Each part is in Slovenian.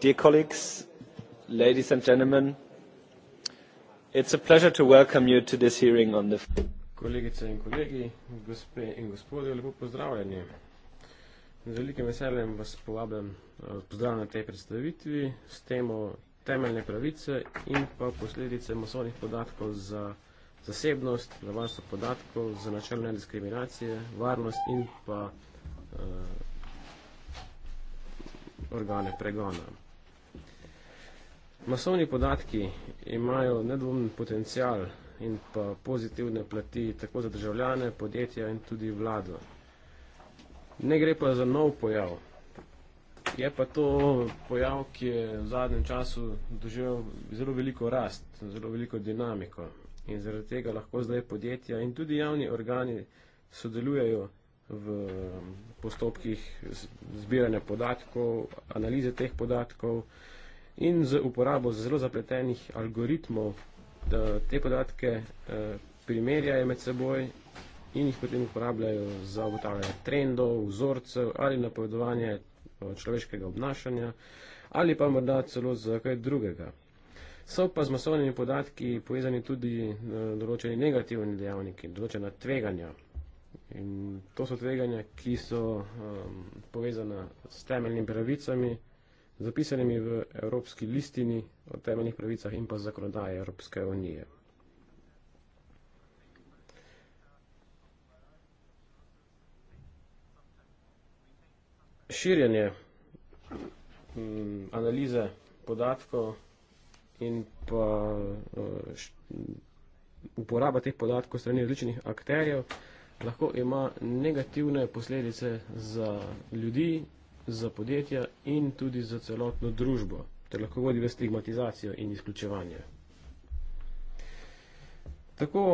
dear colleagues ladies and gentlemen it is a pleasure to welcome you to this hearing on the. kolegice in kolegi gospe in gospodje lepo pozdravljeni z velikim veseljem vas povabim eh, pozdravljam na tej predstavitvi s temo temeljne pravice in pa posledice masovnih podatkov za zasebnost za varstvo podatkov za načelo nediskriminacije varnost in pa uh, organe pregona. Masovni podatki imajo nedvomen potencial in pa pozitivne plati tako za državljane, podjetja in tudi vlado. Ne gre pa za nov pojav. Je pa to pojav, ki je v zadnjem času doživel zelo veliko rast, zelo veliko dinamiko in zaradi tega lahko zdaj podjetja in tudi javni organi sodelujejo v postopkih zbiranja podatkov, analize teh podatkov in z uporabo zelo zapletenih algoritmov, da te podatke eh, primerjajo med seboj in jih potem uporabljajo za ugotavljanje trendov, vzorcev ali napovedovanje eh, človeškega obnašanja ali pa morda celo za kaj drugega. So pa z masovnimi podatki povezani tudi eh, določeni negativni dejavniki, določena tveganja. In to so tveganja, ki so um, povezana s temeljnimi pravicami zapisanimi v Evropski listini o temeljnih pravicah in pa zakonodaje Evropske unije. Širjenje mm, analize podatkov in pa eh, uporaba teh podatkov strani različnih akterjev lahko ima negativne posledice za ljudi za podjetja in tudi za celotno družbo, ter lahko vodi v stigmatizacijo in izključevanje. Tako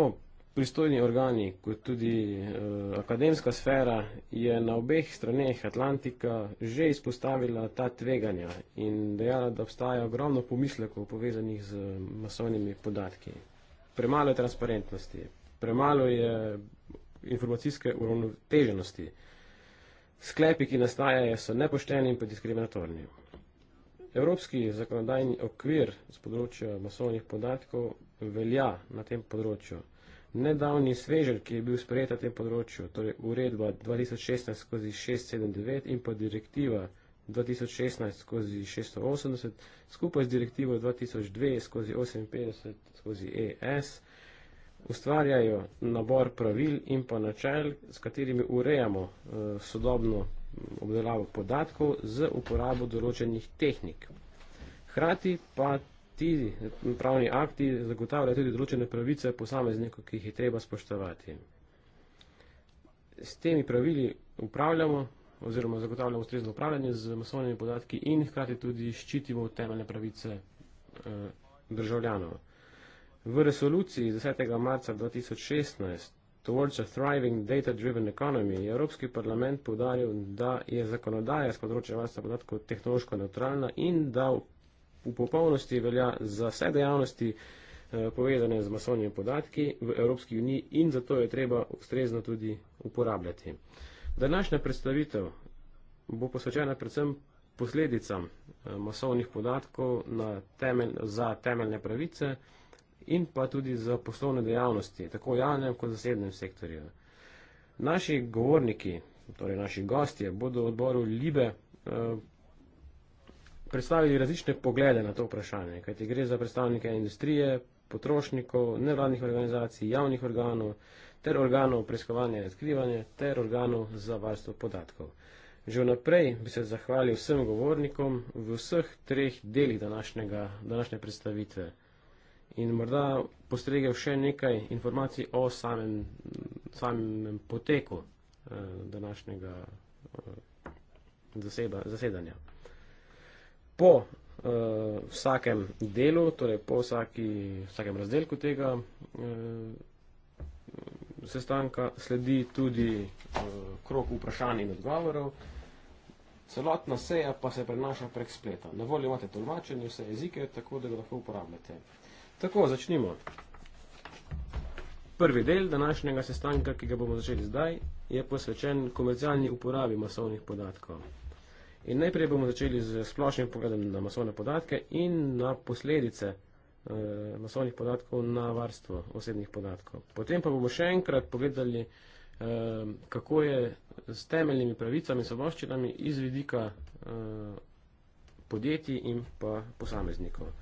pristojni organi, kot tudi eh, akademska sfera, je na obeh straneh Atlantika že izpostavila ta tveganja in dejala, da obstaja ogromno pomislekov povezanih z eh, masovnimi podatki. Premalo je transparentnosti, premalo je informacijske uravnoteženosti. Sklepi, ki nastajajo, so nepošteni in diskriminatorni. Evropski zakonodajni okvir z področja masovnih podatkov velja na tem področju. Nedavni svežer, ki je bil sprejet na tem področju, torej uredba 2016-679 in pa direktiva 2016-680 skupaj z direktivo 2002-58-ES ustvarjajo nabor pravil in pa načel, s katerimi urejamo eh, sodobno obdelavo podatkov z uporabo določenih tehnik. Hrati pa ti pravni akti zagotavljajo tudi določene pravice posameznikov, ki jih je treba spoštovati. S temi pravili upravljamo oziroma zagotavljamo ustrezno upravljanje z masovnimi podatki in hkrati tudi ščitimo temeljne pravice eh, državljanov. V resoluciji 10. marca 2016 Towards a Thriving Data-Driven Economy je Evropski parlament povdaril, da je zakonodaja z področja varstva podatkov tehnološko neutralna in da v, v popolnosti velja za vse dejavnosti eh, povezane z masovnimi podatki v Evropski uniji in zato je treba ustrezno tudi uporabljati. Današnja predstavitev bo posvečena predvsem posledicam eh, masovnih podatkov na temelj, za temeljne pravice in pa tudi za poslovne dejavnosti, tako v javnem kot zasebnem sektorju. Naši govorniki, torej naši gostje, bodo v odboru Libe eh, predstavili različne poglede na to vprašanje, kajti gre za predstavnike industrije, potrošnikov, nevladnih organizacij, javnih organov, ter organov preiskovanja in odkrivanja, ter organov za varstvo podatkov. Že vnaprej bi se zahvalil vsem govornikom v vseh treh delih današnjega, današnje predstavitve. In morda postregel še nekaj informacij o samem, samem poteku eh, današnjega eh, zaseba, zasedanja. Po eh, vsakem delu, torej po vsaki, vsakem razdelku tega eh, sestanka, sledi tudi eh, krok vprašanj in odgovorov. Celotna seja pa se prenaša prek spleta. Na voljo imate tolmačenje vse jezike, tako da ga lahko uporabljate. Tako, začnimo. Prvi del današnjega sestanka, ki ga bomo začeli zdaj, je posvečen komercialni uporabi masovnih podatkov. In najprej bomo začeli z splošnim pogledom na masovne podatke in na posledice e, masovnih podatkov na varstvo osebnih podatkov. Potem pa bomo še enkrat povedali, e, eh, kako je s temeljnimi pravicami in svoboščinami iz vidika e, podjetij in pa posameznikov.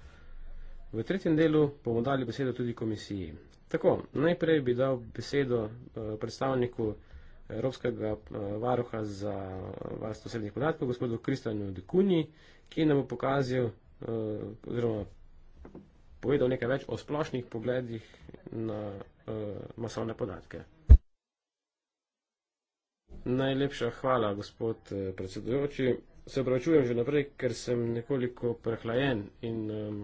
V tretjem delu bomo dali besedo tudi komisiji. Tako, najprej bi dal besedo eh, predstavniku Evropskega eh, varuha za eh, varstvo srednjih podatkov, gospodu Kristjanu Dekuni, ki nam bo pokazal oziroma povedal nekaj več o splošnih pogledih na masovne podatke. Najlepša hvala, gospod predsedujoči. Se opravičujem že naprej, ker sem nekoliko prehlajen in um,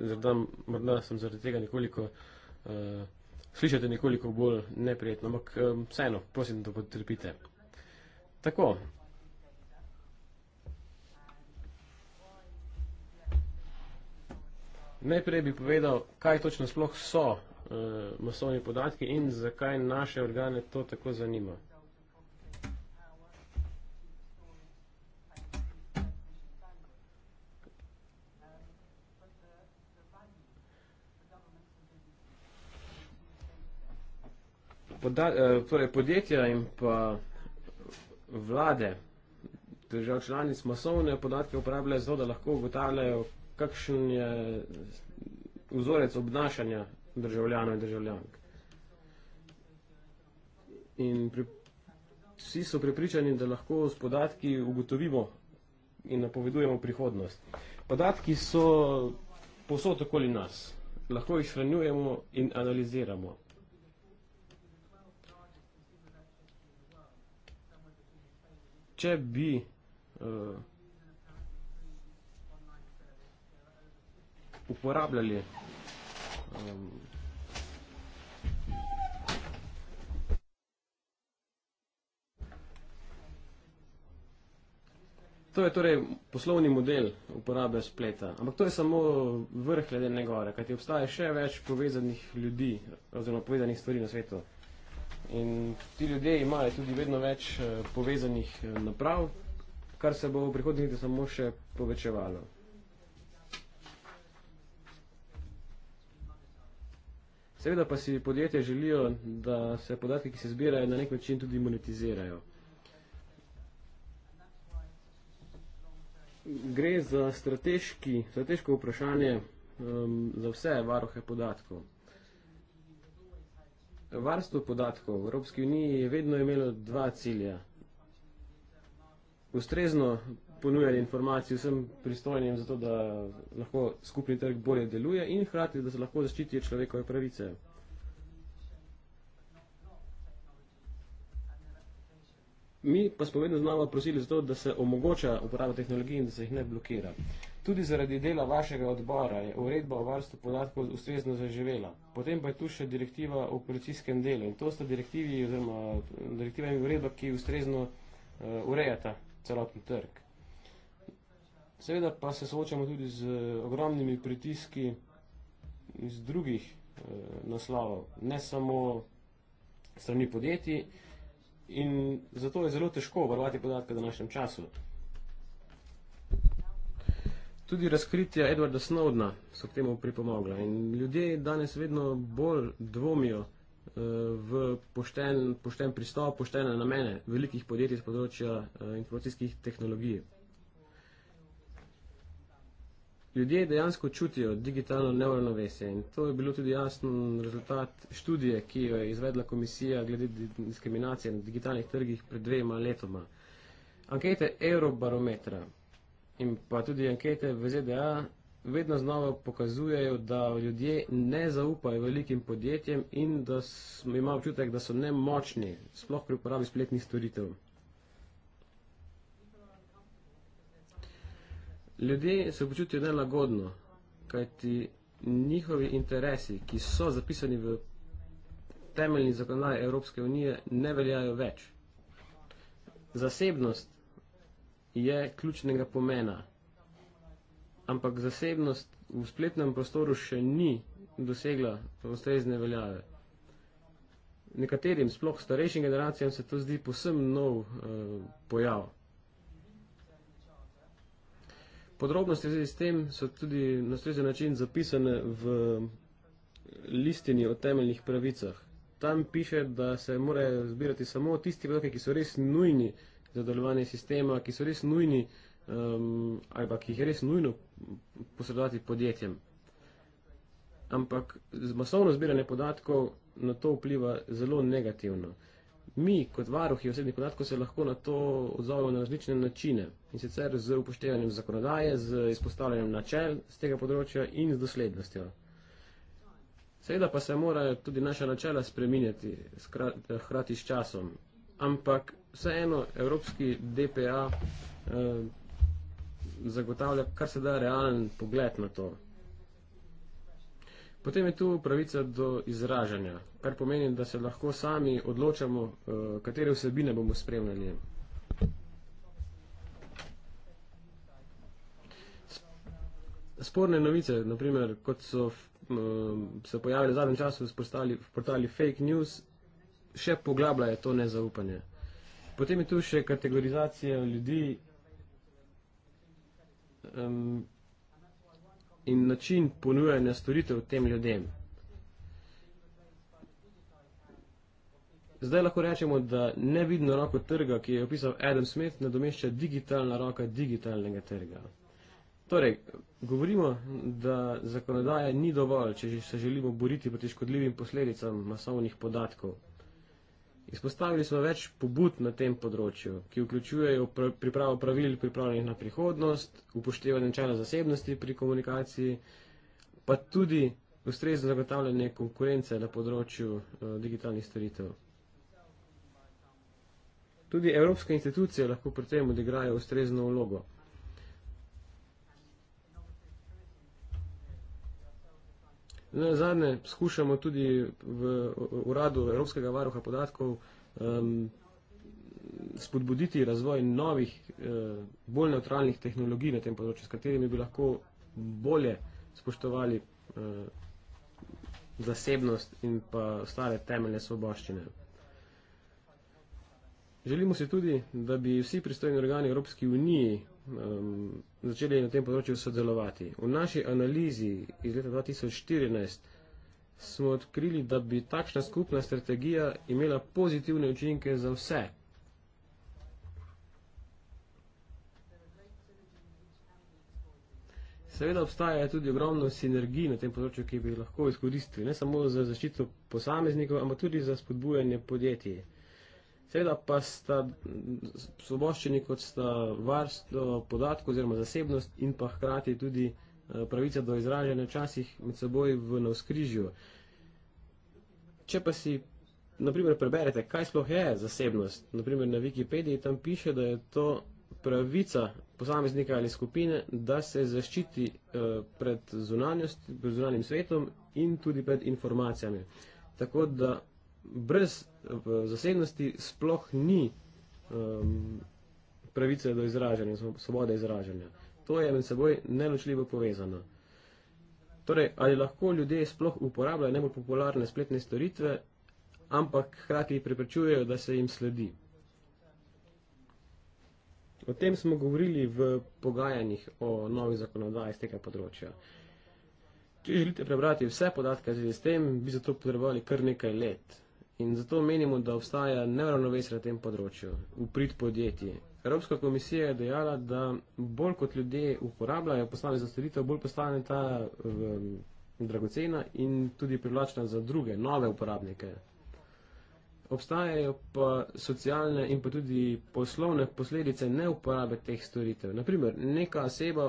Zredam, morda sem zaradi tega nekoliko uh, eh, slišati nekoliko bolj neprijetno, ampak um, vseeno, prosim, da potrpite. Tako. Najprej bi povedal, kaj točno sploh so uh, masovni podatki in zakaj naše organe to tako zanimajo. poda, eh, torej podjetja in pa vlade, držav člani s masovne podatke uporabljajo zato, da lahko ugotavljajo, kakšen je vzorec obnašanja državljanov in državljank. In pri, vsi so pripričani, da lahko s podatki ugotovimo in napovedujemo prihodnost. Podatki so posod okoli nas. Lahko jih shranjujemo in analiziramo. če bi uh, uporabljali um, To je torej poslovni model uporabe spleta, ampak to je samo vrh ledene gore, kajti obstaja še več povezanih ljudi oziroma povezanih stvari na svetu. In ti ljudje imajo tudi vedno več eh, povezanih eh, naprav, kar se bo v prihodnosti samo še povečevalo. Seveda pa si podjetje želijo, da se podatki, ki se zbirajo, na nek način tudi monetizirajo. Gre za strateško vprašanje um, za vse varohe podatkov. Varstvo podatkov v Evropski uniji je vedno imelo dva cilja. Ustrezno ponujali informacije vsem pristojnim zato, da lahko skupni trg bolje deluje in hkrati, da se lahko zaščitijo človekove pravice. Mi pa smo vedno znova prosili za to, da se omogoča uporaba tehnologij in da se jih ne blokira. Uh, Tudi zaradi dela vašega odbora je uredba o varstvu podatkov ustrezno zaživela. Potem pa je tu še direktiva o policijskem delu in to sta direktivi oziroma eh, direktiva in uredba, ki ustrezno uh, urejata celoten trg. Seveda pa se soočamo tudi z eh, ogromnimi pritiski iz drugih e, naslovov, ne samo strani podjetij in zato je zelo težko varovati podatke v današnjem času. Tudi razkritja Edwarda Snowdna so k temu pripomogla in ljudje danes vedno bolj dvomijo eh, v pošten, pošten pristop, poštene namene velikih podjetij z področja eh, informacijskih tehnologij. Ljudje dejansko čutijo digitalno neuronovesje in to je bilo tudi jasno rezultat študije, ki jo je izvedla komisija glede diskriminacije na digitalnih trgih pred dvema letoma. Ankete Eurobarometra in pa tudi ankete v ZDA vedno znova pokazujejo, da ljudje ne zaupajo velikim podjetjem in da imajo občutek, da so nemočni, sploh pri uporabi spletnih storitev. Ljudje se počutijo nelagodno, kajti njihovi interesi, ki so zapisani v temeljni zakonodaji Evropske unije, ne veljajo več. Zasebnost je ključnega pomena. Ampak zasebnost v spletnem prostoru še ni dosegla ustrezne veljave. Nekaterim, sploh starejšim generacijam, se to zdi posem nov uh, pojav. Podrobnosti v zvezi s tem so tudi na ustrezen način zapisane v listini o temeljnih pravicah. Tam piše, da se morajo zbirati samo tisti podatki, ki so res nujni za delovanje sistema, ki so res nujni um, ali pa ki jih je res nujno posredovati podjetjem. Ampak masovno zbiranje podatkov na to vpliva zelo negativno. Mi, kot varuhi osebnih podatkov, se lahko na to odzovemo na različne načine in sicer z upoštevanjem zakonodaje, z izpostavljanjem načel z tega področja in z doslednostjo. Seveda pa se morajo tudi naša načela spreminjati eh, hkrati s časom, ampak vseeno evropski DPA eh, zagotavlja kar se da realen pogled na to. Potem je tu pravica do izražanja, kar pomeni, da se lahko sami odločamo, eh, katere vsebine bomo spremljali. Sporne novice, naprimer, kot so eh, se pojavili v zadnjem času v portali fake news, še poglabljajo to nezaupanje. Potem je tu še kategorizacija ljudi um, in način ponujanja storitev tem ljudem. Zdaj lahko rečemo, da nevidno roko trga, ki je opisal Adam Smith, nadomešča digitalna roka digitalnega trga. Torej, govorimo, da zakonodaja ni dovolj, če se želimo boriti proti škodljivim posledicam masovnih podatkov. Izpostavili smo več pobud na tem področju, ki vključujejo pr pripravo pravil pripravljenih na prihodnost, upoštevanje načela zasebnosti pri komunikaciji, pa tudi ustrezno zagotavljanje konkurence na področju uh, digitalnih storitev. Tudi evropske institucije lahko pri tem odigrajo ustrezno vlogo. Na zadnje skušamo tudi v uradu Evropskega varuha podatkov um, spodbuditi razvoj novih, uh, bolj neutralnih tehnologij na tem področju, s katerimi bi lahko bolje spoštovali uh, zasebnost in pa ostale temeljne svoboščine. Želimo se tudi, da bi vsi pristojni organi Evropske unije um, začeli na tem področju sodelovati. V naši analizi iz leta 2014 smo odkrili, da bi takšna skupna strategija imela pozitivne učinke za vse. Seveda obstaja tudi ogromno sinergij na tem področju, ki bi lahko izkoristili ne samo za zaščito posameznikov, ampak tudi za spodbujanje podjetij. Seveda pa sta svoboščeni, kot sta varstvo podatkov oziroma zasebnost in pa hkrati tudi eh, pravica do izražanja včasih med seboj v navskrižju. Če pa si naprimer preberete, kaj sploh je zasebnost, naprimer na Wikipediji tam piše, da je to pravica posameznika ali skupine, da se zaščiti eh, pred zunanjost, pred zunanjim svetom in tudi pred informacijami. Tako da brez v zasebnosti sploh ni um, pravice do izražanja, svobode izražanja. To je med seboj neločljivo povezano. Torej, ali lahko ljudje sploh uporabljajo najbolj popularne spletne storitve, ampak hkrati preprečujejo, da se jim sledi. O tem smo govorili v pogajanjih o novi zakonodaji z tega področja. Če želite prebrati vse podatke z tem, bi zato potrebovali kar nekaj let. In zato menimo, da obstaja neravnovesje na tem področju, v prid podjetij. Evropska komisija je dejala, da bolj kot ljudje uporabljajo poslane za storitev, bolj postane ta um, dragocena in tudi privlačna za druge, nove uporabnike. Obstajajo pa socialne in pa tudi poslovne posledice neuporabe teh storitev. Naprimer, neka oseba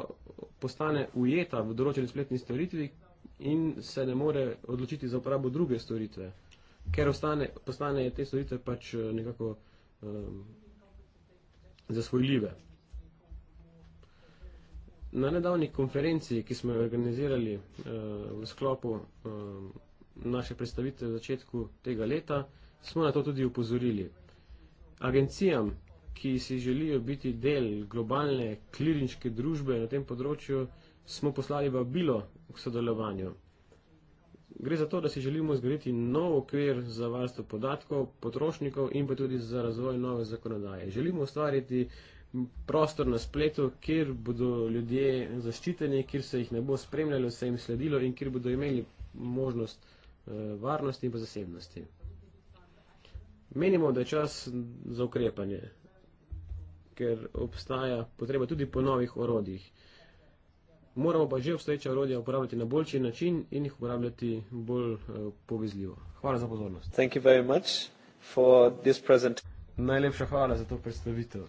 postane ujeta v določeni spletni storitvi in se ne more odločiti za uporabo druge storitve ker ostane, postane te storitve pač eh, nekako um, zasvojljive. Na nedavni konferenci, ki smo jo organizirali uh, v sklopu uh, naše predstavitve v začetku tega leta, smo na to tudi upozorili. Agencijam, ki si želijo biti del globalne kliničke družbe na tem področju, smo poslali vabilo k sodelovanju. Gre za to, da si želimo zgraditi nov okvir za varstvo podatkov, potrošnikov in pa tudi za razvoj nove zakonodaje. Želimo ustvariti prostor na spletu, kjer bodo ljudje zaščiteni, kjer se jih ne bo spremljalo, se jim sledilo in kjer bodo imeli možnost eh, varnosti in pa zasebnosti. Menimo, da je čas za ukrepanje, ker obstaja potreba tudi po novih orodjih. Moramo pa že obstoječa orodja uporabljati na boljši način in jih uporabljati bolj eh, povezljivo. Hvala za pozornost. Najlepša hvala za to predstavitev.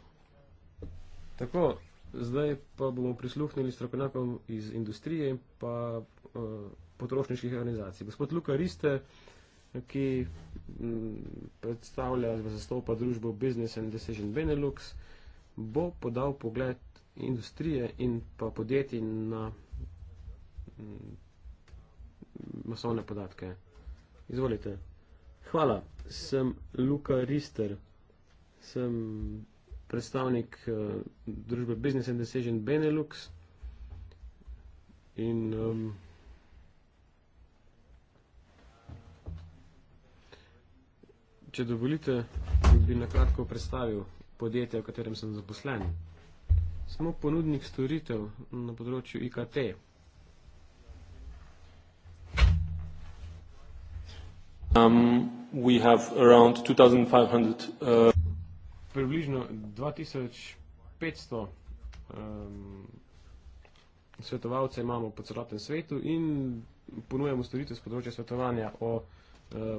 Tako, zdaj pa bomo prisluhnili strokovnjakom iz industrije in pa uh, potrošniških organizacij. Gospod Luka Riste, ki m, mm, predstavlja, zastopa družbo Business and Decision Benelux, bo podal pogled industrije in pa podjetij na mm, masovne podatke. Izvolite. Hvala, sem Luka Rister, sem predstavnik eh, družbe Business and Decision Benelux in um, če dovolite, bi nakratko predstavil podjetje, v katerem sem zaposlen. Smo ponudnik storitev na področju IKT. Um, we have around 2500, uh... Približno 2500 um, svetovalce imamo po celotnem svetu in ponujemo storitev z področja svetovanja o uh,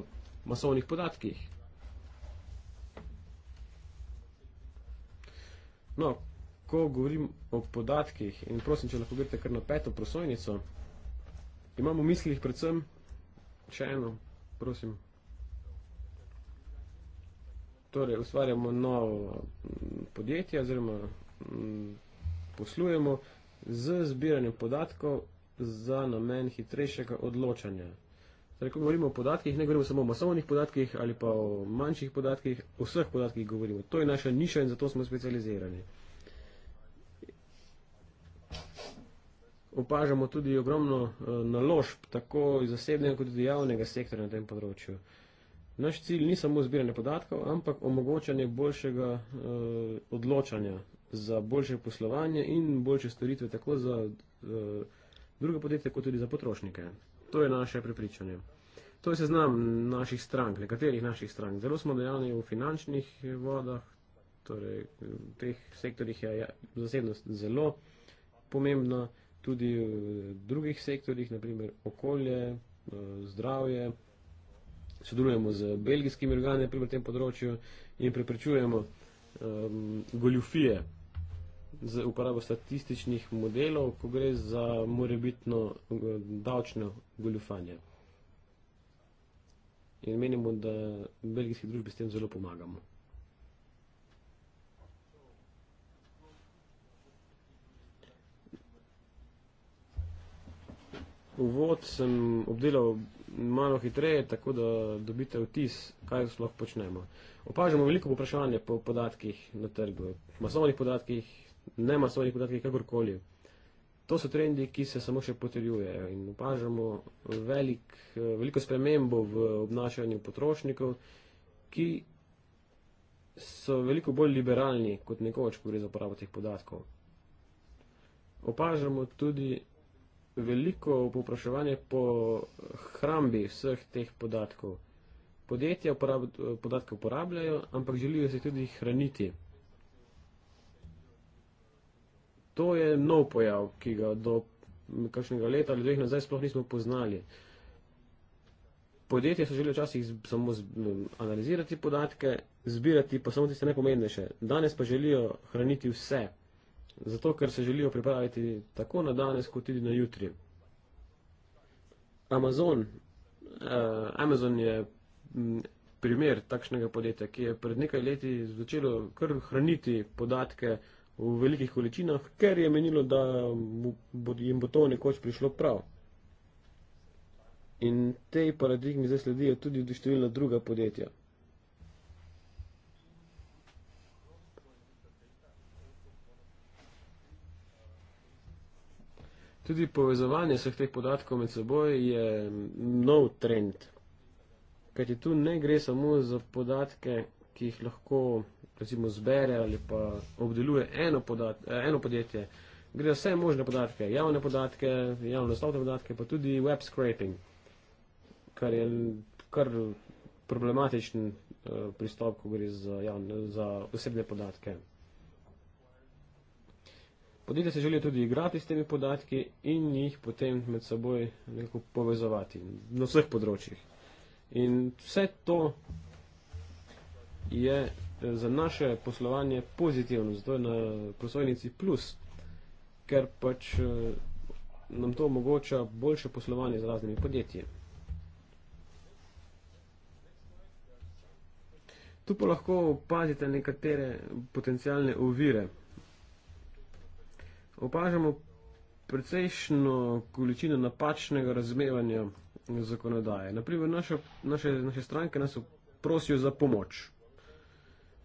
masovnih podatkih. No, ko govorim o podatkih in prosim, če lahko gledate kar na peto prosojnico, imamo v mislih predvsem, še eno, prosim, torej ustvarjamo novo mm, podjetje oziroma mm, poslujemo z zbiranjem podatkov za namen hitrejšega odločanja. Zdaj, torej, ko govorimo o podatkih, ne govorimo samo o masovnih podatkih ali pa o manjših podatkih, o vseh podatkih govorimo. To je naša niša in zato smo specializirani. opažamo tudi ogromno eh, naložb, tako iz zasebnega kot tudi javnega sektorja na tem področju. Naš cilj ni samo zbiranje podatkov, ampak omogočanje boljšega uh, odločanja za boljše poslovanje in boljše storitve tako za uh, druge podjetje kot tudi za potrošnike. To je naše prepričanje. To je seznam naših strank, nekaterih naših strank. Zelo smo dejavni v finančnih vodah, torej v teh sektorjih je zasebnost zelo pomembna tudi v eh, drugih sektorjih, naprimer okolje, eh, zdravje. Sodelujemo z belgijskimi organi pri tem področju in preprečujemo um, goljufije z uporabo statističnih modelov, ko gre za morebitno eh, davčno goljufanje. In menimo, da belgijski družbi s tem zelo pomagamo. uvod sem obdelal malo hitreje, tako da dobite vtis, kaj sploh počnemo. Opažamo veliko poprašanje po podatkih na trgu, masovnih podatkih, ne masovnih podatkih, kakorkoli. To so trendi, ki se samo še potrjujejo in opažamo velik, veliko spremembo v obnašanju potrošnikov, ki so veliko bolj liberalni kot nekoč, ko gre za uporabo teh podatkov. Opažamo tudi veliko povpraševanje po hrambi vseh teh podatkov. Podjetja uporab, podatke uporabljajo, ampak želijo se tudi hraniti. To je nov pojav, ki ga do kakšnega leta ali dveh nazaj sploh nismo poznali. Podjetja so želeli včasih samo analizirati podatke, zbirati pa samo tiste najpomembnejše. Danes pa želijo hraniti vse zato ker se želijo pripraviti tako na danes, kot tudi na jutri. Amazon, uh, Amazon je mm, primer takšnega podjetja, ki je pred nekaj leti začelo kar hraniti podatke v velikih količinah, ker je menilo, da jim bo to nekoč prišlo prav. In tej paradigmi zdaj sledijo tudi številna druga podjetja. Tudi povezovanje vseh teh podatkov med seboj je nov trend. Ker ti tu ne gre samo za podatke, ki jih lahko recimo zbere ali pa obdeluje eno, podat, eh, eno podjetje. Gre za vse možne podatke, javne podatke, javno nastavne podatke, pa tudi web scraping, kar je kar problematičen uh, pristop, ko gre za, javne, za osebne podatke. Podjetje se želi tudi igrati s temi podatki in jih potem med seboj nekako povezovati na vseh področjih. In vse to je eh, za naše poslovanje pozitivno, zato je na poslovnici plus, ker pač eh, nam to omogoča boljše poslovanje z raznimi podjetji. Tu pa lahko opazite nekatere potencijalne ovire opažamo precejšno količino napačnega razumevanja zakonodaje. Naprimer, naše, naše, naše stranke nas prosijo za pomoč.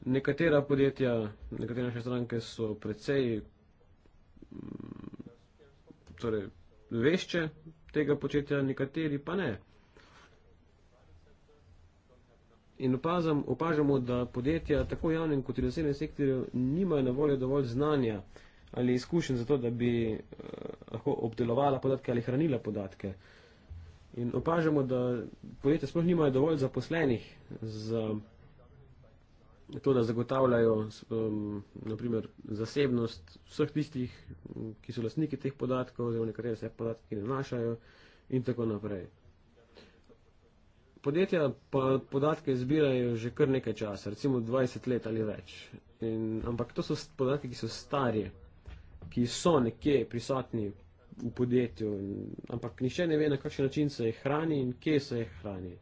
Nekatera podjetja, nekatere naše stranke so precej mm, torej, vešče tega početja, nekateri pa ne. In opažamo, da podjetja tako javnem kot tudi zasebnem sektorju nimajo na voljo dovolj znanja, ali izkušen za to, da bi eh, lahko obdelovala podatke ali hranila podatke. In opažamo, da podjetja sploh nimajo dovolj zaposlenih za to, da zagotavljajo eh, um, naprimer, zasebnost vseh tistih, ki so lastniki teh podatkov, oziroma nekateri se podatki nanašajo in tako naprej. Podjetja pa podatke zbirajo že kar nekaj časa, recimo 20 let ali več. In, ampak to so podatki, ki so starije ki so nekje prisotni v podjetju, ampak nišče ne ve, na kakšen način se jih hrani in kje se jih hrani.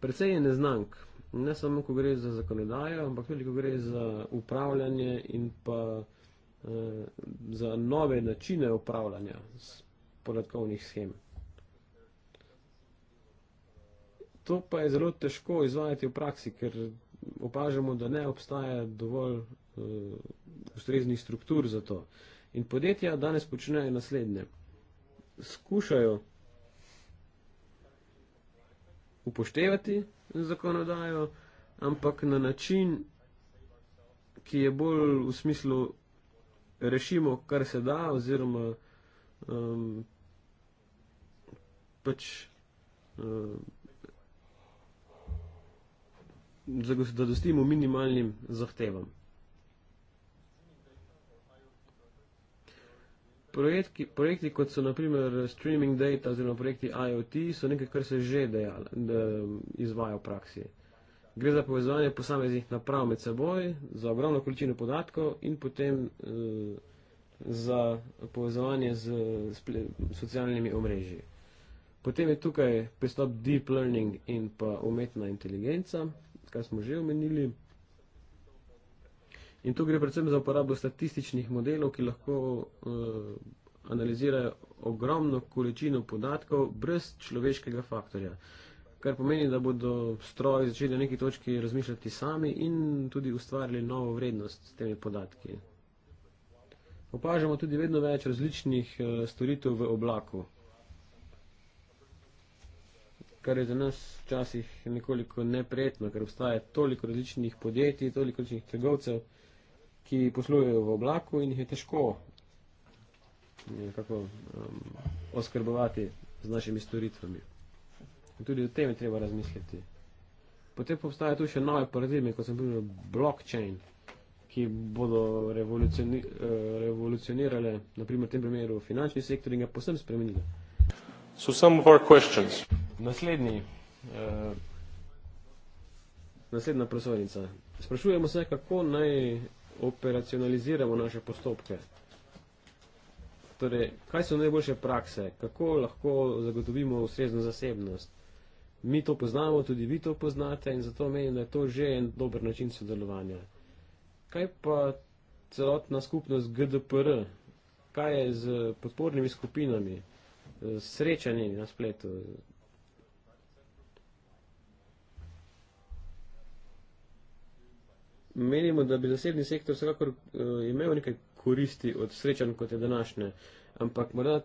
Predvsej je neznank, ne samo, ko gre za zakonodajo, ampak tudi, ko gre za upravljanje in pa eh, za nove načine upravljanja podatkovnih schem. To pa je zelo težko izvajati v praksi, ker opažamo, da ne obstaja dovolj Eh, ustreznih struktur za to. In podjetja danes počnejo naslednje. Skušajo upoštevati zakonodajo, ampak na način, ki je bolj v smislu rešimo, kar se da, oziroma um, pač um, zadostimo minimalnim zahtevam. projekti, projekti kot so naprimer streaming data oziroma projekti IoT, so nekaj, kar se že dejalo, da izvaja v praksi. Gre za povezovanje posameznih naprav med seboj, za ogromno količino podatkov in potem uh, za povezovanje z, z socialnimi omrežji. Potem je tukaj pristop deep learning in pa umetna inteligenca, kar smo že omenili. In tu gre predvsem za uporabo statističnih modelov, ki lahko uh, analizirajo ogromno količino podatkov brez človeškega faktorja. Kar pomeni, da bodo stroji začeli na neki točki razmišljati sami in tudi ustvarili novo vrednost s temi podatki. Opažamo tudi vedno več različnih uh, storitev v oblaku, kar je za nas včasih nekoliko neprijetno, ker obstaja toliko različnih podjetij, toliko različnih trgovcev ki poslujejo v oblaku in jih je težko nekako um, oskrbovati z našimi storitvami. In tudi o tem je treba razmisliti. Potem obstaja tu še nove paradigme, kot sem povedal, blockchain, ki bodo revolucioni, uh, revolucionirale, naprimer v tem primeru, finančni sektor in ga posebno spremenile. So some of our questions. Naslednji, uh, naslednja prosojnica. Sprašujemo se, kako naj operacionaliziramo naše postopke. Torej, kaj so najboljše prakse, kako lahko zagotovimo ustrezno zasebnost? Mi to poznamo, tudi vi to poznate in zato menim, da je to že en dober način sodelovanja. Kaj pa celotna skupnost GDPR? Kaj je z podpornimi skupinami, s srečanjem na spletu, menimo, da bi zasebni sektor vsekakor uh, imel nekaj koristi od srečanj kot je današnje, ampak morda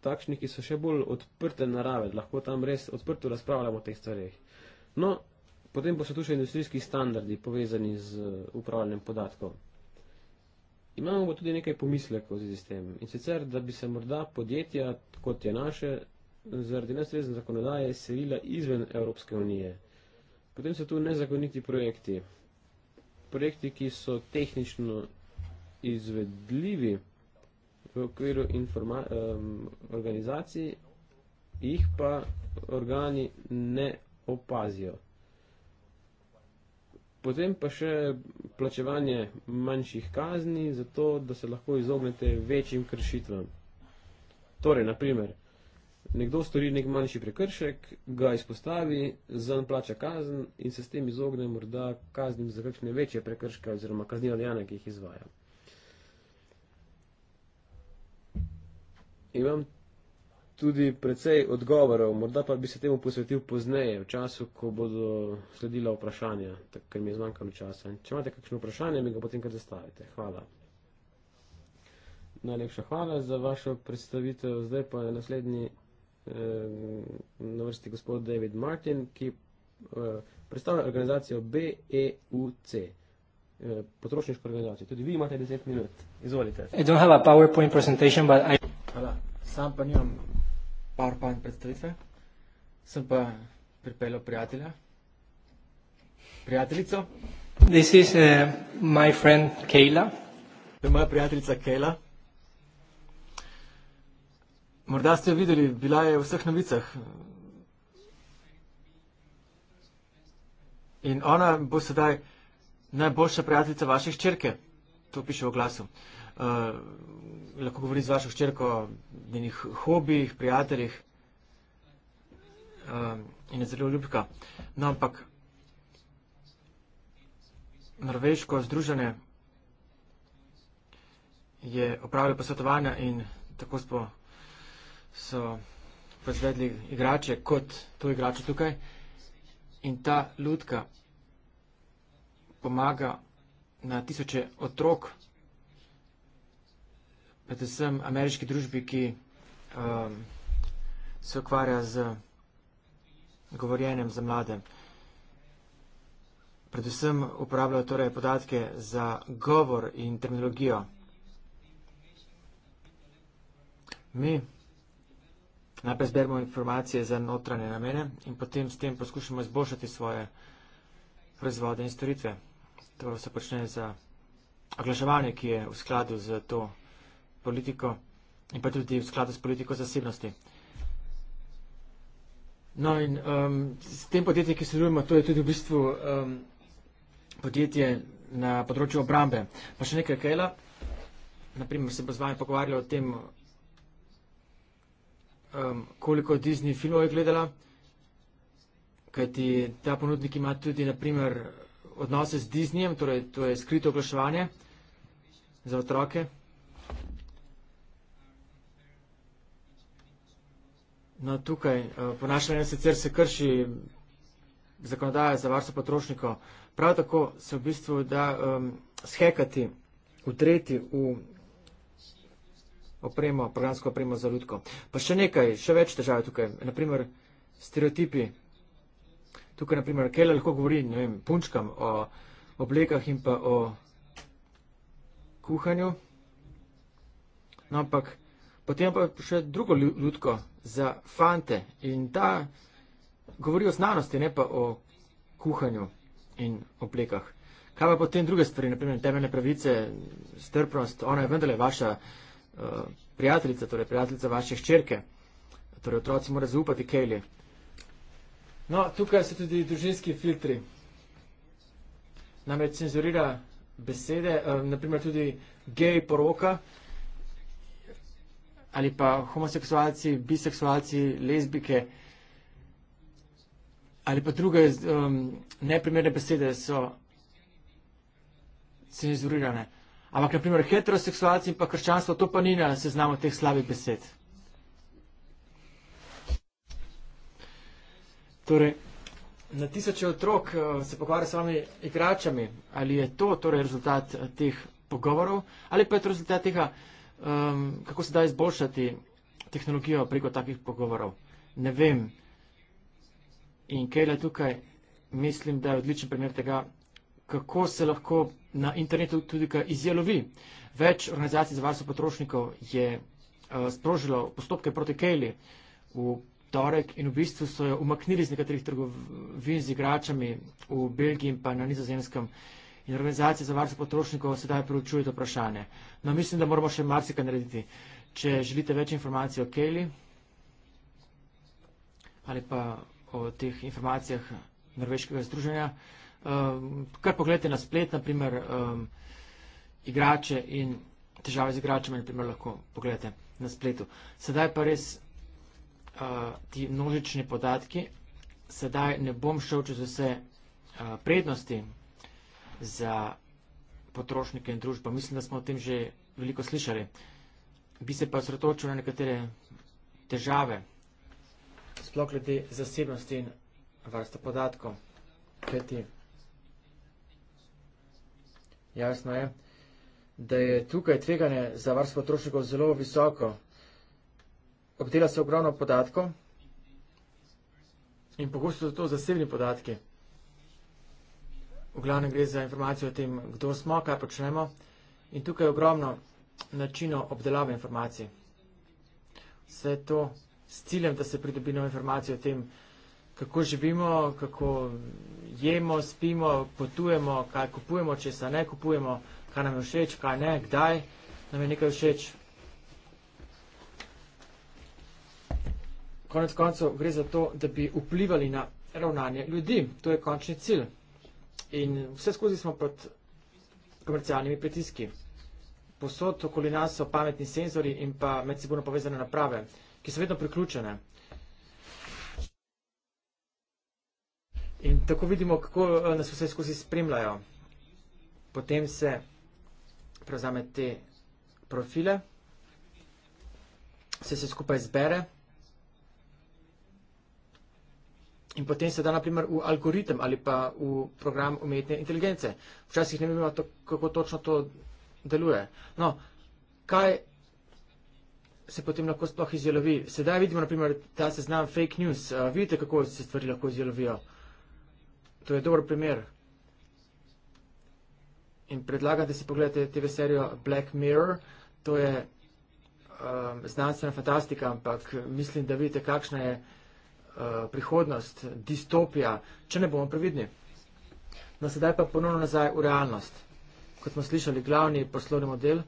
takšni, ki so še bolj odprte narave, lahko tam res odprto razpravljamo o teh stvarih. No, potem pa so tu še industrijski standardi povezani z eh, upravljanjem podatkov. Imamo pa tudi nekaj pomislekov z tem in sicer, da bi se morda podjetja, kot je naše, zaradi nesrezne zakonodaje selila izven Evropske unije. Potem so tu nezakoniti projekti, projekti, ki so tehnično izvedljivi v okviru informa, um, organizacij, jih pa organi ne opazijo. Potem pa še plačevanje manjših kazni, zato da se lahko izognete večjim kršitvam. Torej, naprimer, nekdo stori nek manjši prekršek, ga izpostavi, zanj plača kazen in se s tem izogne morda kaznim za kakšne večje prekrške oziroma kaznila dejanja, ki jih izvaja. Imam tudi precej odgovorov, morda pa bi se temu posvetil pozneje, v času, ko bodo sledila vprašanja, ker mi je zmanjkalo časa. In če imate kakšno vprašanje, mi ga potem kar zastavite. Hvala. Najlepša hvala za vašo predstavitev. Zdaj pa je naslednji Ehm, na vrsti gospod David Martin, ki eh, predstavlja organizacijo BEUC. Eh, potrošniško organizacijo. Tudi vi imate 10 minut. Izvolite. I don't have a PowerPoint presentation, but I... Hvala. Sam pa nimam PowerPoint predstavitve. Sem pa pripeljal prijatelja. Prijateljico. This is uh, my friend Kayla. To je moja prijateljica Kayla. Morda ste jo videli, bila je v vseh novicah. In ona bo sedaj najboljša prijateljica vaše ščerke. To piše v glasu. Uh, eh, lahko govori z vašo ščerko o njenih hobijih, prijateljih. Uh, in je zelo ljubka. No, ampak norveško združene je opravljalo posvetovanja in tako smo so proizvedli igrače kot to igrače tukaj. In ta lutka pomaga na tisoče otrok, predvsem ameriški družbi, ki um, se ukvarja z govorjenjem za mlade. Predvsem uporabljajo torej podatke za govor in terminologijo. Mi najprej zberemo informacije za notranje namene in potem s tem poskušamo izboljšati svoje proizvode in storitve. To se počne za oglaševanje, ki je v skladu z to politiko in pa tudi v skladu s politiko zasebnosti. No in um, s tem podjetjem, ki sodelujemo, to je tudi v bistvu um, podjetje na področju obrambe. Pa še nekaj Kela, naprimer se bo z vami pogovarjal o tem, um, koliko Disney filmov je gledala, kajti ta ponudnik ima tudi, naprimer, odnose z Disneyjem, torej to je skrito oglaševanje za otroke. No, tukaj, eh, po našem mnenju, sicer se krši zakonodaja za varstvo potrošnikov. Prav tako se v bistvu da um, shekati, utreti v opremo, programsko opremo za ljudko. Pa še nekaj, še več težav je tukaj, naprimer stereotipi. Tukaj, naprimer, Kela lahko govori, ne vem, punčkam o oblekah in pa o kuhanju. No, ampak potem pa še drugo ljudko za fante in ta govori o znanosti, ne pa o kuhanju in oblekah. Kaj pa potem druge stvari, naprimer temeljne pravice, strpnost, ona je vendarle vaša. Eh, prijateljica, torej prijateljica vaše hčerke. Torej, otroci mora zaupati Kejli. No, tukaj so tudi družinski filtri. Namreč cenzurira besede, eh, naprimer tudi gej poroka ali pa homoseksualci, biseksualci, lezbike ali pa druge eh, neprimerne besede so cenzurirane. Ampak, na primer, heteroseksualci in pa krščanstvo, to pa ni na seznamu teh slabih besed. Torej, na tisoče otrok eh, se pokvarja s vami igračami. Ali je to torej, rezultat eh, teh pogovorov ali pa je to rezultat tega, um, kako se da izboljšati tehnologijo preko takih pogovorov? Ne vem. In Kejla tukaj, mislim, da je odličen primer tega, kako se lahko na internetu tudi kaj izjelovi. Več organizacij za varstvo potrošnikov je eh, sprožilo postopke proti Kejli v torek in v bistvu so jo umaknili z nekaterih trgovin z igračami v Belgiji in pa na nizozemskem. In organizacije za varstvo potrošnikov sedaj preučujejo vprašanje. No, mislim, da moramo še marsikaj narediti. Če želite več informacij o Kejli ali pa o teh informacijah norveškega združenja, Um, kar pogledate na splet, naprimer, um, ehm, igrače in težave z igračami, naprimer, lahko pogledate na spletu. Sedaj pa res uh, ti množični podatki. Sedaj ne bom šel čez vse uh, prednosti za potrošnike in družbo. Mislim, da smo o tem že veliko slišali. Bi se pa osredotočil na nekatere težave, sploh glede zasebnosti in varstva podatkov. Jasno je, da je tukaj tveganje za varstvo potrošnikov zelo visoko. Obdela se ogromno podatkov in pogosto so to zasebni podatki. V glavnem gre za informacijo o tem, kdo smo, kaj počnemo in tukaj je ogromno načino obdelave informacij. Vse to s ciljem, da se pridobi nove informacije o tem, kako živimo, kako jemo, spimo, potujemo, kaj kupujemo, če se ne kupujemo, kaj nam je všeč, kaj ne, kdaj nam je nekaj všeč. Konec koncev gre za to, da bi vplivali na ravnanje ljudi. To je končni cilj. In vse skozi smo pod komercialnimi pritiski. Posod okoli nas so pametni senzori in pa medsebojno povezane naprave, ki so vedno priključene. In tako vidimo, kako eh, nas vse skozi spremljajo. Potem se prevzame te profile, se se skupaj zbere in potem se da naprimer v algoritem ali pa v program umetne inteligence. Včasih ne vemo, to, kako točno to deluje. No, kaj se potem lahko sploh izjelovi? Sedaj vidimo naprimer ta seznam fake news. Eh, vidite, kako se stvari lahko izjelovijo. To je dober primer. In predlagam, da si pogledate TV serijo Black Mirror. To je um, znanstvena fantastika, ampak mislim, da vidite, kakšna je uh, prihodnost, distopija, če ne bomo previdni. No, sedaj pa ponovno nazaj v realnost. Kot smo slišali, glavni poslovni model uh,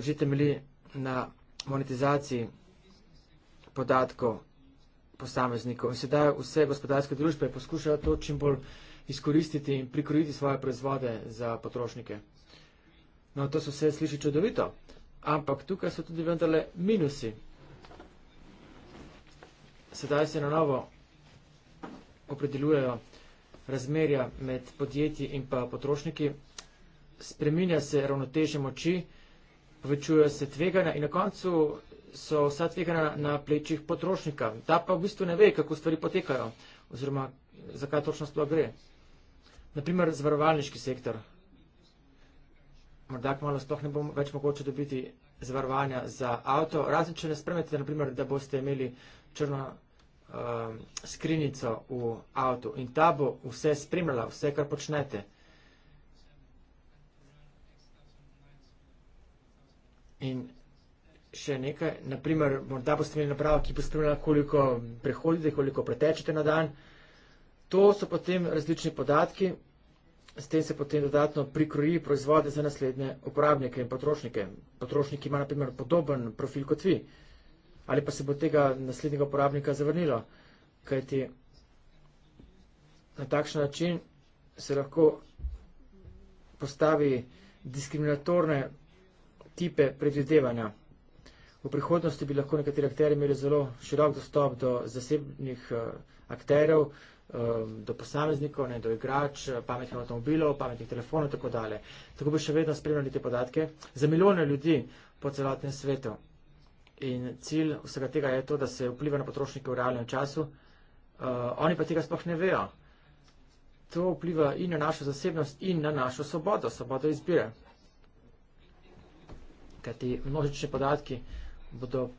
že temeli na monetizaciji podatkov posameznikov. In sedaj vse gospodarske družbe poskušajo to čim bolj izkoristiti in prikrojiti svoje proizvode za potrošnike. No, to se vse sliši čudovito, ampak tukaj so tudi vendarle minusi. Sedaj se na novo opredeljujejo razmerja med podjetji in pa potrošniki, spreminja se ravnoteže moči, povečujejo se tveganja in na koncu so vsa tvegana na, na plečih potrošnika. Ta pa v bistvu ne ve, kako stvari potekajo oziroma zakaj točno sploh gre. Naprimer, zavarovalniški sektor. Morda kmalo sploh ne bom več mogoče dobiti zavarovanja za avto, razen če ne spremete, naprimer, da boste imeli črno uh, skrinico v avtu in ta bo vse spremljala, vse, kar počnete. In še nekaj, naprimer, morda boste imeli napravo, ki bo spremljala, koliko prehodite, koliko pretečete na dan. To so potem različni podatki, s tem se potem dodatno prikroji proizvode za naslednje uporabnike in potrošnike. Potrošnik ima naprimer podoben profil kot vi, ali pa se bo tega naslednjega uporabnika zavrnilo, kajti na takšen način se lahko postavi diskriminatorne tipe predvidevanja. V prihodnosti bi lahko nekateri akteri imeli zelo širok dostop do zasebnih eh, akterjev, eh, do posameznikov, ne, do igrač, eh, pametnih avtomobilov, pametnih telefonov in tako dalje. Tako bi še vedno spremljali te podatke za milijone ljudi po celotnem svetu. In cilj vsega tega je to, da se vpliva na potrošnike v realnem času. Uh, oni pa tega sploh ne vejo. To vpliva in na našo zasebnost, in na našo svobodo, svobodo izbire. Kajti množične podatki uh, bodo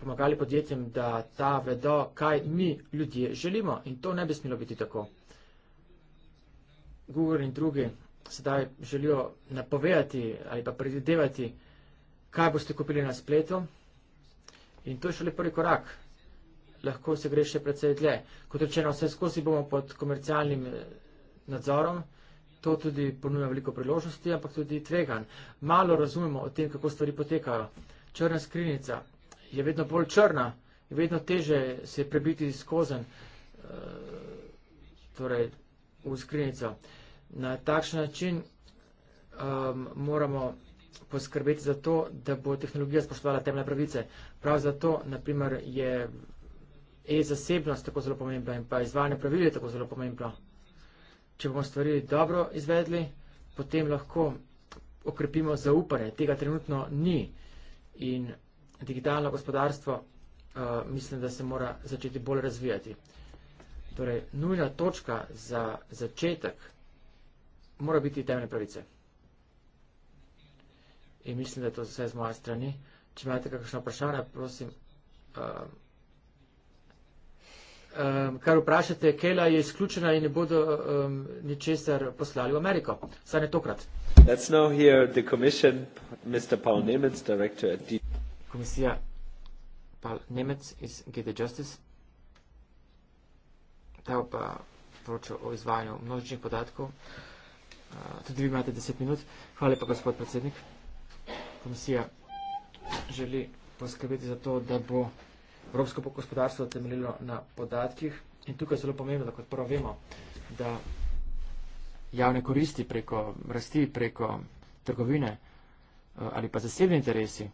pomagali podjetjem, da ta vedo, kaj mi ljudje želimo. In to ne bi smelo biti tako. Google in drugi sedaj želijo napovedati ali pa predvidevati, kaj boste kupili na spletu. In to je šele prvi korak. Lahko se gre še predvsej dlje. Kot rečeno, vse skozi bomo pod komercialnim eh, nadzorom. To tudi ponuja veliko priložnosti, ampak tudi tvegan. Malo razumemo o tem, kako stvari potekajo črna skrinjica je vedno bolj črna, je vedno teže se prebiti skozen eh, torej v skrinjico. Na takšen način um, moramo poskrbeti za to, da bo tehnologija spoštovala temne pravice. Prav zato, naprimer, je e-zasebnost tako zelo pomembna in pa izvajanje pravil je tako zelo pomembno. Če bomo stvari dobro izvedli, potem lahko okrepimo zaupanje. Tega trenutno ni in digitalno gospodarstvo uh, mislim, da se mora začeti bolj razvijati. Torej, nujna točka za začetek mora biti temne pravice. In mislim, da je to vse z moje strani. Če imate kakšno vprašanje, prosim. Uh, um, kar vprašate, Kela je izključena in ne bodo um, ničesar poslali v Ameriko. Saj ne tokrat. Komisija Paul Nemec iz GD Justice. Ta pa poroča o izvajanju množičnih podatkov. Uh, tudi vi imate 10 minut. Hvala pa, gospod predsednik. Komisija želi poskrbeti za to, da bo evropsko gospodarstvo temeljilo na podatkih. In tukaj je zelo pomembno, da kot prvo vemo, da javne koristi preko rasti, preko trgovine eh, ali pa zasebni interesi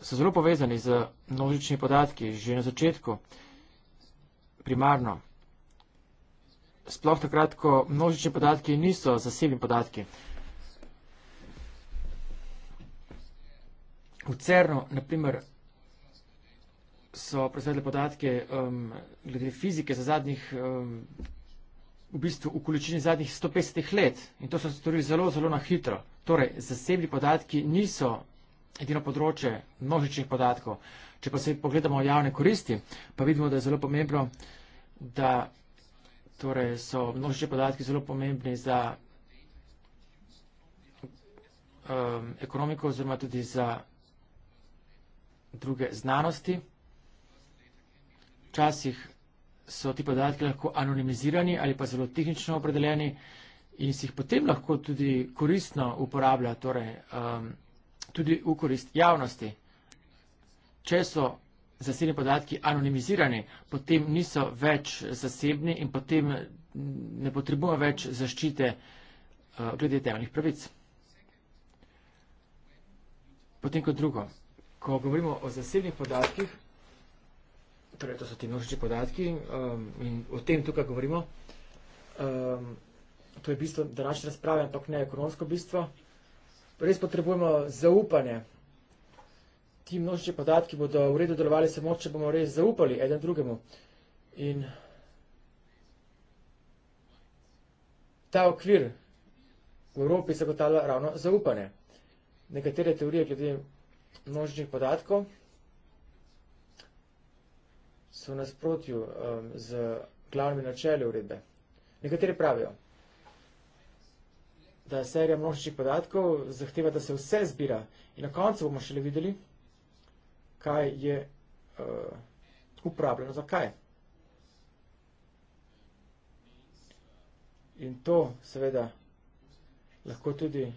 so zelo povezani z množični podatki že na začetku, primarno. Sploh takrat, ko množični podatki niso zasebni podatki. V CERN-u, naprimer, so presvedle podatke um, glede fizike za zadnjih, um, v bistvu v količini zadnjih 150 let in to so storili zelo, zelo na hitro. Torej, zasebni podatki niso edino področje množičnih podatkov. Če pa se pogledamo javne koristi, pa vidimo, da je zelo pomembno, da torej, so množične podatki zelo pomembni za um, ekonomiko oziroma tudi za druge znanosti. Včasih so ti podatki lahko anonimizirani ali pa zelo tehnično opredeljeni in si jih potem lahko tudi koristno uporablja, torej um, tudi v korist javnosti. Če so zasebni podatki anonimizirani, potem niso več zasebni in potem ne potrebujemo več zaščite uh, glede temeljnih pravic. Potem kot drugo, ko govorimo o zasebnih podatkih, torej to so ti množiči podatki um, in o tem tukaj govorimo. Um, to je bistvo današnje razprave, ampak ne ekonomsko bistvo. Res potrebujemo zaupanje. Ti množiči podatki bodo v redu delovali samo, če bomo res zaupali eden drugemu. In ta okvir v Evropi zagotavlja ravno zaupanje. Nekatere teorije glede množičnih podatkov so nasprotju um, z glavnimi načeli uredbe. Nekateri pravijo, da serija množičnih podatkov zahteva, da se vse zbira in na koncu bomo šele videli, kaj je uh, uporabljeno, zakaj. In to seveda lahko tudi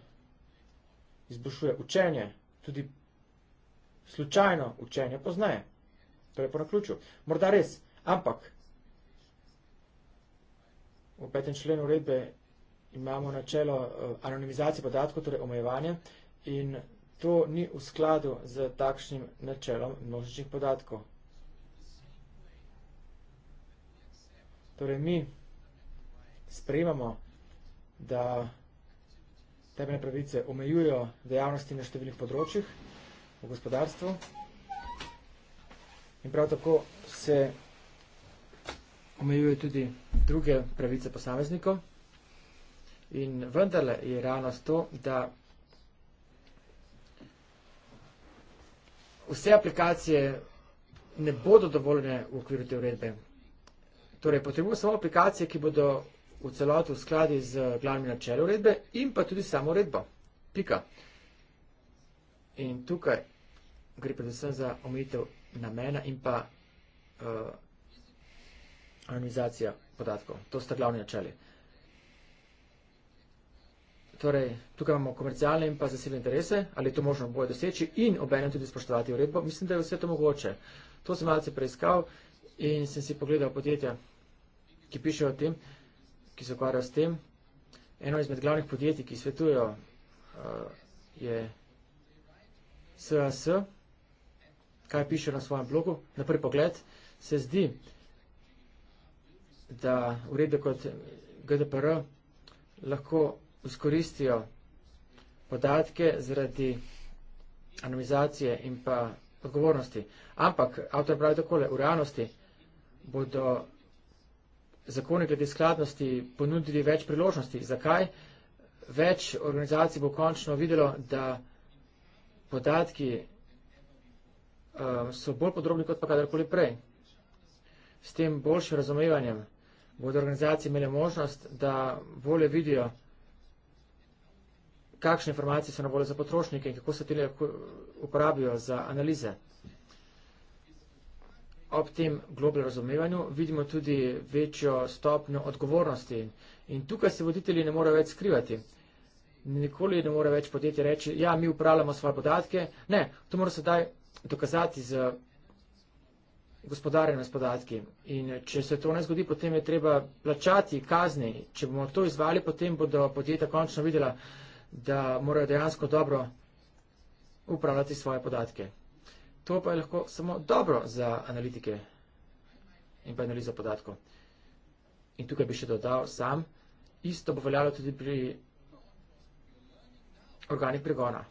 izboljšuje učenje, tudi slučajno učenje poznaje. To je po naključju. Morda res, ampak v petem členu uredbe imamo načelo eh, anonimizacije podatkov, torej omejevanje in to ni v skladu z takšnim načelom množičnih podatkov. Torej mi sprejemamo, da temeljne pravice omejujo dejavnosti na številnih področjih v gospodarstvu, In prav tako se omejuje tudi druge pravice posameznikov. In vendarle je realnost to, da vse aplikacije ne bodo dovoljene v okviru te uredbe. Torej, potrebujemo samo aplikacije, ki bodo v celoti v skladi z glavnimi načeli uredbe in pa tudi samo uredbo. Pika. In tukaj gre predvsem za omejitev namena in pa uh, eh, anonimizacija podatkov. To sta glavni načeli. Torej, tukaj imamo komercialne in pa zasebne interese, ali je to možno boje doseči in obenem tudi spoštovati uredbo. Mislim, da je vse to mogoče. To sem malce preiskal in sem si pogledal podjetja, ki pišejo o tem, ki se ukvarjajo s tem. Eno izmed glavnih podjetij, ki svetujejo, uh, je SAS kaj piše na svojem blogu, na prvi pogled, se zdi, da urede kot GDPR lahko uskoristijo podatke zaradi anonimizacije in pa odgovornosti. Ampak, avtor pravi takole, v realnosti bodo zakoni glede skladnosti ponudili več priložnosti. Zakaj? Več organizacij bo končno videlo, da podatki Um, so bolj podrobni kot pa kadarkoli prej. S tem boljšim razumevanjem bodo organizacije imele možnost, da bolje vidijo, kakšne informacije so na voljo za potrošnike in kako se te uporabijo za analize. Ob tem globlem razumevanju vidimo tudi večjo stopnjo odgovornosti in tukaj se voditelji ne morejo več skrivati. Nikoli ne more več podjetje reči, ja, mi upravljamo svoje podatke. Ne, to mora sedaj dokazati z gospodarjenjem s podatki. In če se to ne zgodi, potem je treba plačati kazni. Če bomo to izvali, potem bodo podjetja končno videla, da morajo dejansko dobro upravljati svoje podatke. To pa je lahko samo dobro za analitike in pa analizo podatkov. In tukaj bi še dodal sam, isto bo veljalo tudi pri organih pregona.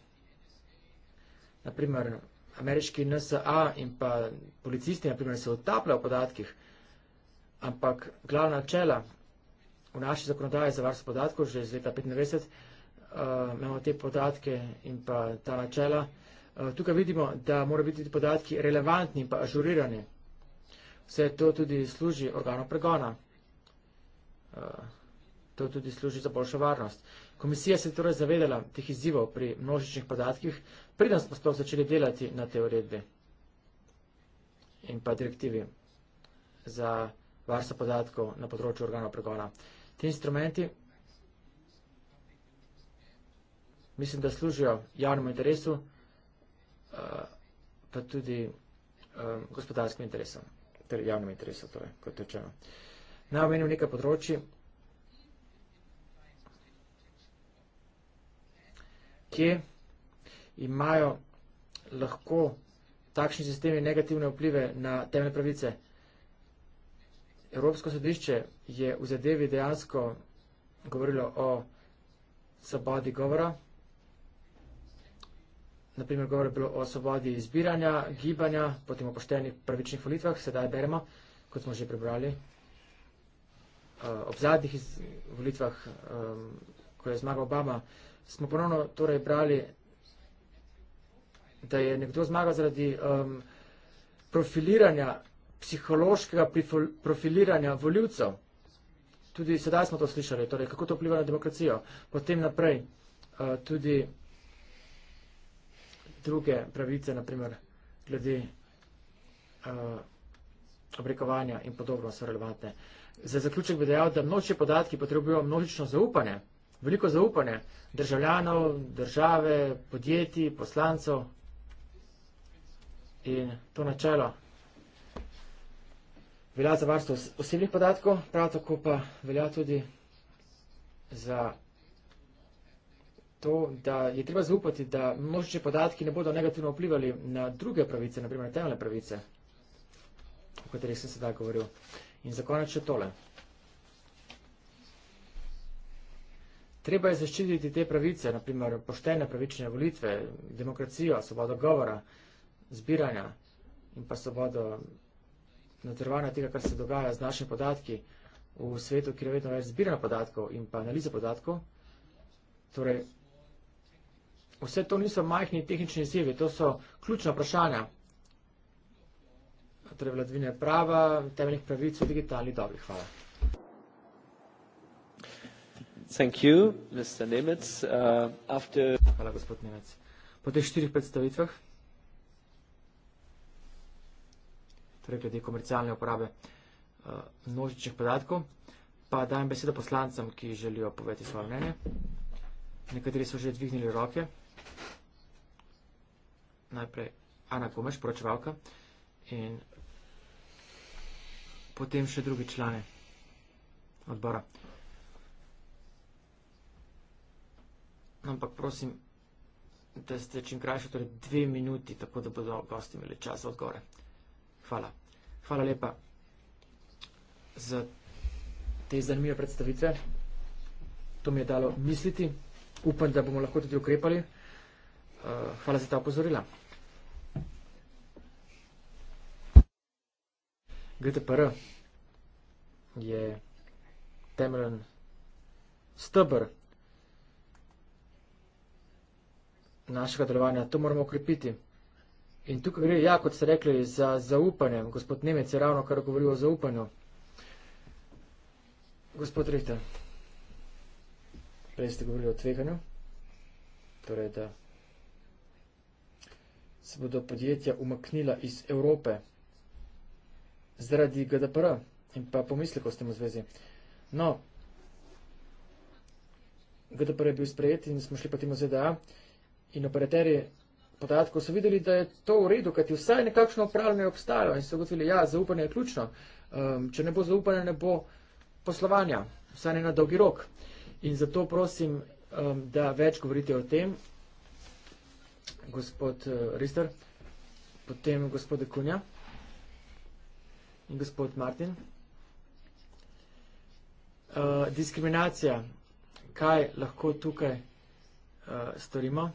Naprimer, ameriški NSA in pa policisti, naprimer, se otapljajo v podatkih, ampak glavna čela v naši zakonodaji za varstvo podatkov, že iz leta 1995, uh, eh, imamo te podatke in pa ta načela. Uh, tukaj vidimo, da morajo biti podatki relevantni in pa ažurirani. Vse to tudi služi organom pregona. Uh, to tudi služi za boljšo varnost. Komisija se je torej zavedala teh izzivov pri množičnih podatkih, preden smo sploh začeli delati na te uredbe in pa direktivi za varstvo podatkov na področju organov pregona. Ti instrumenti mislim, da služijo javnemu interesu, eh, pa tudi eh, gospodarskim interesom, ter torej javnem interesu, torej, kot rečeno. Naj omenim nekaj področji, kje je imajo lahko takšni sistemi negativne vplive na temeljne pravice. Evropsko sodišče je v zadevi dejansko govorilo o svobodi govora. Naprimer, govor je bilo o svobodi izbiranja, gibanja, potem o poštenih pravičnih volitvah, sedaj beremo, kot smo že prebrali. Eh, ob zadnjih volitvah, eh, ko je zmagal Obama, smo ponovno torej brali da je nekdo zmagal zaradi um, profiliranja, psihološkega profiliranja voljivcev. Tudi sedaj smo to slišali, torej kako to vpliva na demokracijo. Potem naprej uh, tudi druge pravice, naprimer glede uh, oblikovanja in podobno so relevantne. Za zaključek bi dejal, da množje podatki potrebujejo množično zaupanje, veliko zaupanje državljanov, države, podjetij, poslancev, In to načelo velja za varstvo osebnih podatkov, prav tako pa velja tudi za to, da je treba zaupati, da množiče podatki ne bodo negativno vplivali na druge pravice, naprimer na temeljne pravice, o katerih sem sedaj govoril. In za konec še tole. Treba je zaščititi te pravice, naprimer poštene, pravične volitve, demokracijo, svobodo govora, zbiranja in pa svobodo nadzorovanja tega, kar se dogaja z našimi podatki v svetu, kjer je vedno več zbiranja podatkov in pa analize podatkov. Torej, vse to niso majhni tehnični izzivi, to so ključna vprašanja. Torej, vladvine prava, temeljnih pravic v digitalni dobi. Hvala. Thank you, Mr. Nemec. Uh, after... Hvala, gospod Nemec. Po teh štirih predstavitvah. torej glede komercialne uprave eh, množičnih podatkov, pa dajem besedo poslancem, ki želijo povedati svoje mnenje. Nekateri so že dvignili roke. Najprej Ana Komeš, poročevalka in potem še drugi člane odbora. Ampak prosim, da ste čim krajši, torej dve minuti, tako da bodo gosti imeli čas odgovore. Hvala. Hvala lepa za te zanimive predstavitve. To mi je dalo misliti. Upam, da bomo lahko tudi ukrepali. Eh, hvala za ta opozorila. GDPR je temeljen stebr našega delovanja. To moramo ukrepiti. In tukaj gre, ja, kot ste rekli, za zaupanje. Gospod Nemec je ravno kar govoril o zaupanju. Gospod Rihter, prej ste govorili o tveganju, torej da se bodo podjetja umaknila iz Evrope zaradi GDPR in pa pomisliko s tem v zvezi. No, GDPR je bil sprejet in smo šli potem v ZDA in operaterji podatkov, so videli, da je to v redu, kajti vsaj nekakšno upravljanje obstajalo in so gotovili, ja, zaupanje je ključno. Um, če ne bo zaupanje, ne bo poslovanja, vsaj ne na dolgi rok. In zato prosim, um, da več govorite o tem, gospod uh, Rister, potem gospode Kunja in gospod Martin. Uh, diskriminacija, kaj lahko tukaj uh, storimo?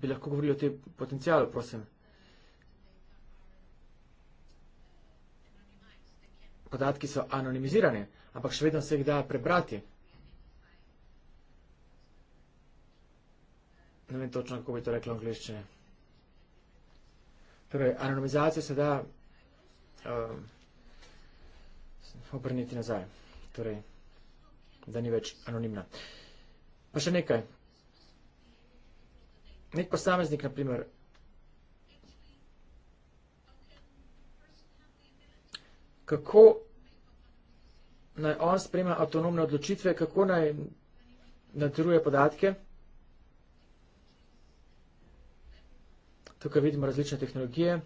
bi lahko govorili o tem potencijalu, prosim. Podatki so anonimizirani, ampak še vedno se jih da prebrati. Ne vem točno, kako bi to rekla v angliščini. Torej, anonimizacijo se da um, obrniti nazaj. Torej, da ni več anonimna. Pa še nekaj nek posameznik, naprimer, kako naj on sprema avtonomne odločitve, kako naj nadzoruje podatke. Tukaj vidimo različne tehnologije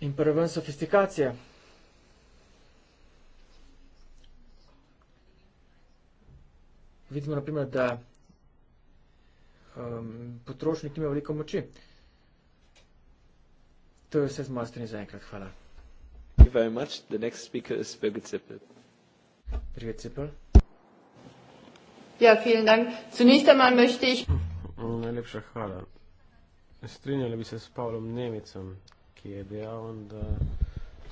in prven sofistikacija. Vidimo, naprimer, da um, potrošnik ima veliko moči. To je vse z moje strani zaenkrat. Hvala. Ja, ich... Mm, najlepša hvala. Strinjali bi se s Pavlom Nemicem, ki je dejal, da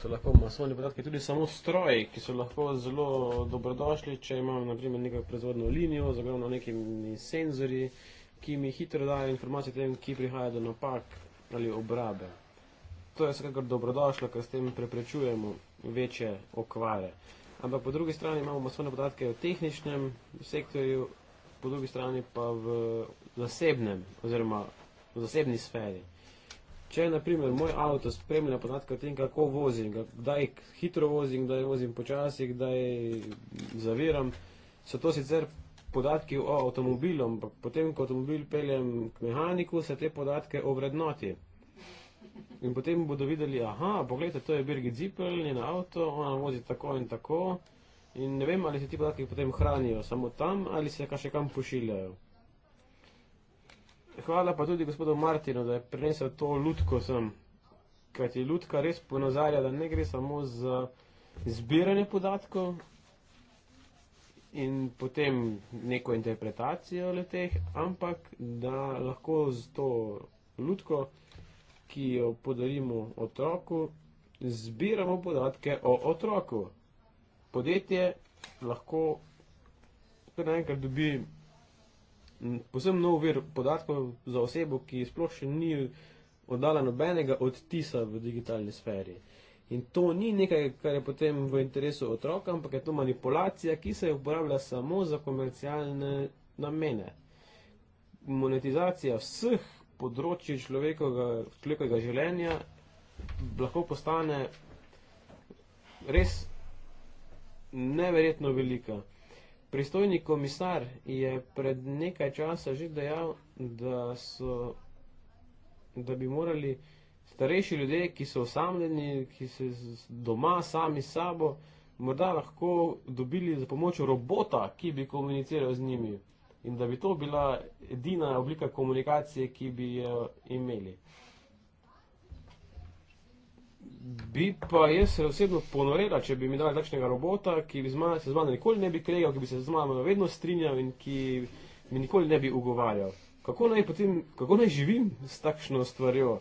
so lahko masovni podatki tudi samo stroji, ki so lahko zelo dobrodošli, če imamo naprimer neko proizvodno linijo, zagotovljeno nekimi senzorji ki mi hitro daje informacije o tem, ki prihaja do napak ali obrabe. To je vsekakor dobrodošlo, ker s tem preprečujemo večje okvare. Ampak po drugi strani imamo masovne podatke v tehničnem sektorju, po drugi strani pa v zasebnem oziroma v zasebni sferi. Če naprimer moj avto spremlja podatke o tem, kako vozim, kdaj hitro vozim, kdaj vozim počasi, kdaj zaviram, so to sicer podatki o avtomobilu, ampak potem, ko avtomobil peljem k mehaniku, se te podatke ovrednoti. In potem bodo videli, aha, pogledajte, to je Birgit Zippel, njena avto, ona vozi tako in tako. In ne vem, ali se ti podatki potem hranijo samo tam ali se ka še kam pošiljajo. Hvala pa tudi gospodu Martinu, da je prinesel to lutko sem. Kajti lutka res ponazarja, da ne gre samo za zbiranje podatkov, in potem neko interpretacijo leteh, ampak da lahko z to lutko, ki jo podarimo otroku, zbiramo podatke o otroku. Podjetje lahko kar naenkrat dobi posebno nov vir podatkov za osebo, ki sploh še ni oddala nobenega odtisa v digitalni sferi. Uh, In to ni nekaj, kar je potem v interesu otroka, ampak je to manipulacija, ki se uporablja samo za komercialne namene. Monetizacija vseh področji človekovega življenja lahko postane res neverjetno velika. Pristojni komisar je pred nekaj časa že dejal, da, so, da bi morali starejši ljudje, ki so osamljeni, ki so doma sami s sabo, morda lahko dobili za pomoč robota, ki bi komuniciral z njimi in da bi to bila edina oblika komunikacije, ki bi jo imeli. Bi pa jaz se osebno ponorela, če bi mi dali takšnega robota, ki bi zma, se z mano nikoli ne bi kregal, ki bi se z mano vedno strinjal in ki mi nikoli ne bi ugovarjal. Kako naj, potem, kako naj živim s takšno stvarjo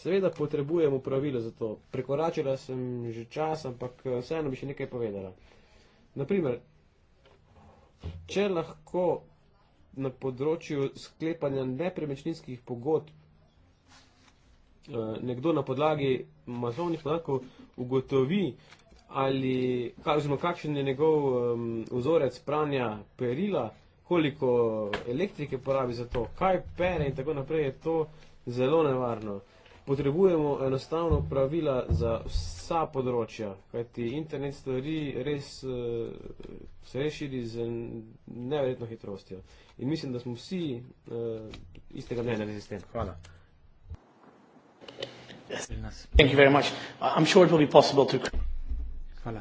Seveda potrebujemo pravila za to. Prekoračila sem že čas, ampak eh, vseeno bi še nekaj povedala. Naprimer, če lahko na področju sklepanja nepremečninskih pogodb eh, nekdo na podlagi masovnih podatkov ugotovi, ali kažemo, kakšen je njegov um, vzorec pranja perila, koliko elektrike porabi za to, kaj pere in tako naprej, je to zelo nevarno. Uh, potrebujemo enostavno pravila za vsa področja, kajti internet stvari res eh, se reširi z neverjetno hitrostjo. In mislim, da smo vsi uh, istega mnenja glede tem. Hvala. Yes. Thank you very much. I'm sure it will be possible to. Hvala.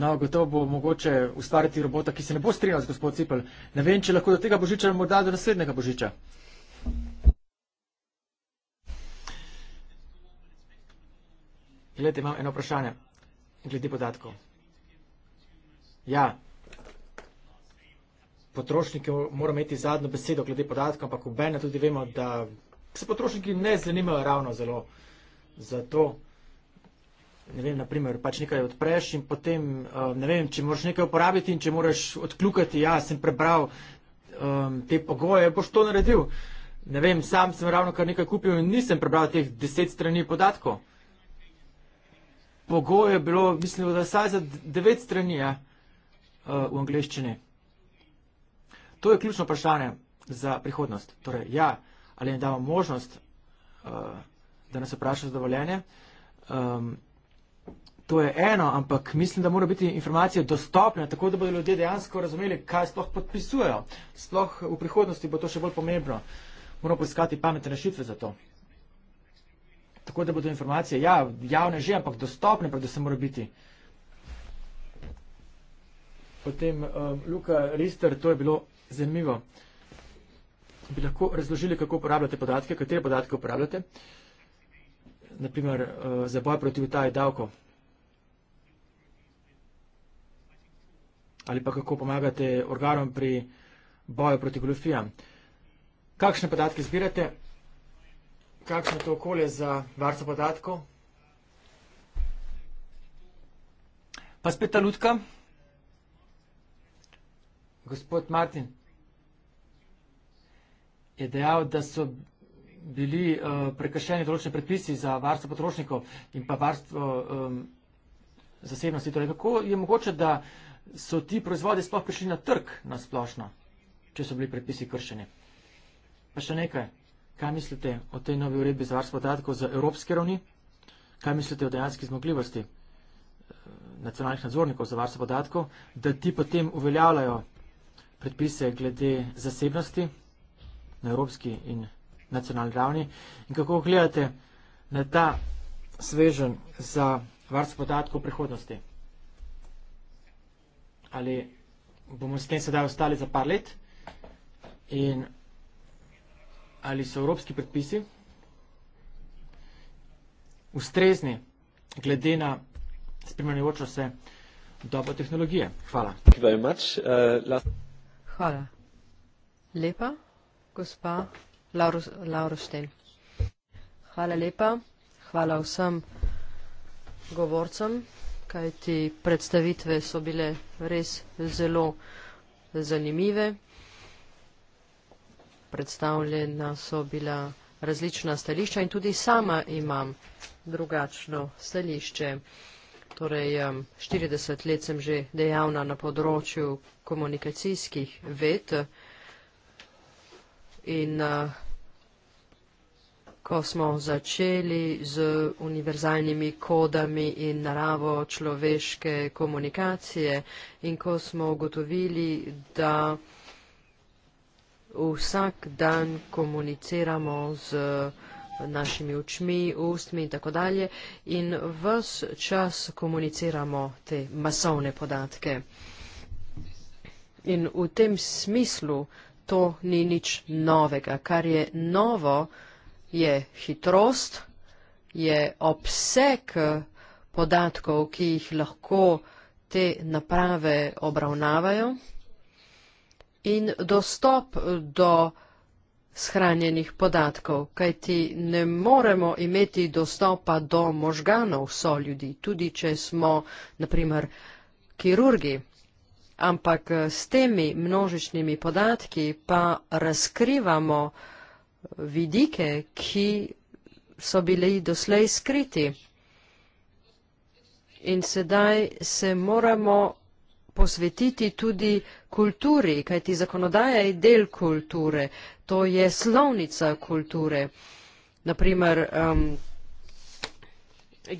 No, gotovo bo mogoče ustvariti robota, ki se ne bo strinjal z gospod Cipel. Ne vem, če lahko do tega božiča morda do naslednjega božiča. Thank you. Glede, imam eno vprašanje glede podatkov. Ja, potrošniki moramo imeti zadnjo besedo glede podatkov, ampak v Bene tudi vemo, da se potrošniki ne zanimajo ravno zelo. Zato, ne vem, naprimer, pač nekaj odpreš in potem, eh, ne vem, če moraš nekaj uporabiti in če moraš odkljukati, ja, sem prebral um, te pogoje, boš to naredil. Ne vem, sam sem ravno kar nekaj kupil in nisem prebral teh deset strani podatkov pogoj je bilo, mislim, da saj za devet strani je uh, v angliščini. To je ključno vprašanje za prihodnost. Torej, ja, ali jim damo možnost, uh, da nas vprašajo zadovoljenje. Um, ehm, to je eno, ampak mislim, da mora biti informacije dostopne, tako da bodo ljudje dejansko razumeli, kaj sploh podpisujejo. Sploh v prihodnosti bo to še bolj pomembno. Moramo poiskati pametne rešitve za to tako da bodo informacije ja, javne že, ampak dostopne, predvsem mora biti. Potem um, Luka Rister, to je bilo zanimivo. Bi lahko razložili, kako uporabljate podatke, katere podatke uporabljate, naprimer uh, za boj proti utaji davko. Ali pa kako pomagate organom pri boju proti goljofijam. Kakšne podatke zbirate, kakšno je to okolje za varstvo podatkov? Pa spet ta lutka. Gospod Martin je dejal, da so bili uh, prekršeni določeni predpisi za varstvo potrošnikov in pa varstvo um, zasebnosti. Torej, kako je mogoče, da so ti proizvodi sploh prišli na trg na splošno, če so bili predpisi kršeni? Pa še nekaj. Kaj mislite o tej novi uredbi za varstvo podatkov za evropske ravni? Kaj mislite o dejanski zmogljivosti eh, nacionalnih nadzornikov za varstvo podatkov, da ti potem uveljavljajo predpise glede zasebnosti na evropski in nacionalni ravni? In kako gledate na ta svežen za varstvo podatkov v prihodnosti? Ali bomo s tem sedaj ostali za par let in ali so evropski predpisi ustrezni glede na spremenjajočo se dobo tehnologije. Hvala. Uh, Hvala. Lepa, gospa Lauroštel. Hvala lepa. Hvala vsem govorcem, kajti predstavitve so bile res zelo zanimive predstavljena so bila različna stališča in tudi sama imam drugačno stališče. Torej, 40 let sem že dejavna na področju komunikacijskih ved in eh, ko smo začeli z univerzalnimi kodami in naravo človeške komunikacije in ko smo ugotovili, da vsak dan komuniciramo z eh, našimi očmi, ustmi in tako dalje in ves čas komuniciramo te masovne podatke. In v tem smislu to ni nič novega. Kar je novo, je hitrost, je obseg eh, podatkov, ki jih lahko te naprave obravnavajo in dostop do shranjenih podatkov, kajti ne moremo imeti dostopa do možganov so ljudi, tudi če smo, naprimer, kirurgi. Ampak eh, s temi množičnimi podatki pa razkrivamo eh, vidike, ki so bili doslej skriti. In sedaj se moramo posvetiti tudi kulturi, kajti zakonodaja je del kulture, to je slovnica kulture. Naprimer, um,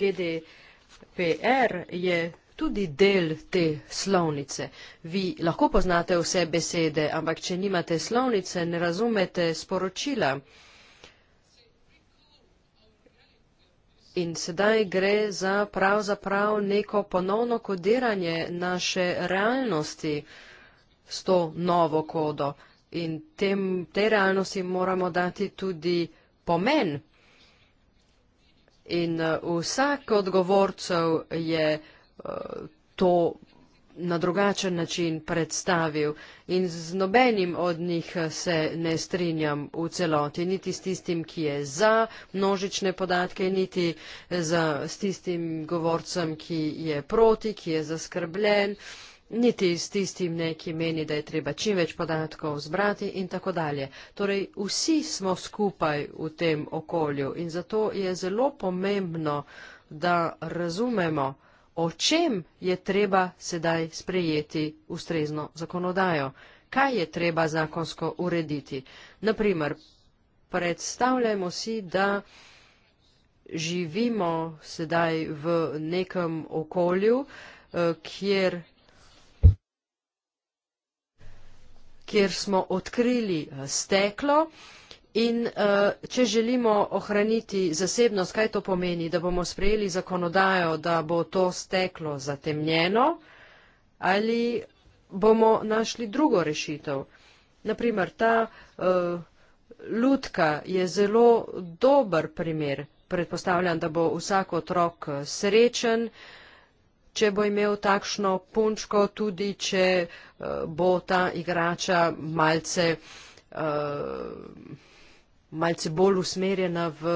GDPR je tudi del te slovnice. Vi lahko poznate vse besede, ampak če nimate slovnice, ne razumete sporočila. in sedaj gre za pravzaprav neko ponovno kodiranje naše realnosti s to novo kodo. In tem, tej realnosti moramo dati tudi pomen. In eh, vsak odgovorcev je eh, to na drugačen način predstavil in z nobenim od njih eh, se ne strinjam v celoti, niti s tistim, ki je za množične podatke, niti eh, s tistim govorcem, ki je proti, ki je zaskrbljen, niti s tistim, ki meni, da je treba čim več podatkov zbrati in tako dalje. Torej, vsi smo skupaj v tem okolju in zato je zelo pomembno, da razumemo, da razumemo, o čem je treba sedaj sprejeti ustrezno zakonodajo, kaj je treba zakonsko urediti. Naprimer, predstavljajmo si, da živimo sedaj v nekem okolju, eh, kjer, kjer smo odkrili eh, steklo, in uh, če želimo ohraniti zasebnost, kaj to pomeni, da bomo sprejeli zakonodajo, da bo to steklo zatemnjeno ali bomo našli drugo rešitev. Naprimer, ta uh, lutka je zelo dober primer. Predpostavljam, da bo vsak otrok eh, srečen, če bo imel takšno punčko, tudi če uh, bo ta igrača malce uh, malce bolj usmerjena v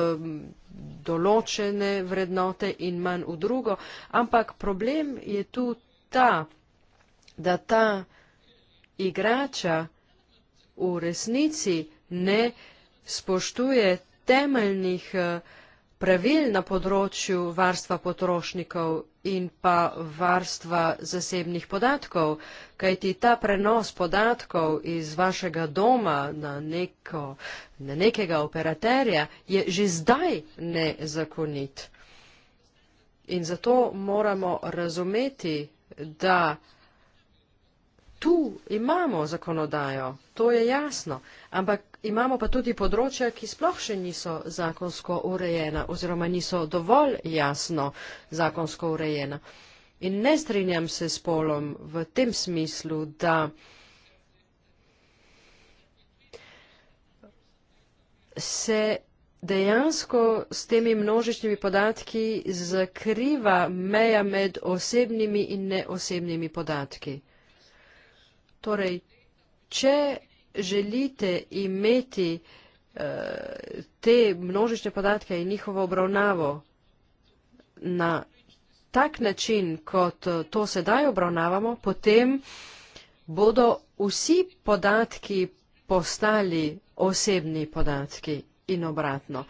določene vrednote in manj v drugo. Ampak problem je tu ta, da ta igrača v resnici ne spoštuje temeljnih eh, pravil na področju varstva potrošnikov in pa varstva zasebnih podatkov, kajti ta prenos podatkov iz vašega doma na, neko, na nekega operaterja je že zdaj nezakonit. In zato moramo razumeti, da tu imamo zakonodajo, to je jasno, ampak imamo pa tudi področja, ki sploh še niso zakonsko urejena oziroma niso dovolj jasno zakonsko urejena. In ne strinjam se s polom v tem smislu, da se dejansko s temi množičnimi podatki zakriva meja med osebnimi in neosebnimi podatki. Torej, če želite imeti uh, te množične podatke in njihovo obravnavo na tak način, kot eh, to sedaj obravnavamo, potem bodo vsi podatki postali osebni podatki in obratno.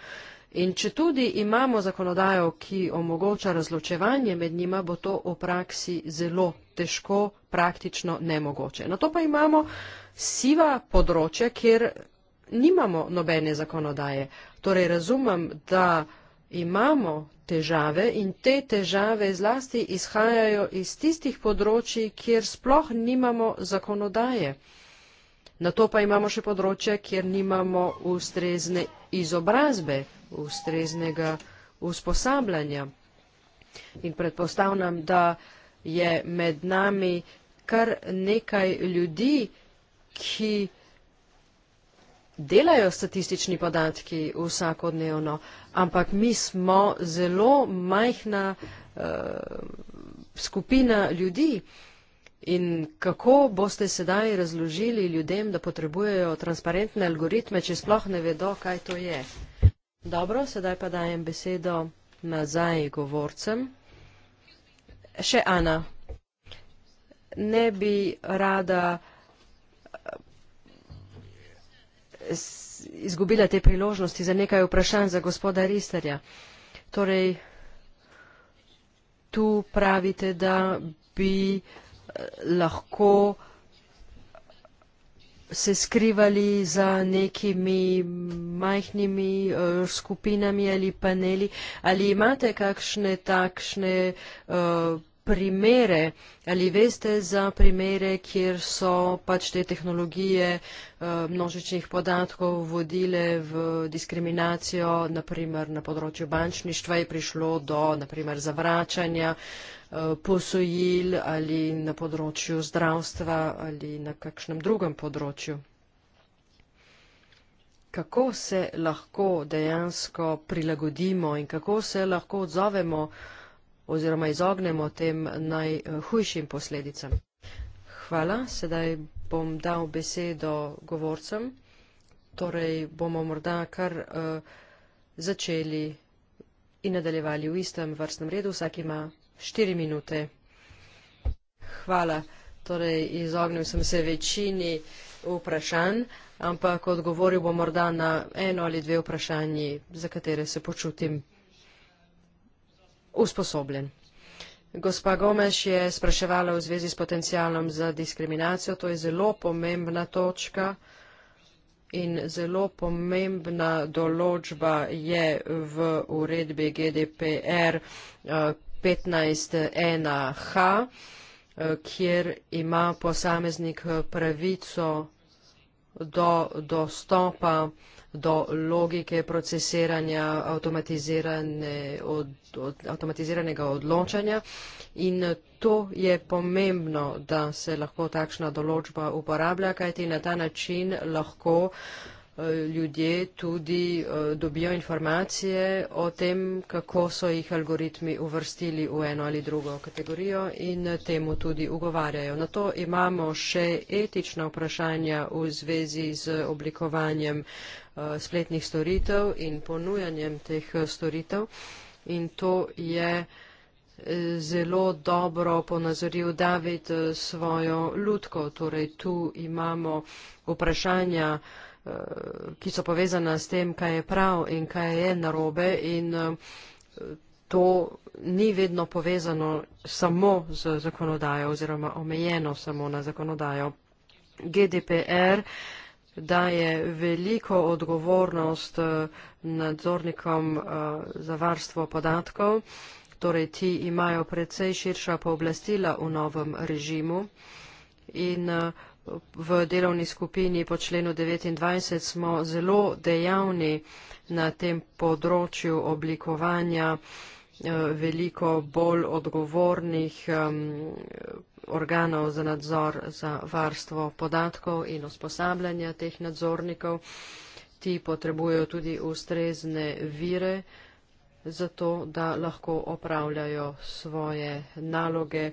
In če tudi imamo zakonodajo, ki omogoča razločevanje med njima, bo to v praksi zelo težko, praktično nemogoče. Na to pa imamo uh, siva področja, kjer nimamo nobene zakonodaje. Torej razumem, da imamo težave in te težave zlasti izhajajo iz tistih področji, kjer sploh nimamo zakonodaje. Na to pa imamo še področje, kjer nimamo ustrezne izobrazbe, ustreznega usposabljanja. In predpostavljam, da je med nami kar nekaj ljudi, ki delajo statistični podatki vsakodnevno, ampak mi smo zelo majhna uh, skupina ljudi. In kako boste sedaj razložili ljudem, da potrebujejo transparentne algoritme, če sploh ne vedo, kaj to je? Dobro, sedaj pa dajem besedo nazaj govorcem. Še Ana, ne bi rada. izgubila te priložnosti za nekaj vprašanj za gospoda Risterja. Torej, tu pravite, da bi eh, lahko se skrivali za nekimi majhnimi uh, skupinami ali paneli. Ali imate kakšne takšne uh, primere, ali veste za primere, kjer so pač te tehnologije eh, množičnih podatkov vodile v diskriminacijo, naprimer na področju bančništva je prišlo do naprimer zavračanja eh, posojil ali na področju zdravstva ali na kakšnem drugem področju. Kako se lahko dejansko prilagodimo in kako se lahko odzovemo, oziroma izognemo tem najhujšim posledicam. Hvala, sedaj bom dal besedo govorcem, torej bomo morda kar uh, začeli in nadaljevali v istem vrstnem redu, vsak ima štiri minute. Hvala, torej izognil sem se večini vprašanj, ampak odgovoril bom morda na eno ali dve vprašanji, za katere se počutim usposobljen. Gospa Gomes je spraševala v zvezi s potencialom za diskriminacijo. To je zelo pomembna točka in zelo pomembna določba je v uredbi GDPR 15.1H, eh, eh, kjer ima posameznik eh, pravico do dostopa uh, do logike procesiranja avtomatizirane, od, od, avtomatiziranega odločanja in to je pomembno, da se lahko takšna določba uporablja, kajti na ta način lahko eh, ljudje tudi eh, dobijo informacije o tem, kako so jih algoritmi uvrstili v eno ali drugo kategorijo in temu tudi ugovarjajo. Na to imamo še etična vprašanja v zvezi z oblikovanjem Eh, spletnih storitev in ponujanjem teh eh, storitev. In to je eh, zelo dobro ponazoril David svojo ljudko. Torej, tu imamo vprašanja, ki so povezana s tem, kaj je prav in kaj je narobe. In to ni vedno povezano samo z zakonodajo oziroma omejeno samo na zakonodajo. GDPR uh, da je veliko odgovornost eh, nadzornikom eh, za varstvo podatkov, torej ti imajo precej širša pooblastila v novem režimu in eh, v delovni skupini po členu 29 smo zelo dejavni na tem področju oblikovanja veliko bolj odgovornih organov za nadzor za varstvo podatkov in usposabljanje teh nadzornikov. Ti potrebujejo tudi ustrezne vire za to, da lahko opravljajo svoje naloge eh,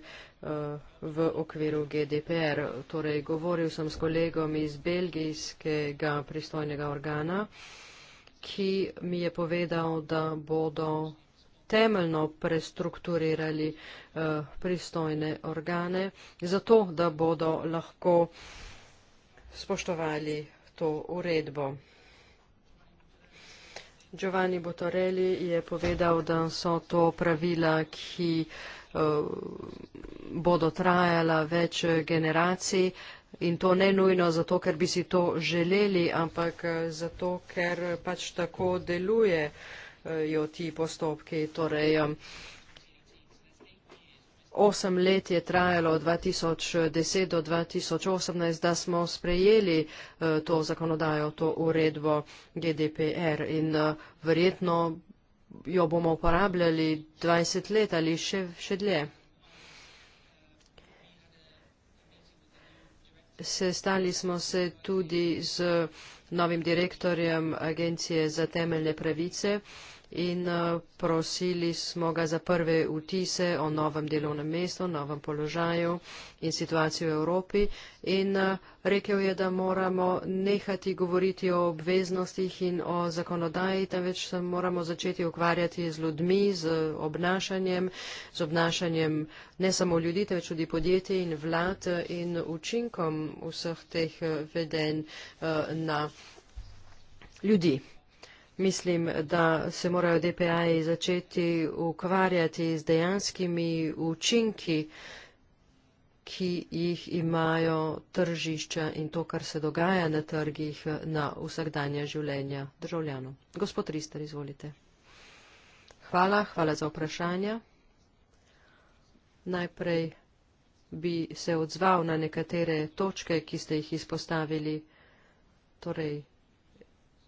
v okviru GDPR. Torej, govoril sem s kolegom iz belgijskega pristojnega organa, ki mi je povedal, da bodo temeljno prestrukturirali eh, pristojne organe, zato da bodo lahko spoštovali to uredbo. Giovanni Botorelli je povedal, da so to pravila, ki eh, bodo trajala več generacij in to ne nujno zato, ker bi si to želeli, ampak eh, zato, ker pač tako deluje jo ti postopki. Torej, um, osem let je trajalo od 2010 do 2018, da smo sprejeli uh, to zakonodajo, to uredbo GDPR in uh, verjetno jo bomo uporabljali 20 let ali še, še dlje. Sestali smo se tudi z uh, novim direktorjem agencije za temeljne pravice in eh, prosili smo ga za prve vtise o novem delovnem mestu, novem položaju in situaciji v Evropi. In eh, rekel je, da moramo nehati govoriti o obveznostih in o zakonodaji, temveč se moramo začeti ukvarjati z ljudmi, z obnašanjem, z obnašanjem ne samo ljudi, temveč tudi podjetij in vlad eh, in učinkom vseh teh veden na ljudi. Mislim, da se morajo DPA-ji začeti ukvarjati z dejanskimi učinki, ki jih imajo tržišča in to, kar se dogaja na trgih na vsakdanja življenja državljanov. Gospod Rister, izvolite. Hvala, hvala za vprašanja. Najprej bi se odzval na nekatere točke, ki ste jih izpostavili. Torej,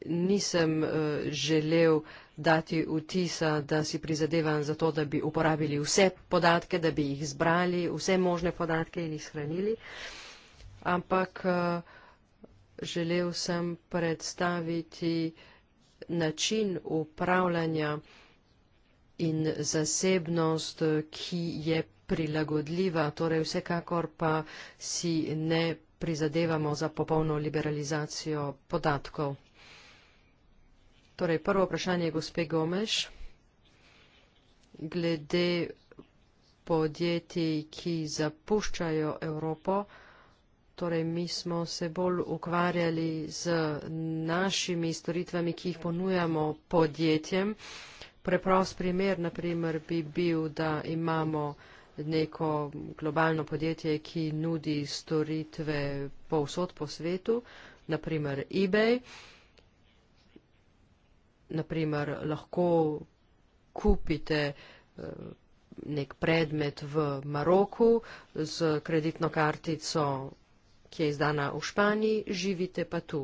nisem eh, želel dati vtisa, da si prizadevam za to, da bi uporabili vse podatke, da bi jih zbrali, vse možne podatke in jih shranili, ampak eh, želel sem predstaviti način upravljanja in zasebnost, ki je prilagodljiva, torej vsekakor pa si ne prizadevamo za popolno liberalizacijo podatkov. Torej, prvo vprašanje je gospe Gomeš. Glede podjetij, ki zapuščajo Evropo, torej mi smo se bolj ukvarjali z našimi storitvami, ki jih ponujamo podjetjem. Preprost primer, naprimer, bi bil, da imamo neko globalno podjetje, ki nudi storitve povsod po svetu, naprimer eBay naprimer, lahko kupite eh, nek predmet v Maroku z kreditno kartico, ki je izdana v Španiji, živite pa tu.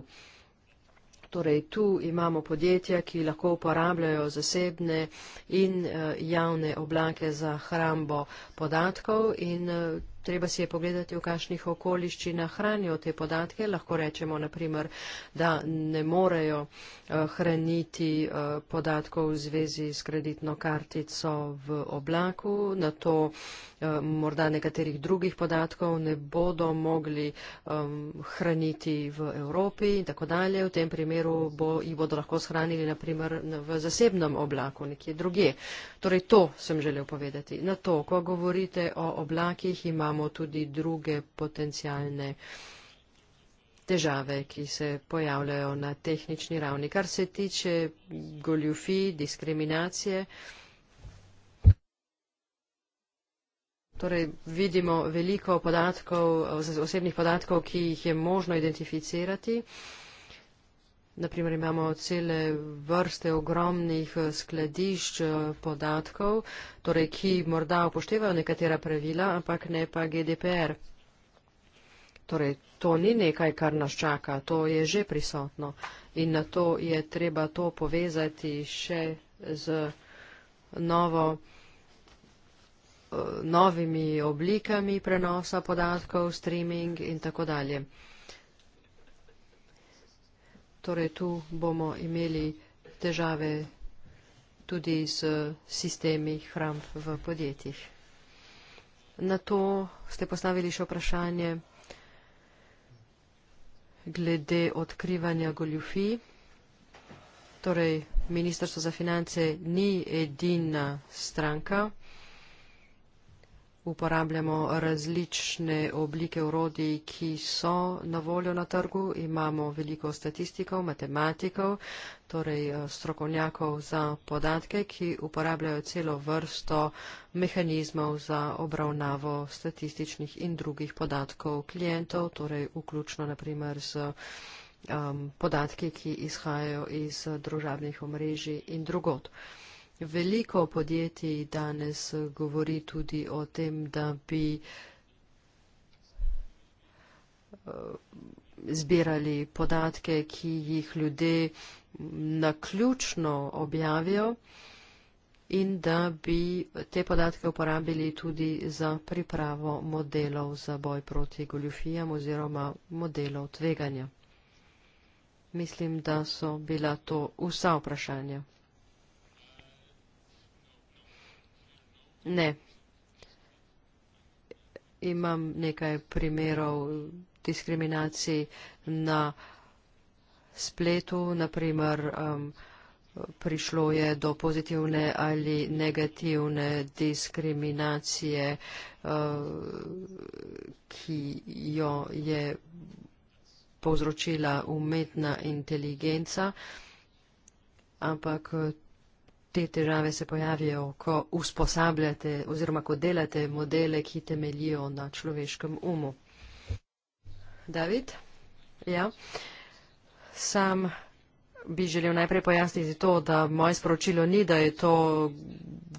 Torej, tu imamo podjetja, ki lahko uporabljajo zasebne in eh, javne oblake za hrambo podatkov in eh, Treba si je pogledati, v kakšnih okoliščinah hranijo te podatke. Lahko rečemo, naprimer, da ne morejo eh, hraniti eh, podatkov v zvezi s kreditno kartico v oblaku, na to eh, morda nekaterih drugih podatkov ne bodo mogli hraniti v Evropi in tako dalje. V tem primeru bo, jih bodo lahko shranili naprimer v zasebnem oblaku, nekje druge. Torej, to sem želel povedati. Na to, ko govorite o oblakih, imamo imamo tudi druge potencijalne težave, ki se pojavljajo na tehnični ravni. Kar se tiče goljufij, diskriminacije, torej vidimo veliko podatkov, osebnih podatkov, ki jih je možno identificirati. Uh, Naprimer, imamo cele vrste ogromnih eh, skladišč eh, podatkov, torej, ki morda upoštevajo nekatera pravila, ampak ne pa GDPR. Torej, to ni nekaj, kar nas čaka, to je že prisotno in na to je treba to povezati še z novo, eh, novimi oblikami prenosa podatkov, streaming in tako dalje torej tu bomo imeli težave tudi z sistemi hramb v podjetjih. Na to ste postavili še vprašanje glede odkrivanja goljufij. Torej, Ministrstvo za finance ni edina stranka uporabljamo različne oblike urodij, ki so na voljo na trgu. Imamo veliko statistikov, matematikov, torej eh, strokovnjakov za podatke, ki uporabljajo celo vrsto mehanizmov za obravnavo statističnih in drugih podatkov klientov, torej vključno naprimer z um, podatki, ki izhajajo iz družabnih omrežij in drugot. Um, Veliko podjetij danes govori tudi o tem, da bi eh, zbirali podatke, ki jih ljudje naključno objavijo in da bi te podatke uporabili tudi za pripravo modelov za boj proti goljufijam oziroma modelov tveganja. Mislim, da so bila to vsa vprašanja. Ne. Imam nekaj primerov diskriminacij na spletu, naprimer um, prišlo je do pozitivne ali negativne diskriminacije, uh, ki jo je povzročila umetna inteligenca, ampak te težave se pojavijo, ko usposabljate oziroma ko delate modele, ki temeljijo na človeškem umu. David, ja, sam bi želel najprej pojasniti to, da moje sporočilo ni, da je to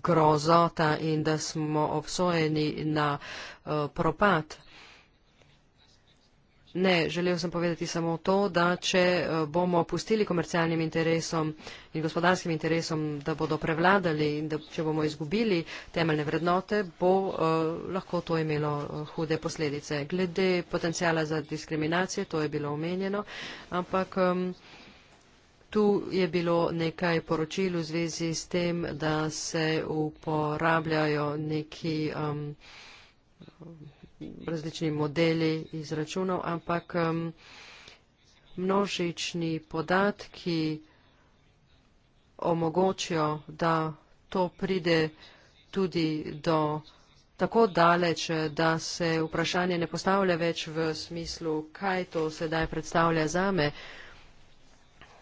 grozota in da smo obsojeni na uh, propad. Ne, želel sem povedati samo to, da če eh, bomo pustili komercialnim interesom in gospodarskim interesom, da bodo prevladali in da če bomo izgubili temeljne vrednote, bo uh, lahko to imelo eh, hude posledice. Glede potencijala za diskriminacije, to je bilo omenjeno, ampak. Um, Tu je bilo nekaj poročil v zvezi s tem, da se uporabljajo neki. Um, različni modeli izračunov, ampak um, množični podatki omogočijo, da to pride tudi do tako daleč, da se vprašanje ne postavlja več v smislu, kaj to sedaj predstavlja zame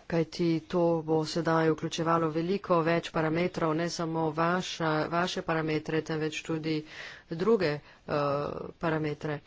kajti to bo sedaj vključevalo veliko več parametrov, ne samo vaša, vaše parametre, temveč tudi druge uh, parametre.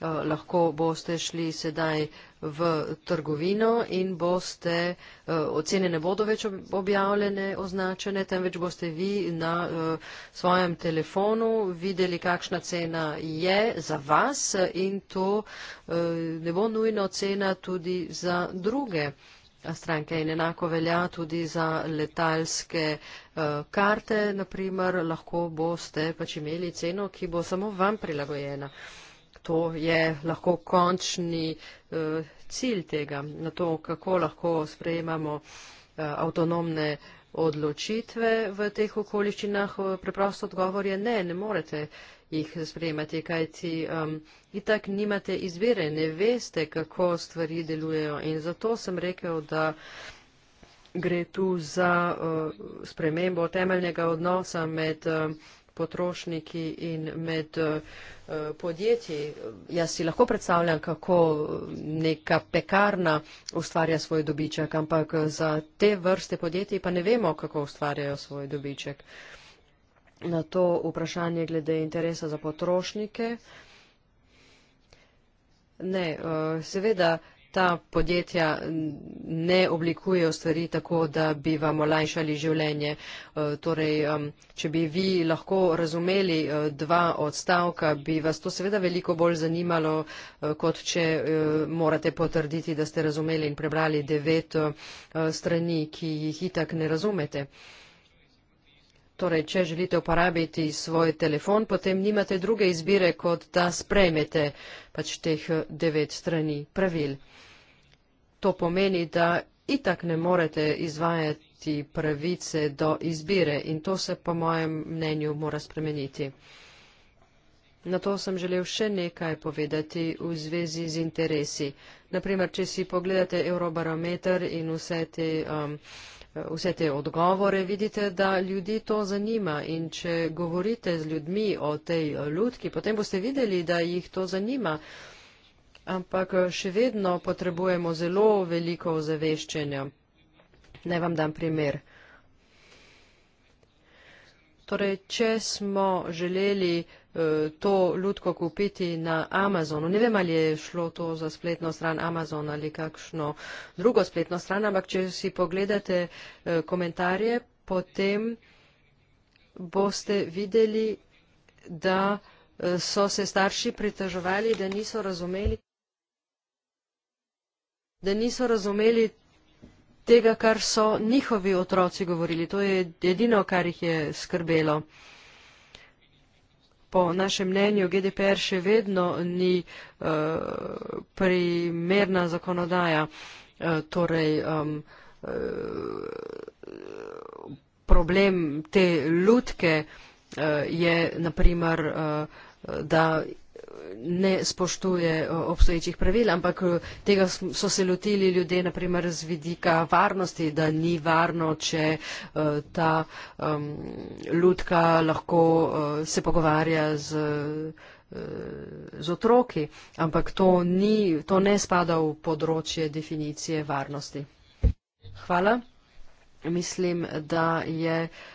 Uh, lahko boste šli sedaj v trgovino in boste, uh, ocene ne bodo več objavljene, označene, temveč boste vi na uh, svojem telefonu videli, kakšna cena je za vas in to uh, ne bo nujno cena tudi za druge. Uh, stranke. In enako velja tudi za letalske eh, karte, naprimer lahko boste pač imeli ceno, ki bo samo vam prilagojena. To je lahko končni eh, cilj tega, na to, kako lahko sprejemamo eh, avtonomne odločitve v teh okoliščinah. Preprosto odgovor je ne, ne morete jih sprejemate, kajti um, itak nimate izbire, ne veste, kako stvari delujejo. In zato sem rekel, da gre tu za uh, spremembo temeljnega odnosa med uh, potrošniki in med uh, podjetji. Jaz si lahko predstavljam, kako neka pekarna ustvarja svoj dobiček, ampak za te vrste podjetij pa ne vemo, kako ustvarjajo svoj dobiček. Uh, na to vprašanje glede interesa za potrošnike. Ne, eh, seveda ta podjetja ne oblikujejo stvari tako, da bi vam olajšali življenje. Eh, torej, če bi vi lahko razumeli eh, dva odstavka, bi vas to seveda veliko bolj zanimalo, kot če morate potrditi, da ste razumeli in prebrali devet strani, ki jih itak ne razumete. Torej, če želite uporabiti svoj telefon, potem nimate druge izbire, kot da sprejmete pač teh eh, devet strani pravil. To pomeni, da itak ne morete izvajati pravice do izbire in to se, po mojem mnenju, mora spremeniti. Na to sem želel še nekaj povedati v zvezi z interesi. Naprimer, če si pogledate Eurobarometer in vse te. Um, vse te odgovore, vidite, da ljudi to zanima. In če govorite z ljudmi o tej ljudki, potem boste videli, da jih to zanima. Ampak še vedno potrebujemo zelo veliko ozaveščenja. Naj vam dam primer. Torej, če smo želeli uh, Eh, to lutko kupiti na Amazonu. Ne vem, ali je šlo to za spletno stran Amazon ali kakšno drugo spletno stran, ampak če si pogledate eh, komentarje, potem boste videli, da eh, so se starši pritaževali, da niso razumeli, da niso razumeli tega, kar so njihovi otroci govorili. To je edino, kar jih je skrbelo po našem mnenju GDPR še vedno ni uh, primerna zakonodaja, uh, torej um, uh, problem te lutke uh, je naprimer, uh, da ne spoštuje eh, obstoječih pravil, ampak eh, tega so se lotili ljudje naprimer z vidika varnosti, da ni varno, če eh, ta um, ljudka lahko uh, se pogovarja z, uh, z otroki, ampak to, ni, to ne spada v področje definicije varnosti. Hvala. Mislim, da je. Uh,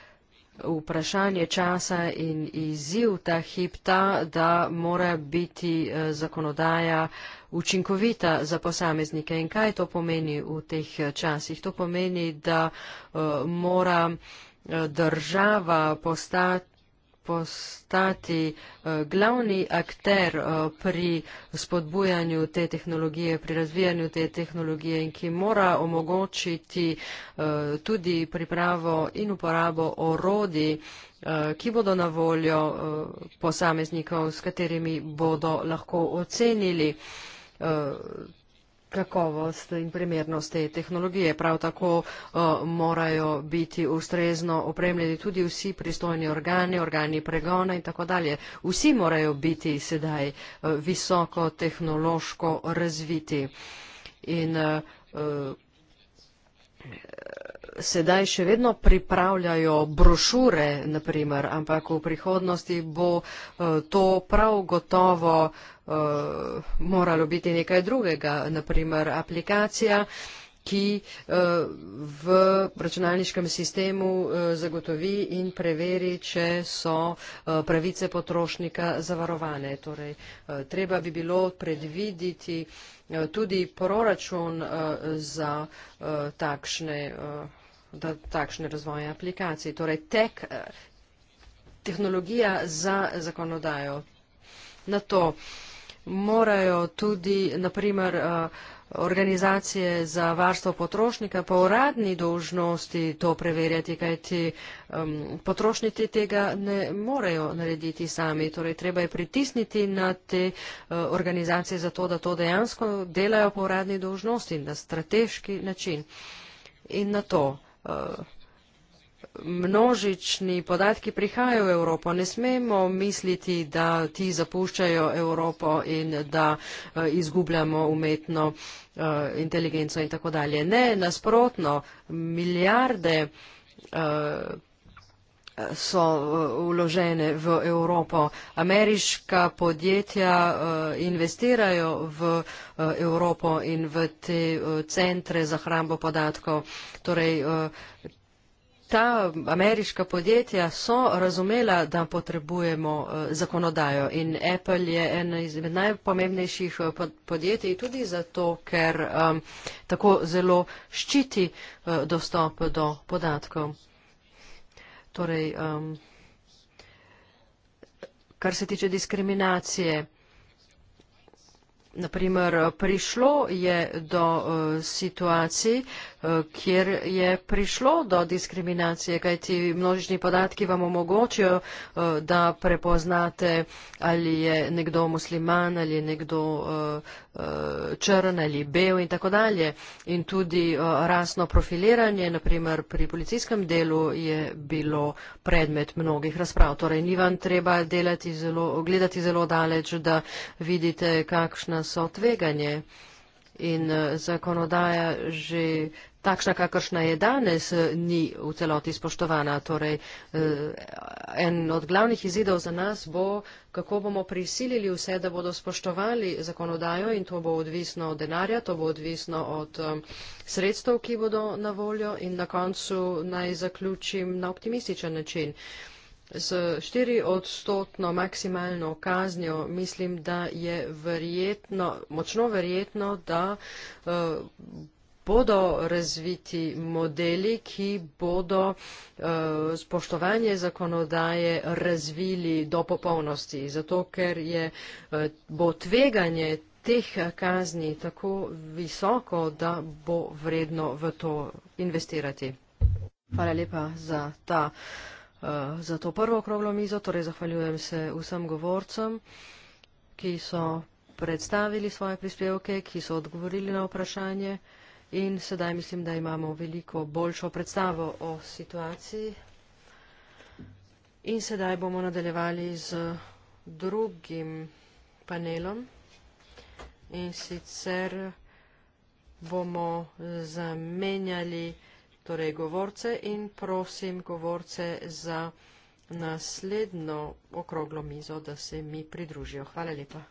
vprašanje časa in izziv ta hip ta, da mora biti eh, zakonodaja učinkovita za posameznike. In kaj to pomeni v teh eh, časih? To pomeni, da eh, mora država postati postati eh, glavni akter eh, pri spodbujanju te tehnologije, pri razvijanju te tehnologije in ki mora omogočiti eh, tudi pripravo in uporabo orodi, ki bodo na voljo posameznikov, s katerimi bodo lahko ocenili kakovost in primernost te tehnologije. Prav tako uh, morajo biti ustrezno opremljeni tudi vsi pristojni organi, organi pregona in tako dalje. Vsi morajo biti sedaj uh, visoko tehnološko razviti. In uh, uh, sedaj še vedno pripravljajo brošure, naprimer, ampak v prihodnosti bo uh, to prav gotovo uh, Eh, moralo biti nekaj drugega, naprimer aplikacija, ki eh, v računalniškem sistemu eh, zagotovi in preveri, če so pravice potrošnika zavarovane. Torej, treba bi bilo predviditi tudi proračun za takšne, da takšne razvoje aplikacij. Torej, tek, tehnologija za zakonodajo. Na to morajo tudi, naprimer, eh, organizacije za varstvo potrošnika po uradni dolžnosti to preverjati, kajti um, potrošniki tega ne morejo narediti sami. Torej, treba je pritisniti na te uh, organizacije za to, da to dejansko delajo po uradni dolžnosti in na strateški način. In na to. Uh, množični podatki prihajajo v Evropo. Ne smemo misliti, da ti zapuščajo Evropo in da eh, izgubljamo umetno eh, inteligenco in tako dalje. Ne, nasprotno, milijarde eh, so uložene v Evropo. Ameriška podjetja investirajo v Evropo in v te centre za hrambo podatkov. Torej, ta ameriška podjetja so razumela, da potrebujemo eh, zakonodajo in Apple je ena izmed najpomembnejših eh, podjetij tudi zato, ker um, tako zelo ščiti eh, dostop do podatkov. Torej, um, kar se tiče diskriminacije, Naprimer, prišlo je do uh, situacij, uh, kjer je prišlo do diskriminacije, kajti množični podatki vam omogočajo, uh, eh, da prepoznate, ali je nekdo musliman, ali je nekdo uh, Eh, črn ali bel in tako dalje. In tudi eh, rasno profiliranje, naprimer pri policijskem delu, je bilo predmet mnogih razprav. Torej, ni vam treba zelo, gledati zelo daleč, da vidite, kakšna so tveganje. In eh, zakonodaja že takšna, kakršna je danes, eh, ni v celoti spoštovana. Torej, eh, en od glavnih izidov za nas bo, kako bomo prisilili vse, da bodo spoštovali zakonodajo in to bo odvisno od denarja, to bo odvisno od eh, sredstev, ki bodo na voljo in na koncu naj zaključim na optimističen način. Z 4 odstotno maksimalno kaznjo mislim, da je verjetno, močno verjetno, da uh, bodo razviti modeli, ki bodo eh, spoštovanje zakonodaje razvili do popolnosti, zato ker je eh, bo tveganje teh kazni tako visoko, da bo vredno v to investirati. Hvala lepa za, ta, eh, za to prvo okroglo mizo, torej zahvaljujem se vsem govorcem, ki so predstavili svoje prispevke, ki so odgovorili na vprašanje. In sedaj mislim, da imamo veliko boljšo predstavo o situaciji. In sedaj bomo nadaljevali z drugim panelom. In sicer bomo zamenjali torej, govorce in prosim govorce za naslednjo okroglo mizo, da se mi pridružijo. Hvala lepa.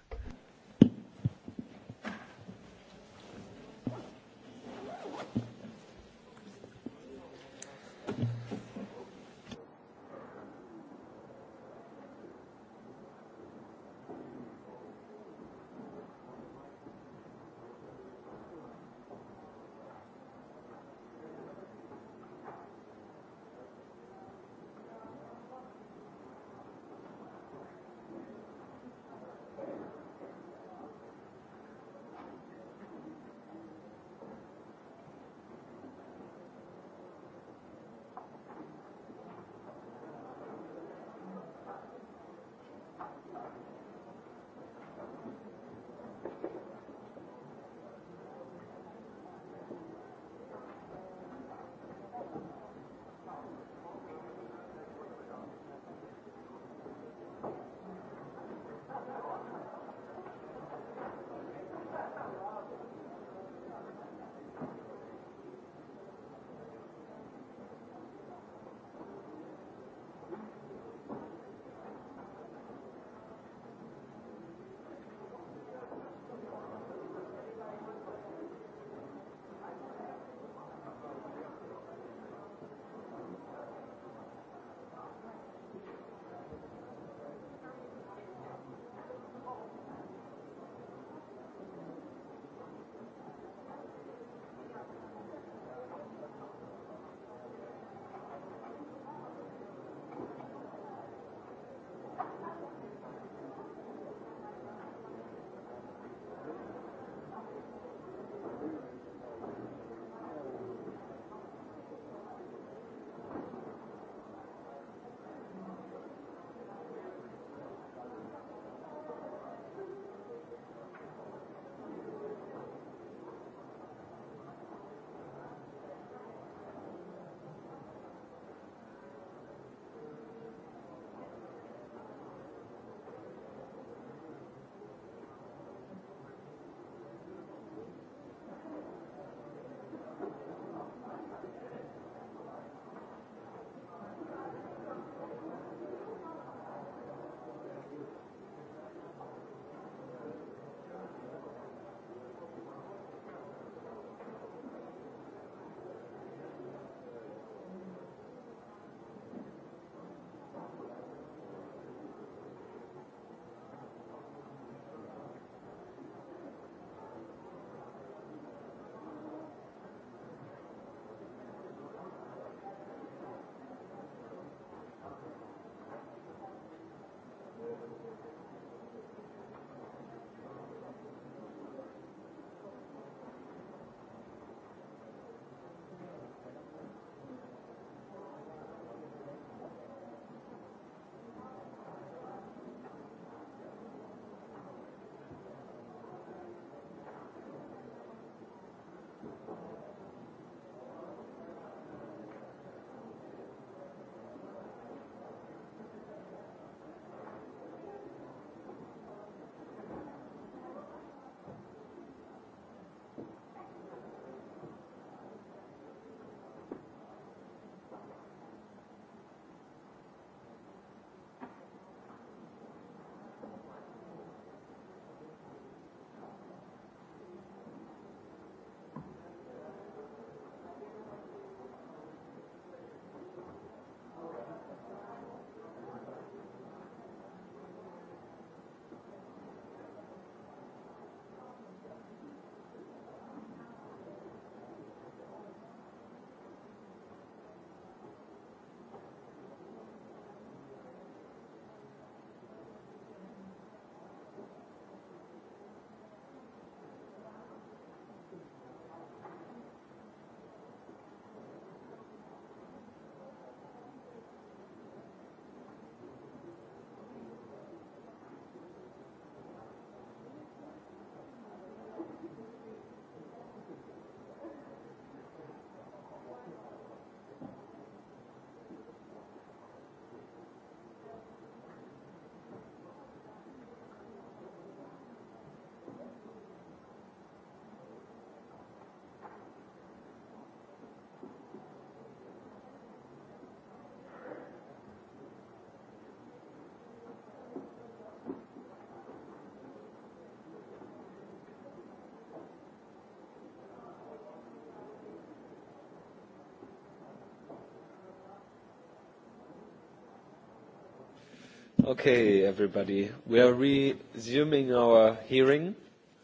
Okay, everybody, we are resuming our hearing.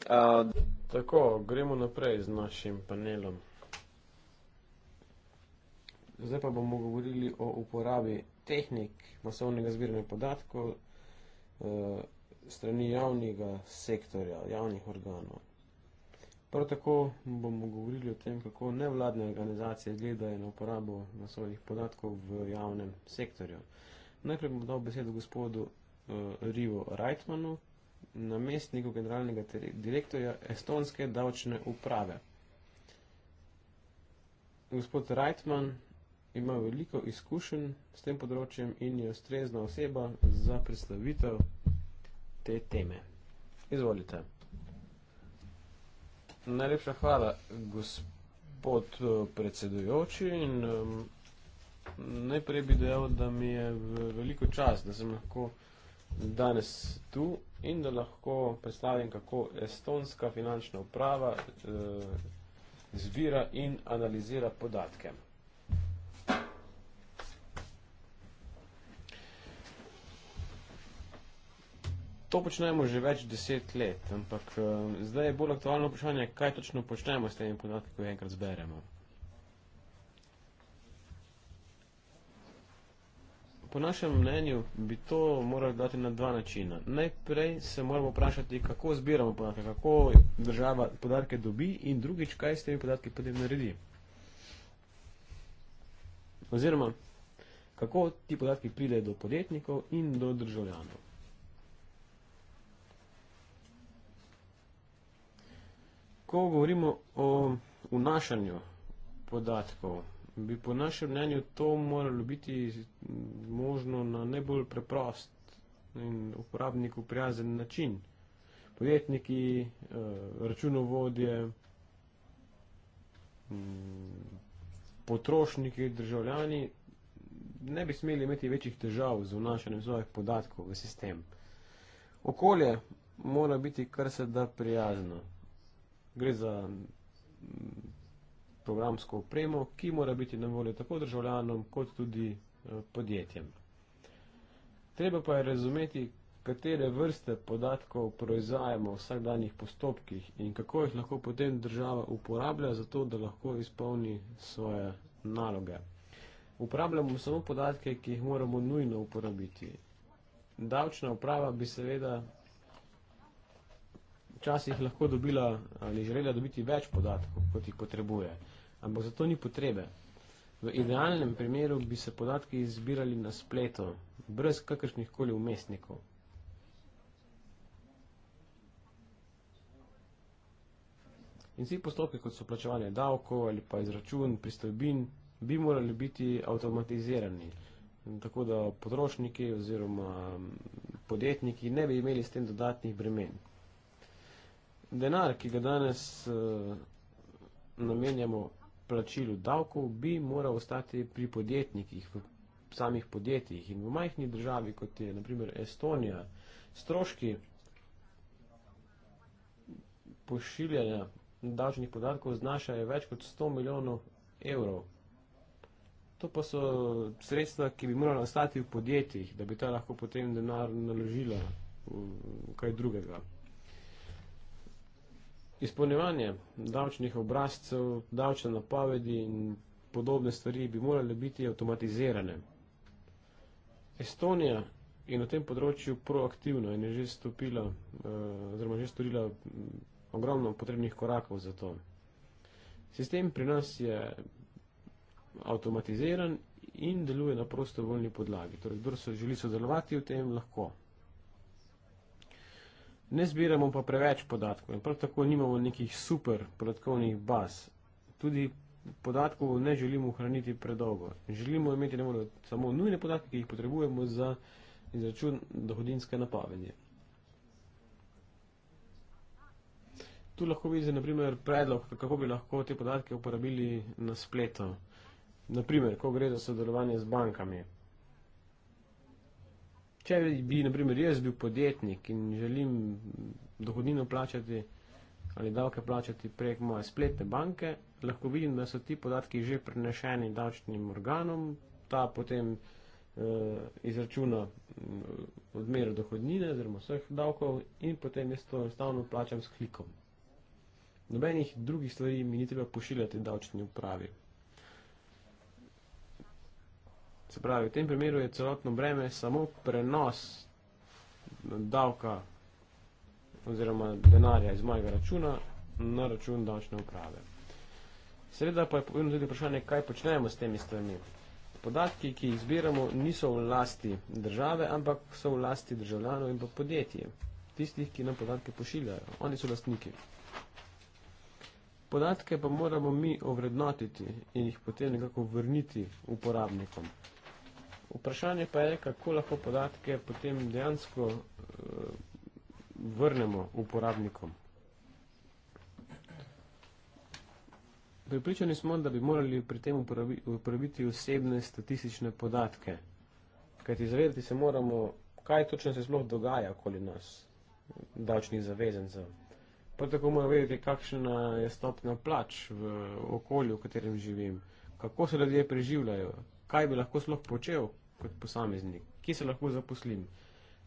Uh, Tako, gremo naprej z našim panelom. Zdaj pa bomo govorili o uporabi tehnik masovnega zbiranja podatkov uh, strani javnega sektorja, javnih organov. Prav tako bomo govorili o tem, kako nevladne organizacije gledajo na uporabo masovnih podatkov v javnem sektorju. Uh, Najprej bom dal besedo gospodu uh, Rivo Reitmanu, namestniku generalnega direktorja Estonske davčne uprave. Gospod Reitman ima veliko izkušenj s tem področjem in je ustrezna oseba za predstavitev te teme. Izvolite. Najlepša hvala, gospod eh, predsedujoči in um, Najprej bi dejal, da mi je veliko čas, da sem lahko danes tu in da lahko predstavim, kako estonska finančna uprava eh, zbira in analizira podatke. To počnemo že več deset let, ampak eh, zdaj je bolj aktualno vprašanje, kaj točno počnemo s temi podatki, ko jih enkrat zberemo. Po našem mnenju bi to morali dati na dva načina. Najprej se moramo vprašati, kako zbiramo podatke, kako država podatke dobi in drugič, kaj s temi podatki potem naredi. Oziroma, kako ti podatki pridejo do podjetnikov in do državljanov. Ko govorimo o vnašanju podatkov, bi po našem mnenju to moralo biti možno na najbolj preprost in uporabniku prijazen način. Podjetniki, eh, računovodje, mm, potrošniki, državljani ne bi smeli imeti večjih težav z vnašanjem svojih podatkov v sistem. Okolje mora biti kar se da prijazno. Gre za programsko opremo, ki mora biti na voljo tako državljanom kot tudi eh, podjetjem. Treba pa je razumeti, katere vrste podatkov proizvajamo v vsakdanjih postopkih in kako jih lahko potem država uporablja za to, da lahko izpolni svoje naloge. Uporabljamo samo podatke, ki jih moramo nujno uporabiti. Davčna uprava bi seveda včasih lahko dobila ali želela dobiti več podatkov, kot jih potrebuje ampak za to ni potrebe. V idealnem primeru bi se podatki izbirali na spletu, brez kakršnih koli umestnikov. In vsi postopki, kot so plačevanje davkov ali pa izračun, pristojbin, bi morali biti avtomatizirani, tako da potrošniki oziroma mm, podjetniki ne bi imeli s tem dodatnih bremen. Denar, ki ga danes uh, namenjamo plačilu davkov bi moral ostati pri podjetnikih, v samih podjetjih in v majhni državi, kot je naprimer Estonija, stroški pošiljanja davčnih podatkov znašajo več kot 100 milijonov evrov. To pa so sredstva, ki bi morala ostati v podjetjih, da bi ta lahko potem denar naložila v kaj drugega. Izpolnjevanje davčnih obrazcev, davčne napovedi in podobne stvari bi morale biti avtomatizirane. Estonija je na tem področju proaktivna in je že stopila, eh, oziroma že storila mm, ogromno potrebnih korakov za to. Sistem pri nas je avtomatiziran in deluje na prostovoljni podlagi. Torej, kdo se želi sodelovati v tem, lahko ne zbiramo pa preveč podatkov in prav tako nimamo nekih super podatkovnih baz. Tudi podatkov ne želimo hraniti predolgo. Želimo imeti nemo, samo nujne podatke, ki jih potrebujemo za izračun dohodinske napavenje. Tu lahko vidite, na primer, predlog, kako bi lahko te podatke uporabili na spletu. Naprimer, ko gre za sodelovanje z bankami. Če bi, na primer, jaz bil podjetnik in želim dohodnino plačati ali davke plačati prek moje spletne banke, lahko vidim, da so ti podatki že prenešeni davčnim organom, ta potem eh, izračuna mm, odmero dohodnine oziroma vseh davkov in potem jaz to enostavno plačam s klikom. Nobenih drugih stvari mi ni treba pošiljati davčni upravi. Se pravi, v tem primeru je celotno breme samo prenos davka oziroma denarja iz mojega računa na račun davčne uprave. Seveda pa je povedno tudi vprašanje, kaj počnemo s temi stvarmi. Podatki, ki jih zbiramo, niso v lasti države, ampak so v lasti državljanov in pa podjetij, tistih, ki nam podatke pošiljajo. Oni so lastniki. Podatke pa moramo mi ovrednotiti in jih potem nekako vrniti uporabnikom. Vprašanje pa je, kako lahko podatke potem dejansko eh, vrnemo uporabnikom. Pripričani smo, da bi morali pri tem uporabiti osebne statistične podatke, kajti zavedati se moramo, kaj točno se sploh dogaja okoli nas, davčnih zavezencev. Prav tako moramo vedeti, kakšna je stopna plač v okolju, v katerem živim, kako se ljudje preživljajo, kaj bi lahko sploh počel kot posameznik, kje se lahko zaposlim.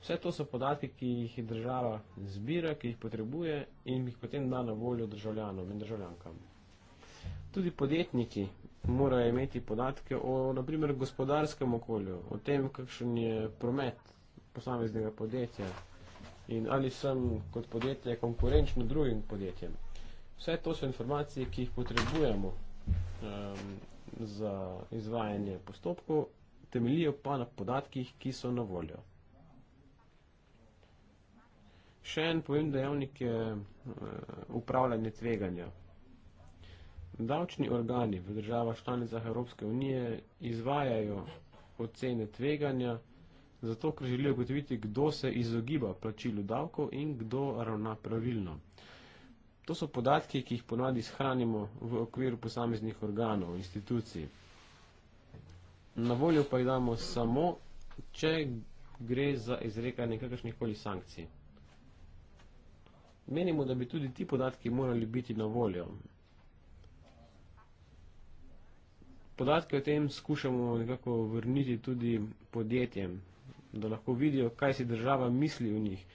Vse to so podatki, ki jih država zbira, ki jih potrebuje in jih potem da na voljo državljanom in državljankam. Tudi podjetniki morajo imeti podatke o naprimer gospodarskem okolju, o tem, kakšen je promet posameznega podjetja in ali sem kot podjetje konkurenčno drugim podjetjem. Vse to so informacije, ki jih potrebujemo. Um, za izvajanje postopkov, temeljijo pa na podatkih, ki so na voljo. Še en povem dejavnik je eh, upravljanje tveganja. Davčni organi v državah članicah Evropske unije izvajajo ocene tveganja, zato ker želijo gotoviti, kdo se izogiba plačilu davkov in kdo ravna pravilno. To so podatki, ki jih ponadi shranimo v okviru posameznih organov, institucij. Na voljo pa jih damo samo, če gre za izrekanje kakršnih koli sankcij. Menimo, da bi tudi ti podatki morali biti na voljo. Podatke o tem skušamo nekako vrniti tudi podjetjem, da lahko vidijo, kaj si država misli v njih,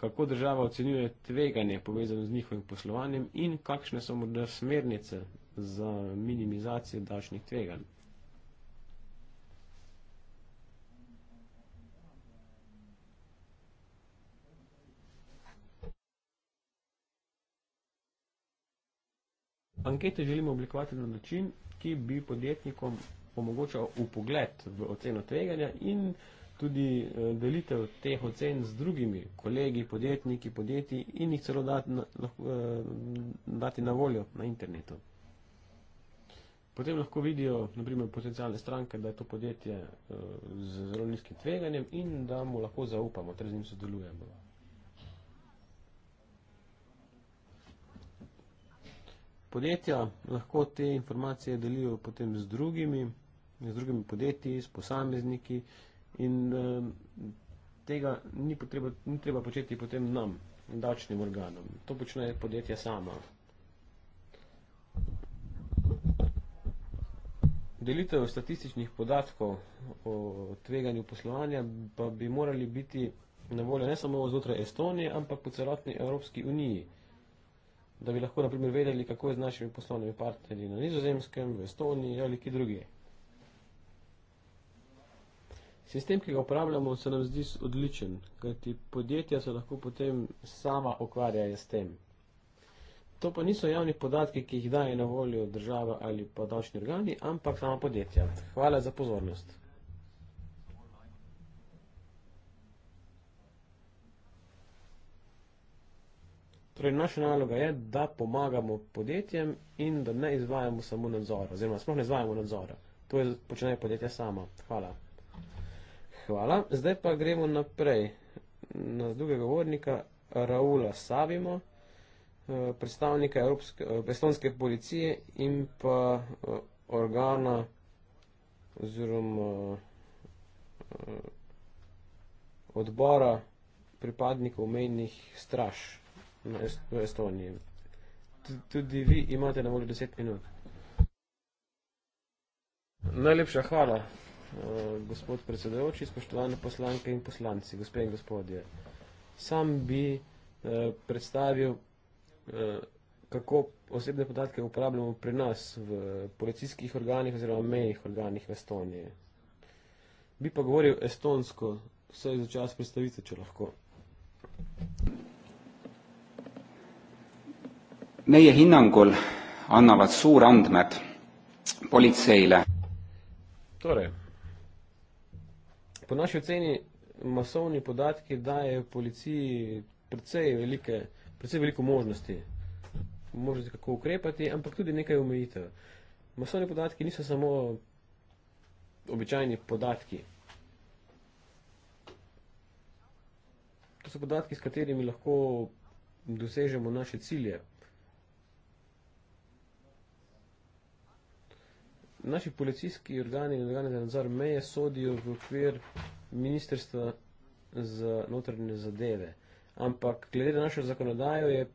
kako država ocenjuje tveganje povezano z njihovim poslovanjem in kakšne so morda smernice za minimizacijo davčnih tveganj. Ankete želimo oblikovati na način, ki bi podjetnikom omogočal upogled v oceno tveganja in vsega, tudi eh, delitev teh ocen z drugimi kolegi, podjetniki, podjetji in jih celo dati na, lahko, eh, dati na voljo na internetu. Potem lahko vidijo, naprimer, potencijalne stranke, da je to podjetje eh, z zelo nizkim tveganjem in da mu lahko zaupamo, ter z njim sodelujemo. Podjetja lahko te informacije delijo potem z drugimi, z drugimi podjetji, s posamezniki, In uh, tega ni, potreba, ni treba početi potem nam, dačnim organom. To počne podjetja sama. Delitev statističnih podatkov o tveganju poslovanja pa bi morali biti na voljo ne samo znotraj Estonije, ampak po celotni Evropski uniji. Da bi lahko, na primer, vedeli, kako je z našimi poslovnimi partnerji na Nizozemskem, v Estoniji ali ki drugi. Sistem, ki ga uporabljamo, se nam zdi odličen, kajti podjetja se lahko potem sama ukvarjajo s tem. To pa niso javni podatki, ki jih daje na voljo država ali pa davčni organi, ampak sama podjetja. Hvala za pozornost. Torej, naša naloga je, da pomagamo podjetjem in da ne izvajamo samo nadzora, oziroma sploh ne izvajamo nadzora. To je počnejo podjetja sama. Hvala hvala. Zdaj pa gremo naprej na drugega govornika, Raula Savimo, eh, predstavnika eh, Estonske policije in pa eh, organa oziroma odbora pripadnikov mejnih straž v Estoniji. Tudi vi imate na voljo 10 minut. Najlepša hvala. Eh, gospod predsedojoči, spoštovane poslanke in poslanci, gospe in gospodje. Sam bi eh, predstavil, eh, kako osebne podatke uporabljamo pri nas v policijskih organih oziroma mejnih organih v Estoniji. Bi pa govoril estonsko, vse za čas predstavite, če lahko. Meie hinnangul annavad suur andmed politseile. Torej, Po naši oceni masovni podatki dajejo policiji precej, velike, precej veliko možnosti, možnosti, kako ukrepati, ampak tudi nekaj omejitev. Masovni podatki niso samo običajni podatki. To so podatki, s katerimi lahko dosežemo naše cilje, naši policijski organi in organi za nadzor meje sodijo v okvir Ministrstva za notranje zadeve. Ampak glede na našo zakonodajo je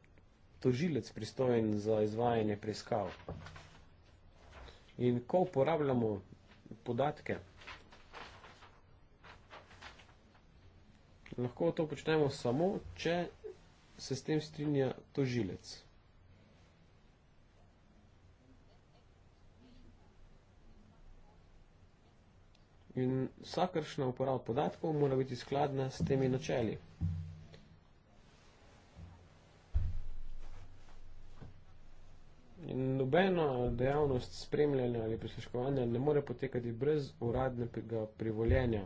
tožilec pristojen za izvajanje preiskav. In ko uporabljamo podatke, lahko to počnemo samo, če se s tem strinja tožilec. in vsakršna uporaba podatkov mora biti skladna s temi načeli. In nobena dejavnost spremljanja ali prisluškovanja ne more potekati brez uradnega privoljenja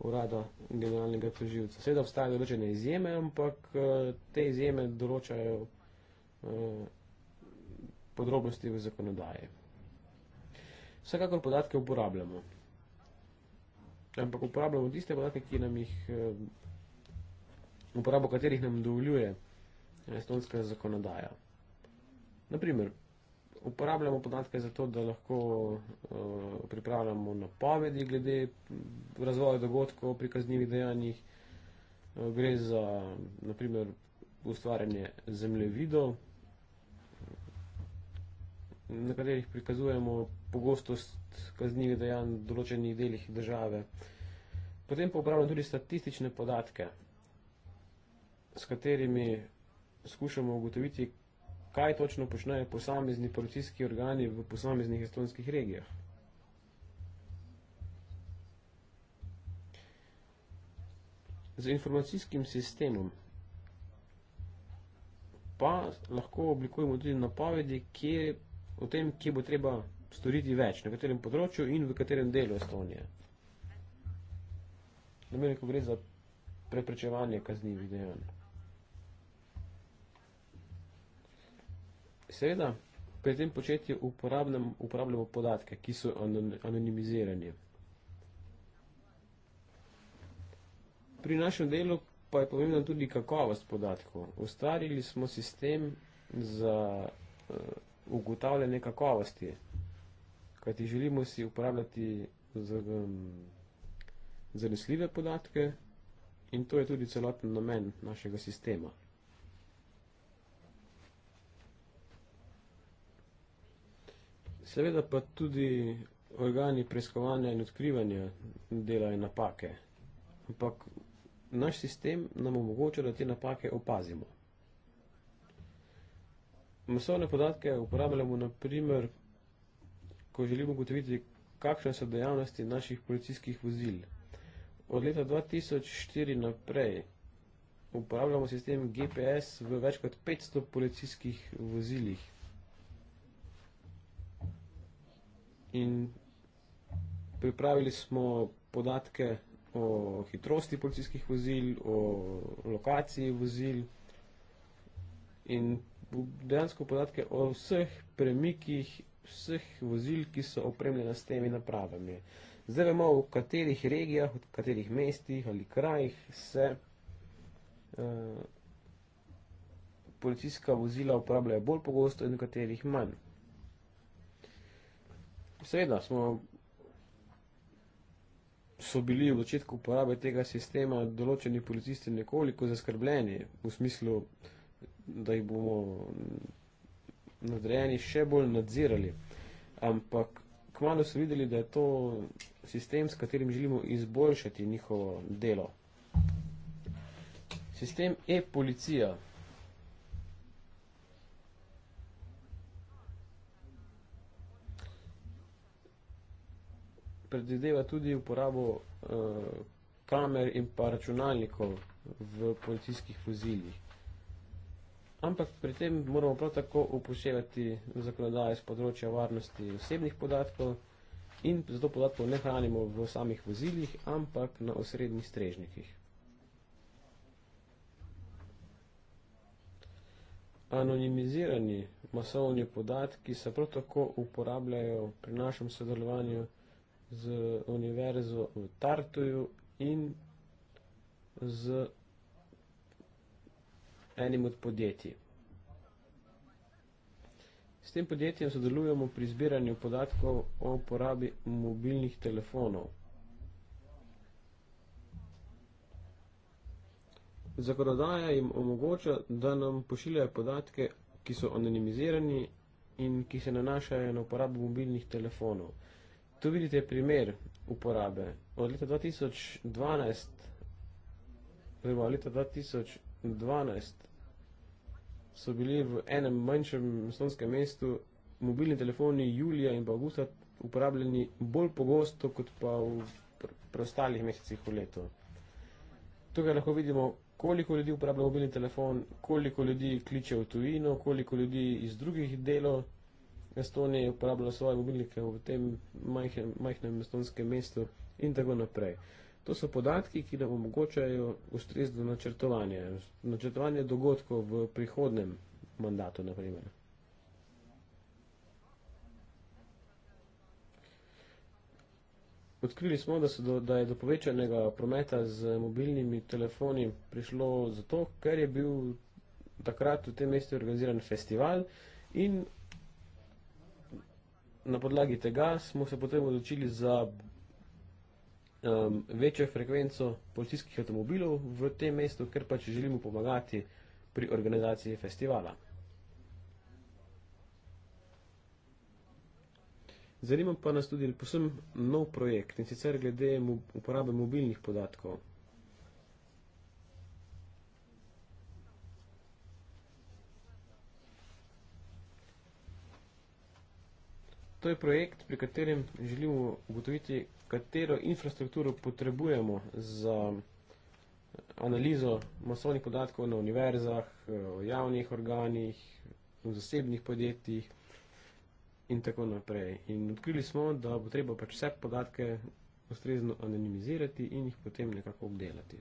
urada generalnega preživca. Seveda obstajajo določene izjeme, ampak eh, te izjeme določajo eh, podrobnosti v zakonodaji. Vsekakor podatke uporabljamo ampak uporabljamo tiste podatke, ki nam jih, eh, uporabo katerih nam dovoljuje estonska zakonodaja. Naprimer, uporabljamo podatke za to, da lahko uh, pripravljamo napovedi glede razvoja dogodkov pri kaznjivih dejanjih, uh, gre za, naprimer, ustvarjanje zemljevidov, na katerih prikazujemo pogostost kaznjivih dejanj v določenih delih države. Potem pa upravljamo tudi statistične podatke, s katerimi skušamo ugotoviti, kaj točno počnejo posamezni policijski organi v posameznih estonskih regijah. Z informacijskim sistemom pa lahko oblikujemo tudi napovedi, kje, o tem, kje bo treba storiti več, na katerem področju in v katerem delu Estonije. Namreč, ko gre za preprečevanje kaznjivih dejanj. Seveda, pri tem početju uporabljamo podatke, ki so anonimizirani. Pri našem delu pa je pomembna tudi kakovost podatkov. Ustvarili smo sistem za uh, ugotavljanje kakovosti kajti želimo si uporabljati um, zanesljive podatke in to je tudi celoten namen našega sistema. Seveda pa tudi organi preiskovanja in odkrivanja delajo napake, ampak naš sistem nam omogoča, da te napake opazimo. Masovne podatke uporabljamo naprimer vsega, ko želimo ugotoviti, kakšne so dejavnosti naših policijskih vozil. Od leta 2004 naprej uporabljamo sistem GPS v več kot 500 policijskih vozilih. In pripravili smo podatke o hitrosti policijskih vozil, o lokaciji vozil in dejansko podatke o vseh premikih vseh vozil, ki so opremljena s temi napravami. Zdaj vemo, v katerih regijah, v katerih mestih ali krajih se uh, policijska vozila uporabljajo bolj pogosto in v katerih manj. Seveda smo, so bili v začetku uporabe tega sistema določeni policisti nekoliko zaskrbljeni v smislu, da jih bomo nadrejeni še bolj nadzirali. Ampak kmalo so videli, da je to sistem, s katerim želimo izboljšati njihovo delo. Sistem e-policija. Predvideva tudi uporabo uh, kamer in pa računalnikov v policijskih vozilih ampak pri tem moramo prav tako upoštevati zakonodaje z področja varnosti osebnih podatkov in zato podatkov ne hranimo v samih vozilih, ampak na osrednjih strežnikih. Anonimizirani masovni podatki se prav tako uporabljajo pri našem sodelovanju z univerzo v Tartuju in z univerzo enim od podjetij. S tem podjetjem sodelujemo pri zbiranju podatkov o uporabi mobilnih telefonov. Zakonodaja jim omogoča, da nam pošiljajo podatke, ki so anonimizirani in ki se nanašajo na uporabo mobilnih telefonov. Tu vidite primer uporabe. Od leta 2012, oziroma leta 2012, 12 so bili v enem manjšem slovenskem mestu mobilni telefoni julija in avgusta uporabljeni bolj pogosto kot pa v preostalih mesecih v letu. Tukaj lahko vidimo, koliko ljudi uporablja mobilni telefon, koliko ljudi kliče v tujino, koliko ljudi iz drugih delov Estonije uporablja svoje mobilnike v tem majhnem, majhnem estonskem mestu in tako naprej. To so podatki, ki nam omogočajo ustrezno načrtovanje, načrtovanje dogodkov v prihodnem mandatu, naprimer. Odkrili smo, da, do, da je do povečanega prometa z mobilnimi telefoni prišlo zato, ker je bil takrat v tem mestu organiziran festival in na podlagi tega smo se potem odločili za um, večjo frekvenco policijskih avtomobilov v tem mestu, ker pač želimo pomagati pri organizaciji festivala. Zanima pa nas tudi posebno nov projekt in sicer glede uporabe mobilnih podatkov. To je projekt, pri katerem želimo ugotoviti, katero infrastrukturo potrebujemo za eh, analizo masovnih podatkov na univerzah, v eh, javnih organih, v zasebnih podjetjih in tako naprej. In odkrili smo, da bo treba pač vse podatke ustrezno anonimizirati in jih potem nekako obdelati.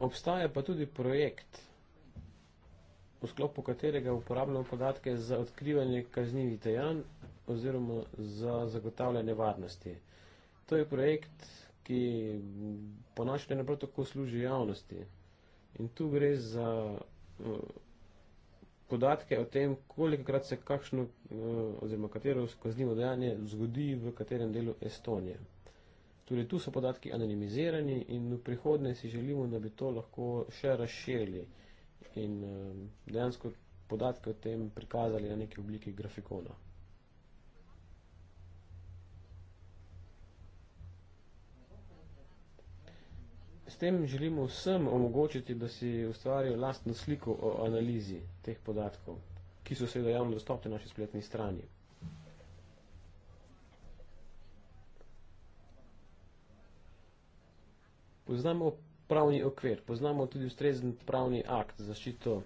Obstaja pa tudi projekt, v sklopu katerega uporabljamo podatke za odkrivanje kaznjivih dejanj oziroma za zagotavljanje varnosti. To je projekt, ki po našem mnenju prav tako služi javnosti. In tu gre za eh, podatke o tem, koliko krat se kakšno eh, oziroma katero kaznivo dejanje zgodi v katerem delu Estonije. Tudi torej, tu so podatki anonimizirani in v prihodnje si želimo, da bi to lahko še razšeli in ehm, dejansko podatke o tem prikazali na neki obliki grafikona. S tem želimo vsem omogočiti, da si ustvarijo lastno sliko o analizi teh podatkov, ki so seveda javno dostopni na naši spletni strani. poznamo pravni okvir, poznamo tudi ustrezen pravni akt za zaščito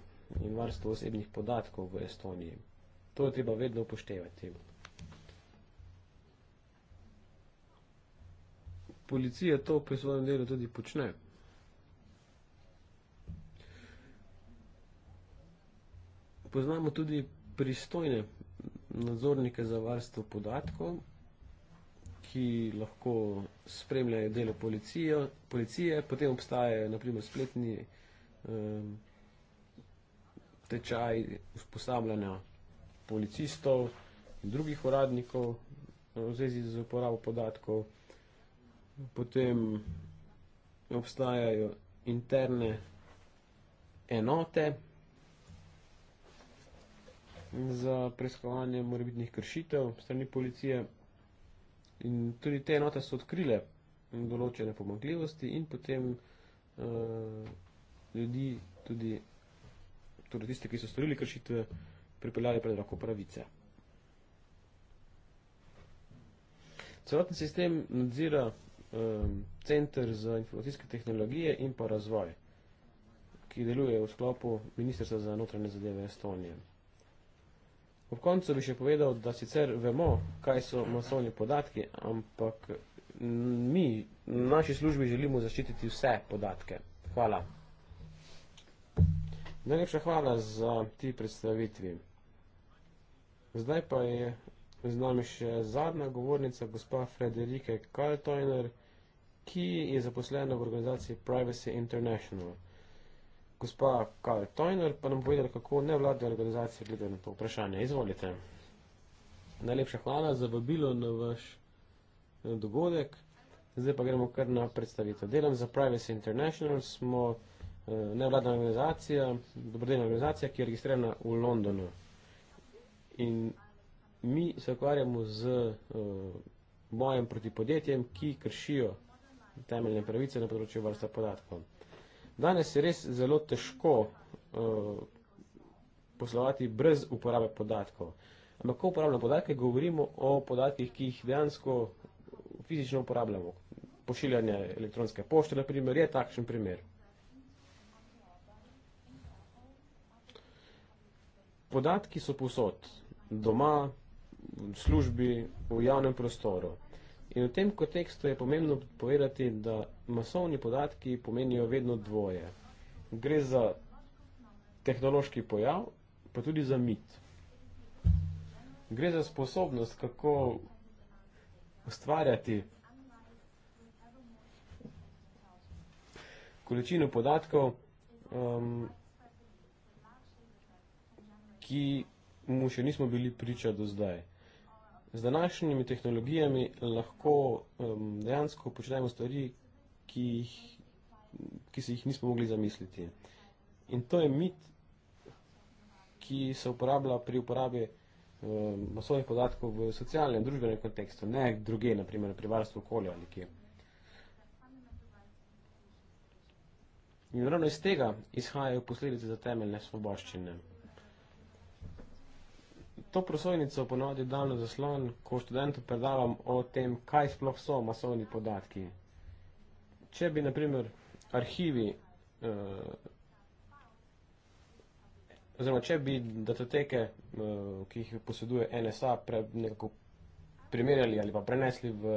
in varstvo osebnih podatkov v Estoniji. To je treba vedno upoštevati. Policija to pri svojem delu tudi počne. Poznamo tudi pristojne nadzornike za varstvo podatkov, ki lahko spremljajo delo policijo, policije, potem obstajajo naprimer spletni um, tečaj usposabljanja policistov in drugih uradnikov e, v zvezi z uporabo podatkov, potem obstajajo interne enote za preiskovanje morebitnih kršitev strani policije. In tudi te enote so odkrile določene pomagljivosti in potem uh, ljudi tudi, torej tiste, ki so storili kršitve, pripeljali pred roko pravice. Celoten sistem nadzira um, eh, Centr za informacijske tehnologije in pa razvoj, ki deluje v sklopu Ministrstva za notranje zadeve Estonije. Ob koncu bi še povedal, da sicer vemo, kaj so masovni podatki, ampak mi, naši službi, želimo zaščititi vse podatke. Hvala. Najlepša hvala za ti predstavitvi. Zdaj pa je z nami še zadnja govornica, gospa Frederike Kaltojner, ki je zaposlena v organizaciji Privacy International gospa Karl Tojner pa nam povedala, kako nevladne organizacije gledajo na to vprašanje. Izvolite. Najlepša hvala za vabilo na vaš eh, dogodek. Zdaj pa gremo kar na predstavitev. Delam za Privacy International, smo eh, nevladna organizacija, dobrodelna organizacija, ki je registrirana v Londonu. In mi se ukvarjamo z eh, bojem proti podjetjem, ki kršijo temeljne pravice na področju varstva podatkov. Danes je res zelo težko uh, poslovati brez uporabe podatkov. Ampak, ko uporabljamo podatke, govorimo o podatkih, ki jih dejansko fizično uporabljamo. Pošiljanje elektronske pošte, na primer, je takšen primer. Podatki so posod, doma, v službi, v javnem prostoru. In v tem kontekstu je pomembno povedati, da masovni podatki pomenijo vedno dvoje. Gre za tehnološki pojav, pa tudi za mit. Gre za sposobnost, kako ustvarjati količino podatkov, um, ki mu še nismo bili priča do zdaj z današnjimi tehnologijami lahko um, dejansko počnemo stvari, ki, jih, ki se jih nismo mogli zamisliti. In to je mit, ki se uporablja pri uporabi um, masovnih podatkov v socialnem in družbenem kontekstu, ne druge, naprimer pri varstvu okolja ali kje. In ravno iz tega izhajajo posledice za temeljne svoboščine to prosojnico ponovadi dam na zaslon, ko študentu predavam o tem, kaj sploh so masovni podatki. Če bi, naprimer, arhivi, eh, oziroma če bi datoteke, eh, ki jih poseduje NSA, nekako primerjali ali pa prenesli v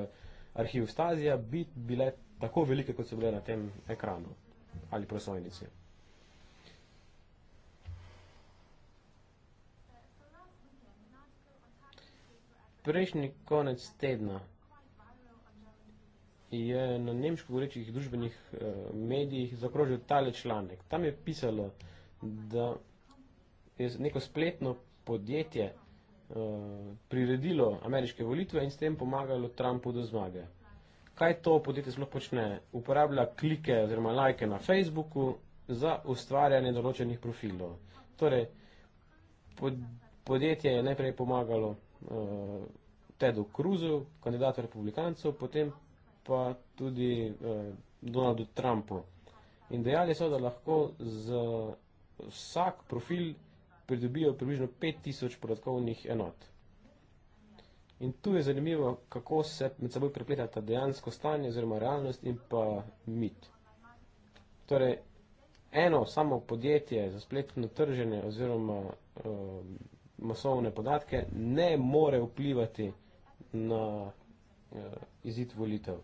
arhiv Stazija, bi bile tako velike, kot so bile na tem ekranu ali prosojnici. prejšnji konec tedna je na nemško govorečih družbenih eh, medijih zakrožil tale članek. Tam je pisalo, da je neko spletno podjetje eh, priredilo ameriške volitve in s tem pomagalo Trumpu do zmage. Kaj to podjetje sploh počne? Uporablja klike oziroma lajke na Facebooku za ustvarjanje določenih profilov. Torej, podjetje je najprej pomagalo uh, Tedu Cruzu, kandidatu republikancev, potem pa tudi uh, Donaldu Trumpu. In dejali so, da lahko z vsak profil pridobijo približno 5000 podatkovnih enot. In tu je zanimivo, kako se med seboj prepletata dejansko stanje oziroma realnost in pa mit. Torej, eno samo podjetje za spletno trženje oziroma um, masovne podatke, ne more vplivati na eh, izid volitev.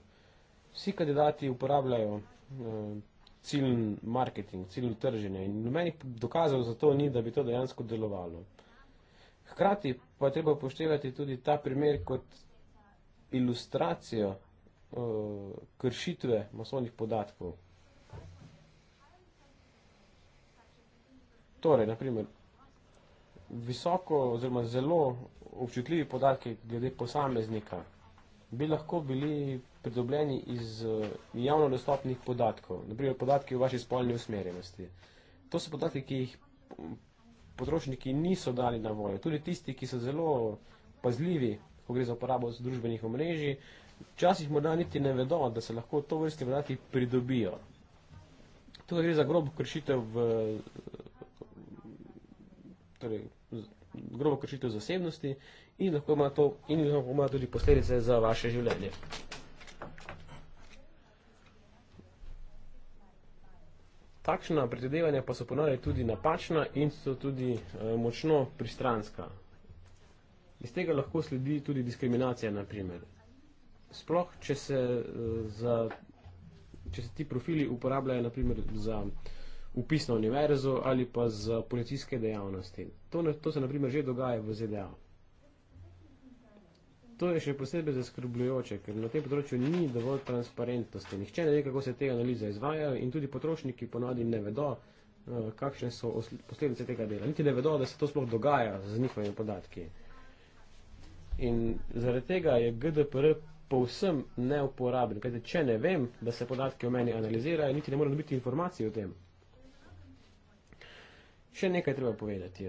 Vsi kandidati uporabljajo eh, ciljen marketing, ciljno trženje in nobenih dokazov za to ni, da bi to dejansko delovalo. Hkrati pa je treba upoštevati tudi ta primer kot ilustracijo eh, kršitve masovnih podatkov. Torej, naprimer, visoko oziroma zelo občutljivi podatki glede posameznika bi lahko bili pridobljeni iz eh, javno dostopnih podatkov, naprimer podatki o vaši spolni usmerjenosti. To so podatki, ki jih mm, potrošniki niso dali na voljo. Tudi tisti, ki so zelo pazljivi, ko gre za uporabo družbenih omrežij, včasih morda niti ne vedo, da se lahko to vrsti podatki pridobijo. Tukaj gre za grob kršitev v eh, torej, grobo kršitev zasebnosti in lahko ima to in lahko ima tudi posledice za vaše življenje. Takšna predvidevanja pa so ponavljaj tudi napačna in so tudi e, močno pristranska. Iz tega lahko sledi tudi diskriminacija, na primer. Sploh, če se, e, za, če se ti profili uporabljajo, na primer, za e, upis na univerzo ali pa za policijske dejavnosti. To, ne, to se naprimer že dogaja v ZDA. To je še posebej zaskrbljujoče, ker na tem področju ni dovolj transparentnosti. Nihče ne ve, kako se te analize izvajajo in tudi potrošniki ponadi ne vedo, eh, kakšne so posledice tega dela. Niti ne vedo, da se to sploh dogaja z njihovimi podatki. In zaradi tega je GDPR povsem neuporaben, kajte če ne vem, da se podatki o meni analizirajo, niti ne morem dobiti informacije o tem. Še nekaj treba povedati.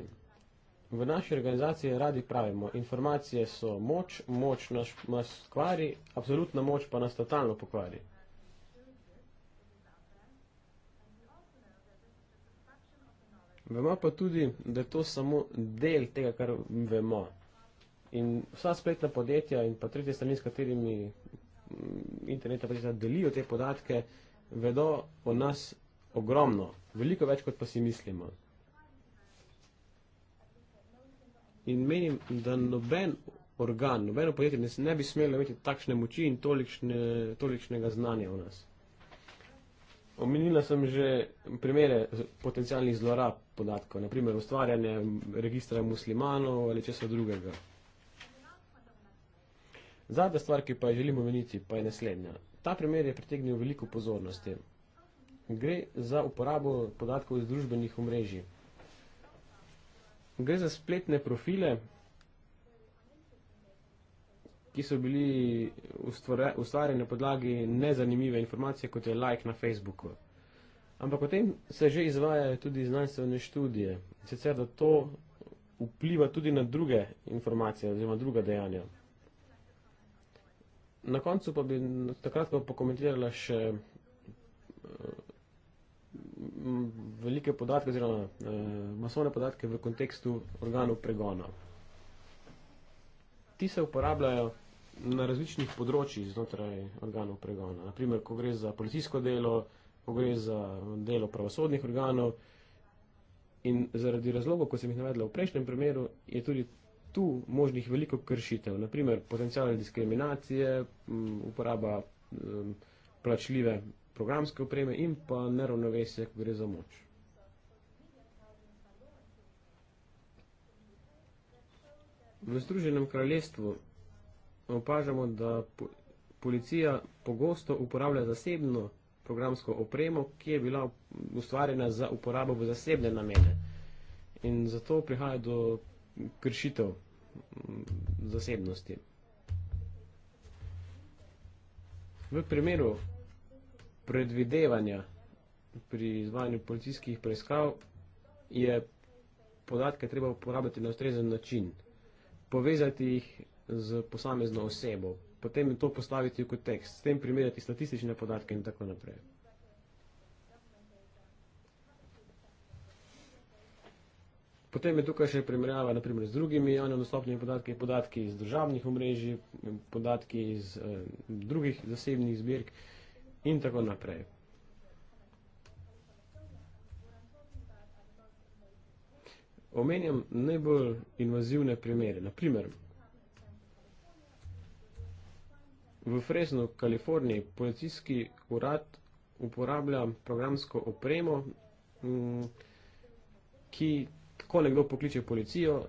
V naši organizaciji radi pravimo, informacije so moč, moč nas, nas kvari, absolutna moč pa nas totalno pokvari. Vemo pa tudi, da je to samo del tega, kar vemo. In vsa spletna podjetja in pa tretje strani, s katerimi mm, interneta podjetja delijo te podatke, vedo o nas ogromno, veliko več, kot pa si mislimo. In menim, da noben organ, nobeno podjetje ne, ne bi smelo imeti takšne moči in tolikšne, tolikšnega znanja v nas. Omenila sem že primere potencijalnih zlorab podatkov, naprimer ustvarjanje registra muslimanov ali česa drugega. Zadnja stvar, ki pa jo želimo omeniti, pa je naslednja. Ta primer je pritegnil veliko pozornosti. Gre za uporabo podatkov iz družbenih omrežij. Gre za spletne profile, ki so bili ustvarjeni na podlagi nezanimive informacije, kot je like na Facebooku. Ampak potem se že izvajajo tudi znanstvene študije, sicer da to vpliva tudi na druge informacije oziroma druga dejanja. Na koncu pa bi takrat pa pokomentirala še eh, velike podatke, oziroma eh, masovne podatke v kontekstu organov pregona. Ti se uporabljajo na različnih področjih znotraj organov pregona. Naprimer, ko gre za policijsko delo, ko gre za delo pravosodnih organov. In zaradi razlogov, kot sem jih navedla v prejšnjem primeru, je tudi tu možnih veliko kršitev. Naprimer, potencijalne diskriminacije, uporaba plačljive programske opreme in pa neravnovesje, ko gre za moč. V Združenem kraljestvu opažamo, da policija pogosto uporablja zasebno programsko opremo, ki je bila ustvarjena za uporabo v zasebne namene. In zato prihaja do kršitev mm, zasebnosti. V primeru predvidevanja pri izvajanju policijskih preiskav, je podatke treba uporabljati na ustrezen način, povezati jih z posamezno osebo, potem to postaviti v kontekst, s tem primerjati statistične podatke in tako naprej. Potem je tukaj še primerjava naprimer, z drugimi javno dostopnimi podatki, podatki iz državnih omrežij, podatki iz eh, drugih zasebnih zbirk in tako naprej. Omenjam najbolj invazivne primere. Naprimer, v Fresno, Kaliforniji, policijski urad uporablja programsko opremo, mm, ki, ko nekdo pokliče policijo,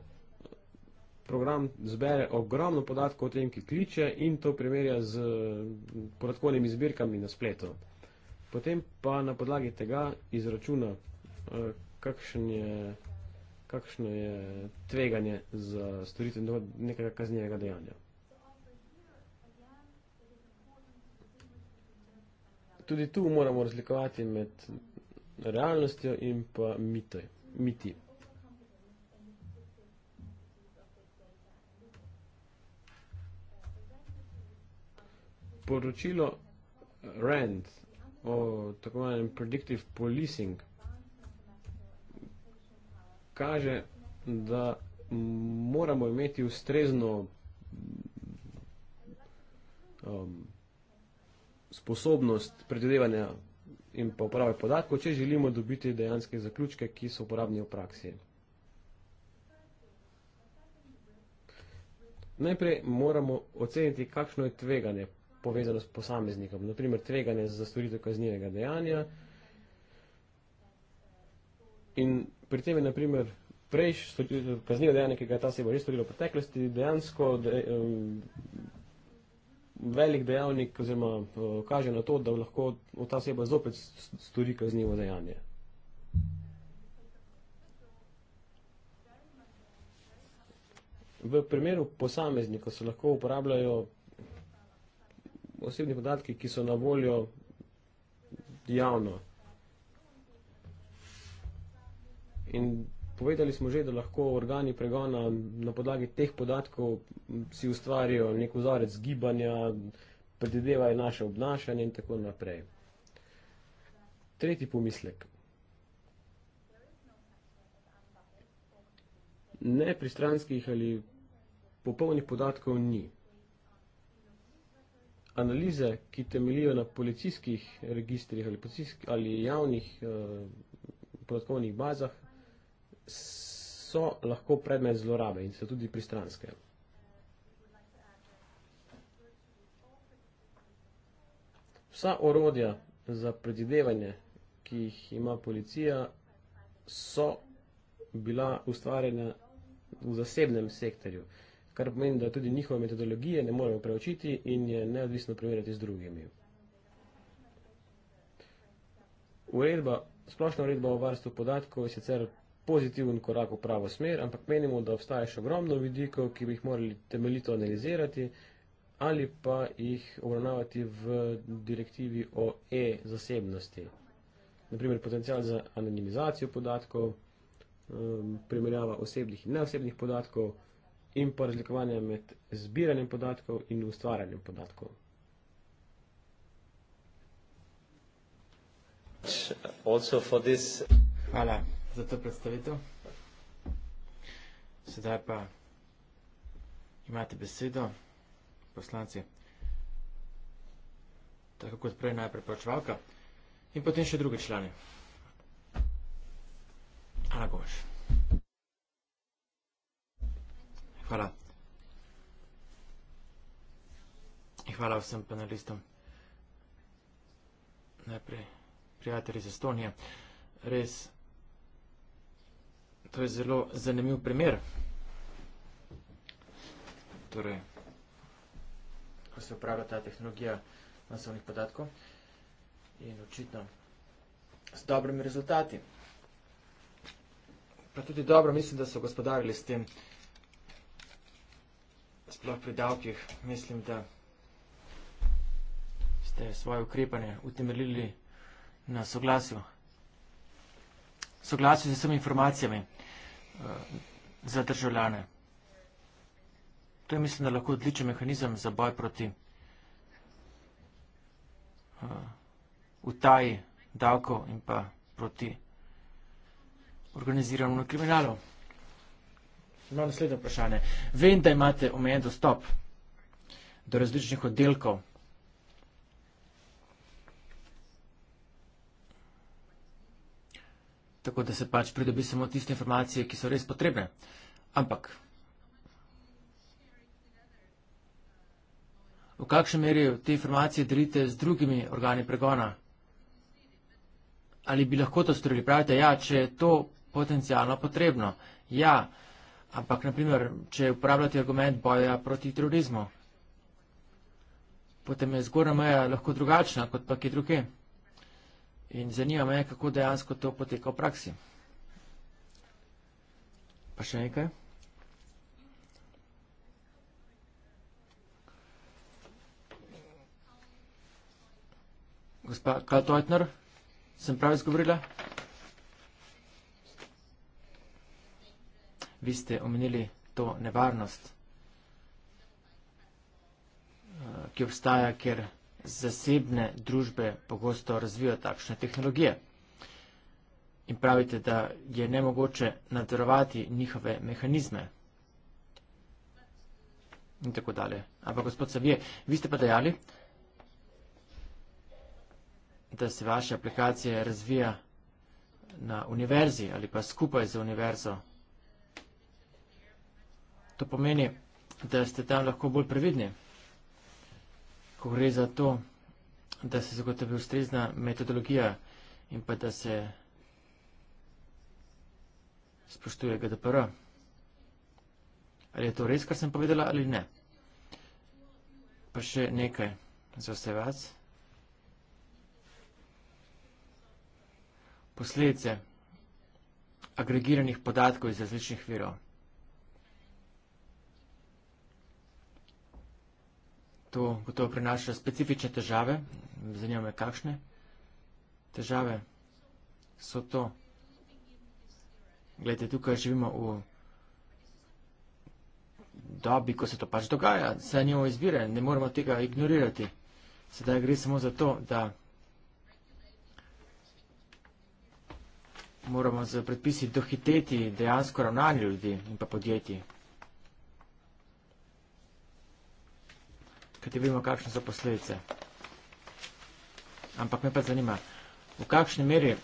program zbere ogromno podatkov o tem, ki kliče in to primerja z mm, podatkovnimi zbirkami na spletu. Potem pa na podlagi tega izračuna, eh, kakšen je, kakšno je tveganje za storitev nekega kaznjega dejanja. Tudi tu moramo razlikovati med realnostjo in pa mitoj, miti. poročilo RAND o tako imenem predictive policing kaže, da moramo imeti ustrezno um, sposobnost predvidevanja in pa uporabe podatkov, če želimo dobiti dejanske zaključke, ki so uporabni v praksi. Najprej moramo oceniti, kakšno je tveganje povezano s posameznikom, naprimer tveganje za storitev kaznivega dejanja. In pri tem je naprimer prejš storitev kaznivega dejanja, ki ga je ta seba že storila v preteklosti, dejansko de, um, velik dejavnik oziroma uh, kaže na to, da lahko ta seba zopet stori kaznivo dejanje. V primeru posameznika se lahko uporabljajo osebni podatki, ki so na voljo javno. In povedali smo že, da lahko organi pregona na podlagi teh podatkov si ustvarijo nek vzorec gibanja, predvidevajo naše obnašanje in tako naprej. Tretji pomislek. Nepristranskih ali popolnih podatkov ni analize, ki temeljijo na policijskih registrih ali, policijski, ali javnih eh, podatkovnih bazah, so lahko predmet zlorabe in so tudi pristranske. Vsa orodja za predvidevanje, ki jih ima policija, so bila ustvarjena v zasebnem sektorju. Uh, kar pomeni, da tudi njihove metodologije ne moremo preučiti in je neodvisno primerjati z drugimi. Uredba, splošna uredba o varstvu podatkov je sicer pozitiven korak v pravo smer, ampak menimo, da obstaja še ogromno vidikov, ki bi jih morali temeljito analizirati ali pa jih obravnavati v direktivi o e-zasebnosti. Naprimer, potencial za anonimizacijo podatkov, um, primerjava osebnih in neosebnih podatkov, in pa razlikovanje med zbiranjem podatkov in ustvarjanjem podatkov. Hvala za to predstavitev. Sedaj pa imate besedo, poslanci. Tako kot prej najprej pročevalka in potem še druge člane. Ana Gomes. Hvala. Hvala vsem panelistom. Najprej prijatelji iz Estonije. Res, to je zelo zanimiv primer. Torej, ko se upravlja ta tehnologija masovnih podatkov in očitno s dobrimi rezultati. Pa tudi dobro mislim, da so gospodarili s tem uh, sploh pri davkih, mislim, da ste svoje ukrepanje utemeljili na soglasju. Soglasju z vsemi informacijami uh, za državljane. To je, mislim, da lahko odličen mehanizem za boj proti eh, utaji uh, davkov in pa proti organiziranemu kriminalu. Imam naslednje vprašanje. Vem, da imate omejen dostop do različnih oddelkov. Tako da se pač pridobi samo tiste informacije, ki so res potrebne. Ampak, v kakšni meri te informacije delite z drugimi organi pregona? Ali bi lahko to storili? Pravite, ja, če je to potencijalno potrebno. Ja, potencijalno. Ampak, naprimer, če uporabljate argument boja proti terorizmu, potem je zgorna meja lahko drugačna, kot pa ki druge. In zanima me, kako dejansko to poteka v praksi. Pa še nekaj? Gospa Kaltojtner, sem prav izgovorila? Vi ste omenili to nevarnost, eh, ki obstaja, ker zasebne družbe pogosto razvijo takšne tehnologije. In pravite, da je nemogoče nadzorovati njihove mehanizme. In tako dalje. Ampak, gospod Savije, vi ste pa dejali, da se vaša aplikacija razvija na univerzi ali pa skupaj z univerzo. To pomeni, da ste tam lahko bolj previdni, ko gre za to, da se zagotovi ustrezna metodologija in pa da se spoštuje GDPR. Ali je to res, kar sem povedala, ali ne? Pa še nekaj za vse vas. Posledice agregiranih podatkov iz različnih virov. to gotovo prinaša specifične težave. Zanima me, kakšne težave so to. Glede, tukaj živimo v dobi, ko se to pač dogaja, saj nimamo izbire, ne moremo tega ignorirati. Sedaj gre samo za to, da moramo z predpisi dohiteti dejansko ravnanje ljudi in pa podjetij. kajti vemo, kakšne so posledice. Ampak me pa zanima, v kakšni meri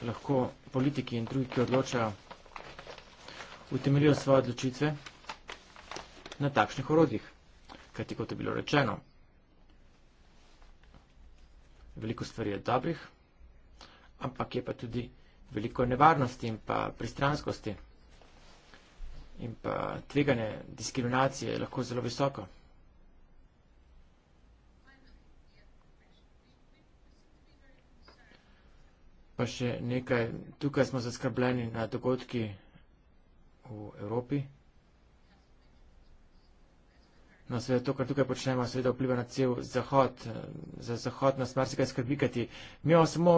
lahko politiki in drugi, ki odločajo, utemeljijo svoje odločitve na takšnih orodjih. Kajti kot je bilo rečeno, veliko stvari je dobrih, ampak je pa tudi veliko nevarnosti in pa pristranskosti in pa tveganje diskriminacije je lahko zelo visoko. Pa še nekaj, tukaj smo zaskrbljeni na dogodki v Evropi. No, seveda to, kar tukaj počnemo, seveda vpliva na cel Zahod, eh, za Zahod nas marsikaj skrbi, kajti mi imamo samo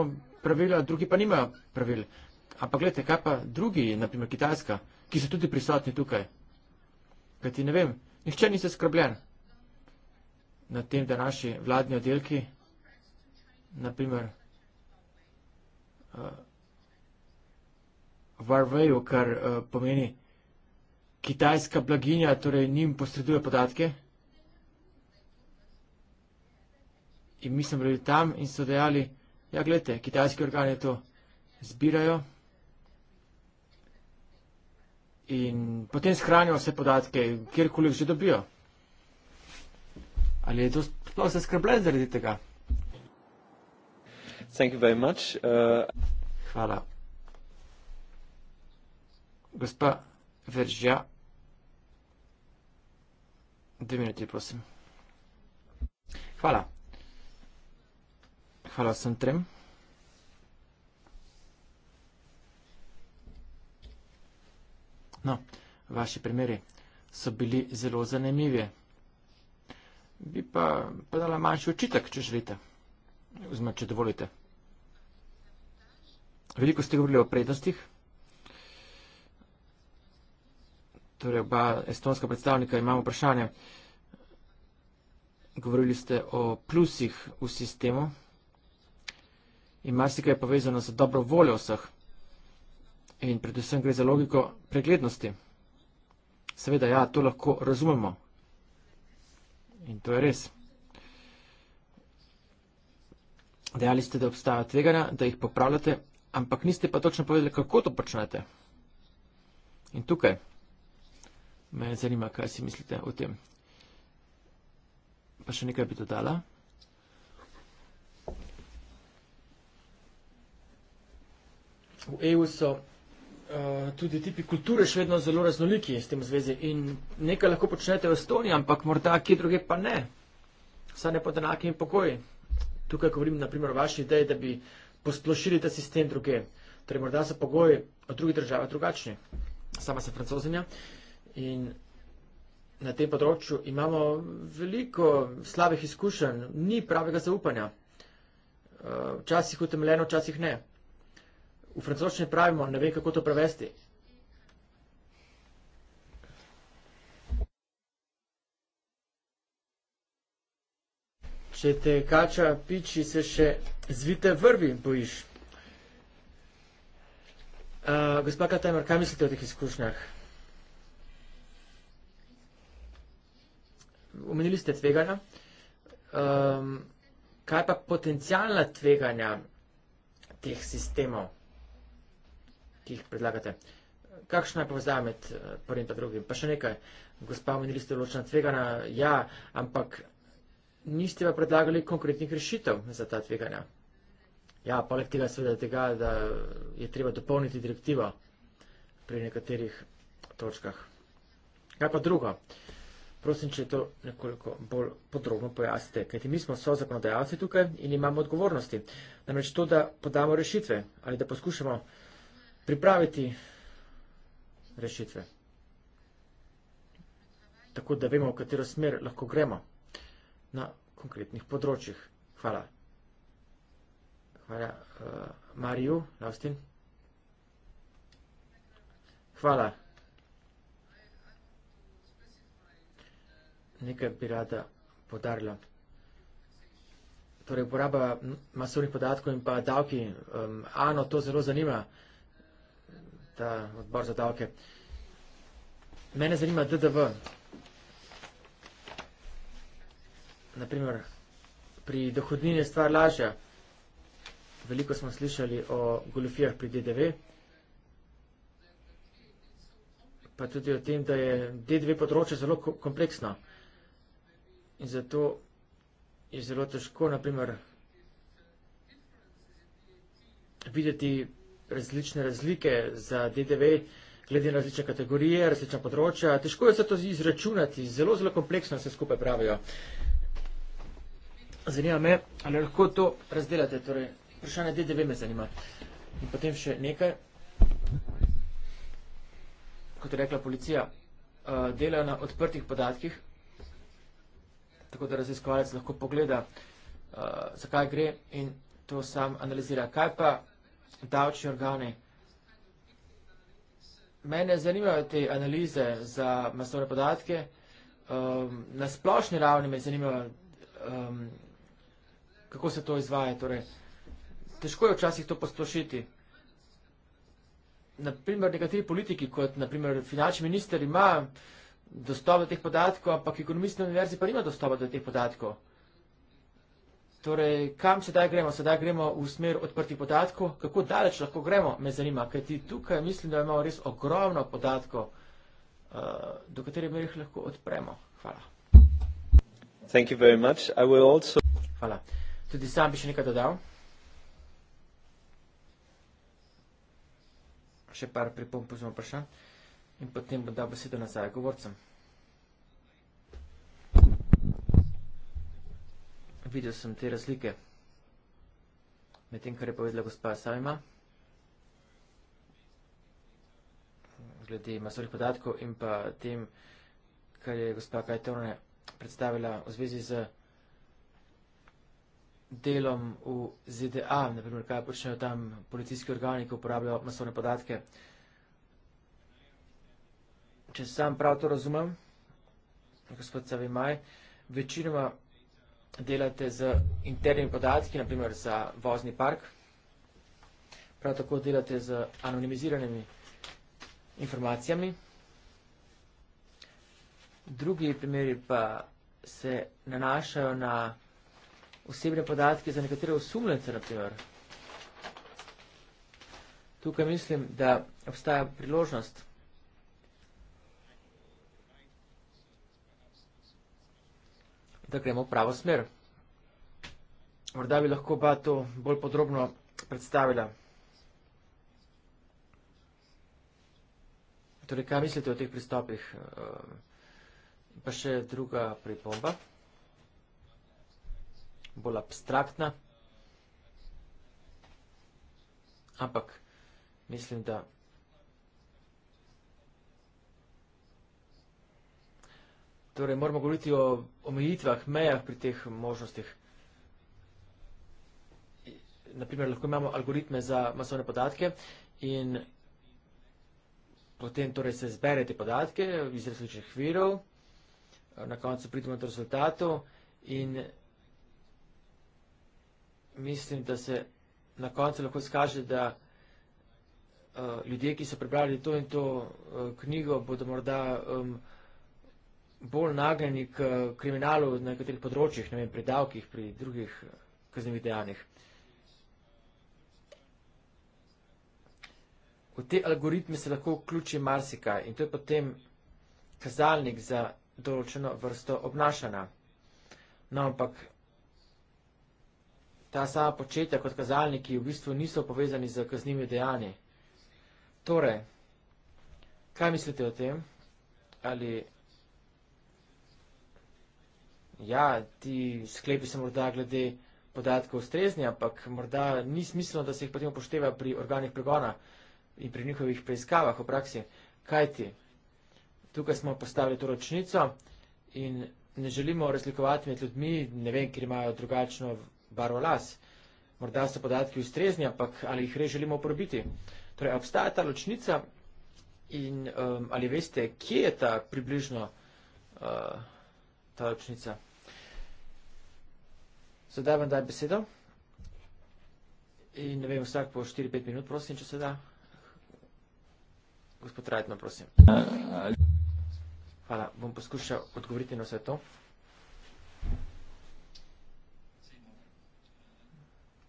pravila, drugi pa nimajo pravil. Ampak gledajte, kaj pa drugi, naprimer Kitajska, ki so tudi prisotni tukaj. Kajti ne vem, nihče ni zaskrbljen na tem, da naši vladni oddelki, naprimer Eh, Huawei, uh, kar uh, pomeni kitajska blaginja, torej njim posreduje podatke. In mi smo bili tam in so dejali, ja, gledajte, kitajski organi to zbirajo in potem shranijo vse podatke, kjerkoli že dobijo. Ali je to sploh zaskrbljen zaradi tega? Uh, Hvala. Gospa Veržja, dve minuti, prosim. Hvala. Hvala vsem trem. No, vaši primeri so bili zelo zanimivi. Bi pa podala manjši očitek, če želite. Vzmem, če dovolite. Veliko ste govorili o prednostih. Torej, oba estonska predstavnika imamo vprašanje. Govorili ste o plusih v sistemu in marsikaj je povezano z dobro voljo vseh. In predvsem gre za logiko preglednosti. Seveda, ja, to lahko razumemo. In to je res. Dejali ste, da obstajajo tvegana, da jih popravljate ampak niste pa točno povedali, kako to počnete. In tukaj me zanima, kaj si mislite o tem. Pa še nekaj bi dodala. V EU so uh, tudi tipi kulture še vedno zelo raznoliki s tem zvezi in nekaj lahko počnete v Estoniji, ampak morda kje druge pa ne. Vsa ne pod enakimi pokoji. Tukaj govorim naprimer o vaši ideji, da bi posplošili ta sistem druge. Torej, morda so pogoji v drugih državah drugačni. Sama sem francozenja in na tem področju imamo veliko slabih izkušenj, ni pravega zaupanja. Eh, včasih utemeljeno, včasih ne. V francoščini pravimo, ne vem kako to prevesti, Če te kača piči, se še zvite vrvi bojiš. Uh, gospa Katajmer, kaj mislite o teh izkušnjah? Omenili ste tveganja. Um, kaj pa potencijalna tveganja teh sistemov, ki jih predlagate? Kakšna je povezava med eh, prvim in drugim? Pa še nekaj. Gospa, omenili ste ločena tvegana. Ja, ampak niste pa predlagali konkretnih rešitev za ta tveganja. Ja, poleg tega seveda tega, da je treba dopolniti direktivo pri nekaterih točkah. Kaj pa drugo? Prosim, če to nekoliko bolj podrobno pojasnite, kajti mi smo so zakonodajalci tukaj in imamo odgovornosti. Namreč to, da podamo rešitve ali da poskušamo pripraviti rešitve, tako da vemo, v katero smer lahko gremo na konkretnih področjih. Hvala. Hvala, uh, Mariju, Laustin. Hvala. Nekaj bi rada podarila. Torej, uporaba masovnih podatkov in pa davki. Um, ano, to zelo zanima, ta odbor za davke. Mene zanima DDV. naprimer, pri dohodnini je stvar lažja. Veliko smo slišali o golofijah pri DDV, pa tudi o tem, da je DDV področje zelo kompleksno. In zato je zelo težko, naprimer, videti različne razlike za DDV, glede na različne kategorije, različna področja. Težko je zato izračunati, zelo, zelo kompleksno se skupaj pravijo. Zanima me, ali lahko to razdelate, torej vprašanje DDV me zanima. In potem še nekaj, kot je rekla policija, eh, delajo na odprtih podatkih, tako da raziskovalec lahko pogleda, eh, zakaj gre in to sam analizira. Kaj pa davčni organi? Mene zanimajo te analize za masovne podatke. Ehm, na splošni ravni me zanimajo, kaj ehm, pa, kako se to izvaja. Torej, težko je včasih to postošiti. Naprimer, nekateri politiki, kot naprimer finančni minister, ima dostop do teh podatkov, ampak ekonomisti na univerzi pa nima dostopa do teh podatkov. Torej, kam sedaj gremo? Sedaj gremo v smer odprtih podatkov. Kako daleč lahko gremo, me zanima, ker ti tukaj mislim, da imamo res ogromno podatkov, eh, do katerih me jih lahko odpremo. Hvala. Hvala. Tudi sam bi še nekaj dodal. Še par pripomp smo vprašan in potem bo dal besedo nazaj govorcem. Videl sem te razlike med tem, kar je povedala gospa Savima, glede masovnih podatkov in pa tem, kar je gospa Kajtone predstavila v zvezi z delom v ZDA, ne primer, kaj počnejo tam policijski organi, ko uporabljajo masovne podatke. Če sam prav to razumem, gospod Savimaj, večinoma delate z internimi podatki, na primer za vozni park, prav tako delate z anonimiziranimi informacijami. Drugi primeri pa se nanašajo na osebne podatke za nekatere osumljence, naprimer. Tukaj mislim, da obstaja priložnost. da gremo v pravo smer. Morda bi lahko ba to bolj podrobno predstavila. Torej, kaj mislite o teh pristopih? Ehm, pa še druga pripomba bolj abstraktna, ampak mislim, da torej moramo govoriti o omejitvah, mejah pri teh možnostih. Naprimer, lahko imamo algoritme za masovne podatke in potem torej se zbere te podatke iz različnih virov, na koncu pridemo do rezultatov in mislim, da se na koncu lahko skaže, da uh, ljudje, ki so prebrali to in to uh, knjigo, bodo morda um, bolj nagnjeni k eh, kriminalu na nekaterih področjih, ne vem, pri davkih, pri drugih kaznjivih dejanjih. V te algoritme se lahko vključi marsikaj in to je potem kazalnik za določeno vrsto obnašanja. No, ampak ta sama početja kot kazalniki v bistvu niso povezani z kaznimi dejanji. Torej, kaj mislite o tem? Ali ja, ti sklepi so morda glede podatkov ustrezni, ampak morda ni smiselno, da se jih potem upošteva pri organih pregona in pri njihovih preiskavah v praksi. Kaj ti? Tukaj smo postavili to ročnico in ne želimo razlikovati med ljudmi, ne vem, ker imajo drugačno barvo las. Morda so podatki ustrezni, ampak ali jih res želimo uporabiti. Torej, obstaja ta ločnica in um, ali veste, kje je ta približno uh, ta ločnica? Sedaj vam daj besedo. In ne vem, vsak po 4-5 minut, prosim, če se da. Gospod Rajtno, prosim. Uh, Hvala, bom poskušal odgovoriti na vse to.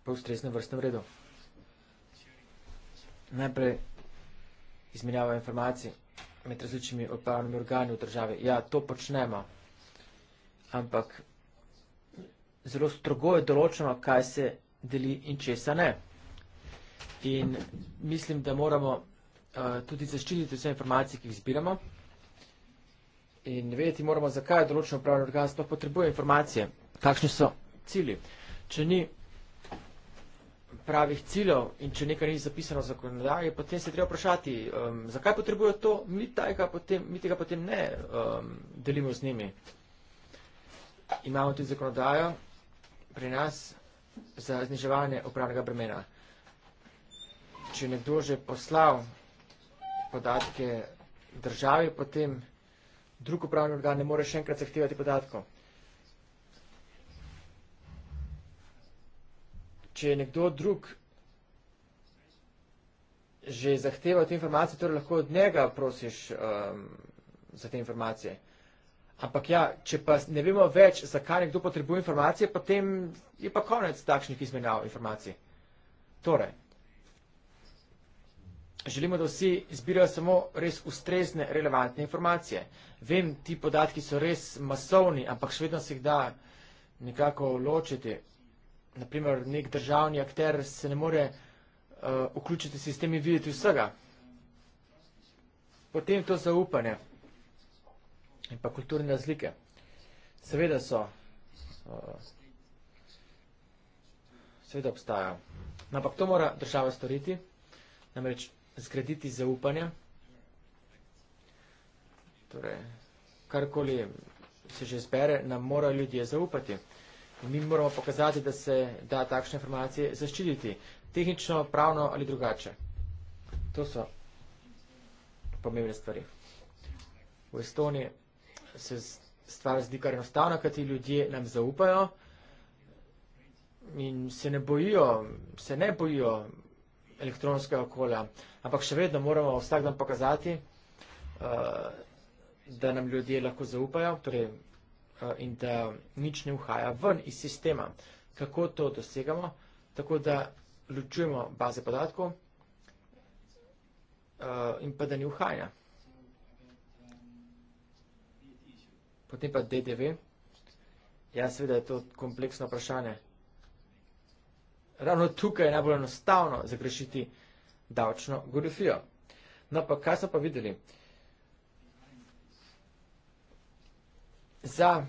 po ustreznem vrstnem redu. Najprej izmenjava informacij med različnimi upravnimi organi v državi. Ja, to počnemo, ampak zelo strogo je določeno, kaj se deli in česa ne. In mislim, da moramo uh, tudi zaščititi vse informacije, ki jih zbiramo. In vedeti moramo, zakaj določeno upravno organ sploh potrebuje informacije, kakšni so cilji. Če ni pravih ciljev in če nekaj ni zapisano v zakonodaji, potem se treba vprašati, um, zakaj potrebujo to, mi, tajka, potem, mi tega potem ne um, delimo z njimi. Imamo tudi zakonodajo pri nas za zniževanje upravnega bremena. Če je nekdo že poslal podatke državi, potem drug upravni organ ne more še enkrat zahtevati podatkov. če je nekdo drug že zahteval te informacije, torej lahko od njega prosiš um, za te informacije. Ampak ja, če pa ne vemo več, zakaj nekdo potrebuje informacije, potem je pa konec takšnih izmenjav informacij. Torej, želimo, da vsi izbirajo samo res ustrezne, relevantne informacije. Vem, ti podatki so res masovni, ampak še vedno se jih da nekako ločiti naprimer, nek državni akter se ne more uh, vključiti v sistem in videti vsega. Potem to zaupanje in pa kulturne razlike. Seveda so, uh, seveda obstajajo. No, ampak to mora država storiti, namreč zgraditi zaupanje. Torej, karkoli se že zbere, nam mora ljudje zaupati. Uh, mi moramo pokazati, da se da takšne informacije zaščititi, tehnično, pravno ali drugače. To so pomembne stvari. V Estoniji se stvar zdi kar enostavna, kaj ti ljudje nam zaupajo in se ne bojijo, se ne bojijo elektronskega okolja, ampak še vedno moramo vsak dan pokazati, uh, da nam ljudje lahko zaupajo, torej Eh, in da nič ne uhaja ven iz sistema. Kako to dosegamo? Tako da ločujemo baze podatkov eh, in pa da ni uhaja. Potem pa DDV. Ja, seveda je to kompleksno vprašanje. Ravno tukaj je najbolj enostavno zagrešiti davčno gorifijo. No pa kaj smo pa videli? za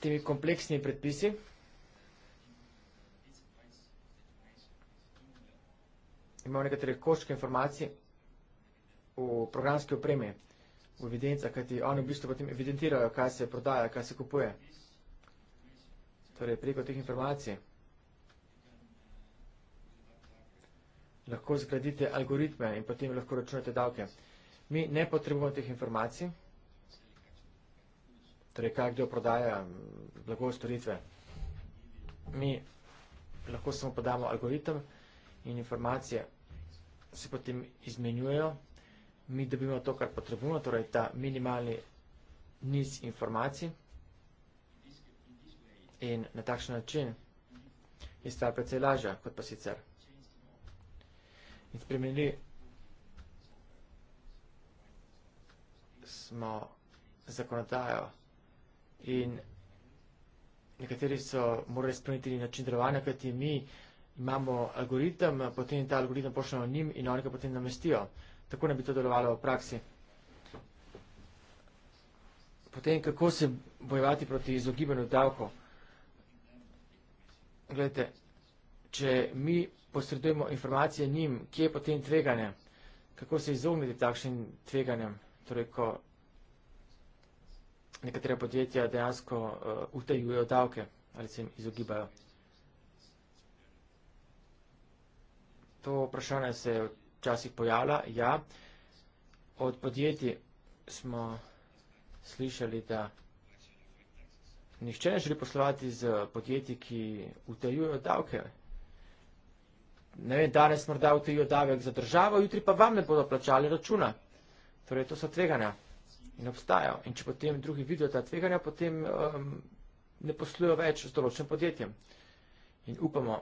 temi kompleksnimi predpisi. Imamo nekatere koščke informacij v programski opremi, v evidencah, kajti oni v bistvu potem evidentirajo, kaj se prodaja, kaj se kupuje. Torej, preko teh informacij lahko zgradite algoritme in potem lahko računate davke. Mi ne potrebujemo teh informacij torej kaj kdo prodaja blago storitve. Mi lahko samo podamo algoritem in informacije se potem izmenjujejo. Mi dobimo to, kar potrebujemo, torej ta minimalni niz informacij in na takšen način je stvar precej lažja kot pa sicer. In spremenili smo zakonodajo in nekateri so morali spremeniti način delovanja, kajti mi imamo algoritem, potem ta algoritem pošljemo njim in oni ga potem namestijo. Tako ne bi to delovalo v praksi. Potem, kako se bojevati proti izogibanju davkov? Gledajte, če mi posredujemo informacije njim, kje je potem tveganje? Kako se izogniti takšnim tveganjem? Torej, ko nekatera podjetja dejansko uh, eh, utejujejo davke ali se jim izogibajo. To vprašanje se včasih pojavlja. Ja, od podjetij smo slišali, da nihče ne želi poslovati z podjetji, ki utejujejo davke. Ne vem, danes morda utejujejo davek za državo, jutri pa vam ne bodo plačali računa. Torej, to so tveganja in obstajal. In če potem drugi vidijo ta tveganja, potem um, ne poslujejo več z določenim podjetjem. In upamo,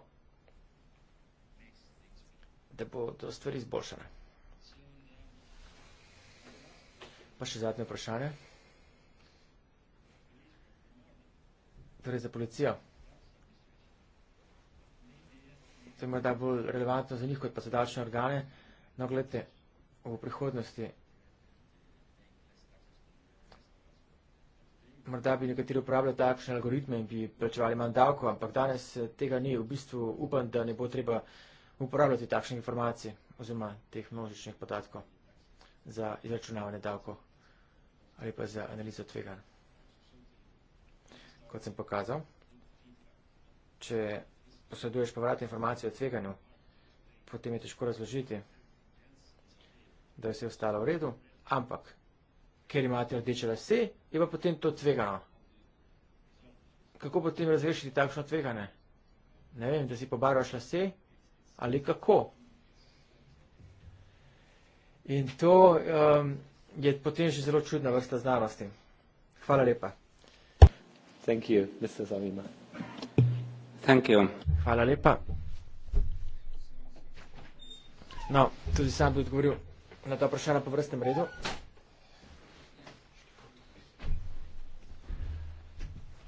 da bodo stvari izboljšane. Pa še zadnje vprašanje. Torej za policijo. To je morda bolj relevantno za njih, kot pa za davčne organe. No, gledajte, v prihodnosti morda bi nekateri uporabljali takšne algoritme in bi plačevali manj davko, ampak danes eh, tega ni. V bistvu upam, da ne bo treba uporabljati takšnih informacij oziroma teh množičnih podatkov za izračunavanje davko ali pa za analizo tvegan. Kot sem pokazal, če posleduješ povratne informacije o tveganju, potem je težko razložiti, da je vse ostalo v redu, ampak ker imate rdeče lase, je pa potem to tvegano. Kako potem razrešiti takšno tveganje? Ne vem, da si pobarvaš lase ali kako. In to um, je potem že zelo čudna vrsta znanosti. Hvala lepa. Thank you, Mr. Zavima. Thank you. Hvala lepa. No, tudi sam bi odgovoril na to vprašanje po vrstnem redu.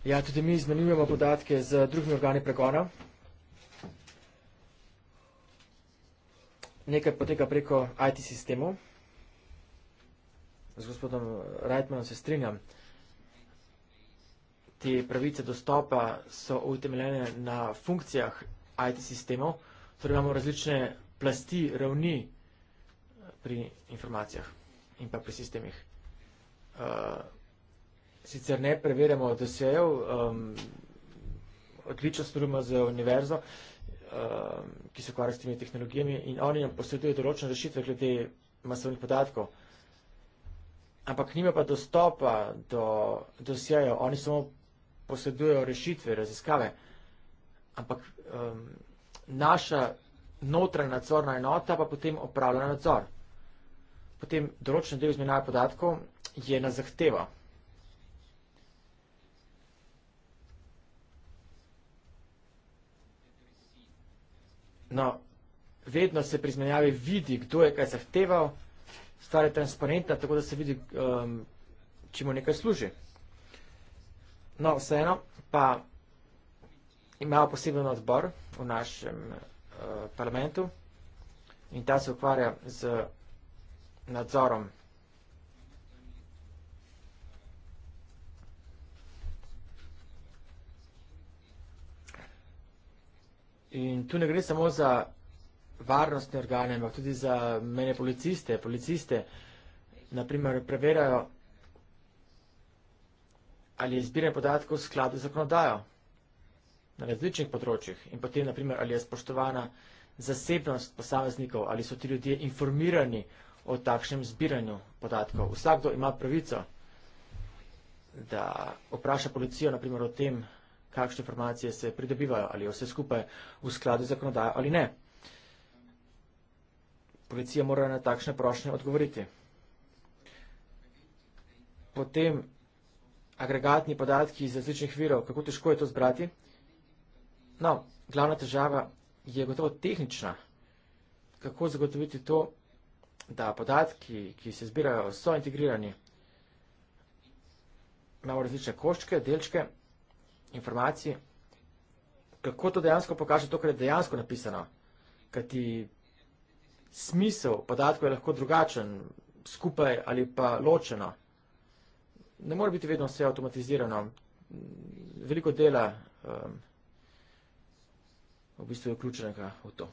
Ja, tudi mi izmenjujemo podatke z drugimi organi pregona. Nekaj poteka preko IT sistemov. Z gospodom Reitmanom se strinjam. Te pravice dostopa so utemeljene na funkcijah IT sistemov, torej imamo različne plasti, ravni eh, pri informacijah in pa pri sistemih. Eh, sicer ne preverjamo DSE-ov, um, odlično sodelujemo z univerzo, um, ki se ukvarja s temi tehnologijami in oni nam posredujejo določene rešitve glede masovnih podatkov. Ampak nima pa dostopa do DSE-ov, do oni samo posredujejo rešitve, raziskave. Ampak um, naša notranja nadzorna enota pa potem opravlja nadzor. Potem določen del izmenjave podatkov je na zahtevo. No, vedno se pri izmenjavi vidi, kdo je kaj zahteval, stvar je transparentna, tako da se vidi, um, če mu nekaj služi. No, vseeno pa imamo poseben odbor v našem uh, parlamentu in ta se ukvarja z nadzorom In tu ne gre samo za varnostne organe, ampak tudi za mene policiste. Policiste, naprimer, preverjajo, ali je zbiranje podatkov v skladu z zakonodajo na različnih področjih in potem, naprimer, ali je spoštovana zasebnost posameznikov, ali so ti ljudje informirani o takšnem zbiranju podatkov. Vsakdo ima pravico, da vpraša policijo, naprimer, o tem, kakšne informacije se pridobivajo, ali je vse skupaj v skladu z zakonodajo ali ne. Policija mora na takšne prošnje odgovoriti. Potem agregatni podatki iz različnih virov, kako težko je to zbrati? No, glavna težava je gotovo tehnična. Kako zagotoviti to, da podatki, ki se zbirajo, so integrirani? Imamo različne koščke, delčke, informacij, kako to dejansko pokaže to, kar je dejansko napisano. Ker ti smisel podatkov je lahko drugačen, skupaj ali pa ločeno. Ne more biti vedno vse avtomatizirano. Veliko dela um, v bistvu je vključenega v to.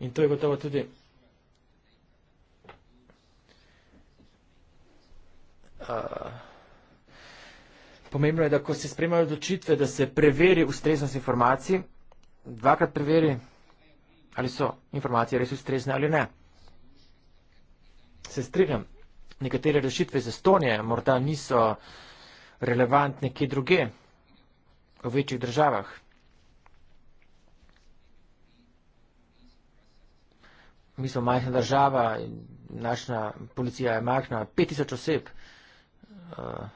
In to je gotovo tudi. pomembno je, da ko se spremljajo odločitve, da se preveri ustreznost informacij, dvakrat preveri, ali so informacije res ustrezne ali ne. Se strinjam, nekatere rešitve iz Estonije morda niso relevantne kje druge, v večjih državah. Mi smo majhna država, našna policija je majhna, 5000 oseb. Uh, Eh,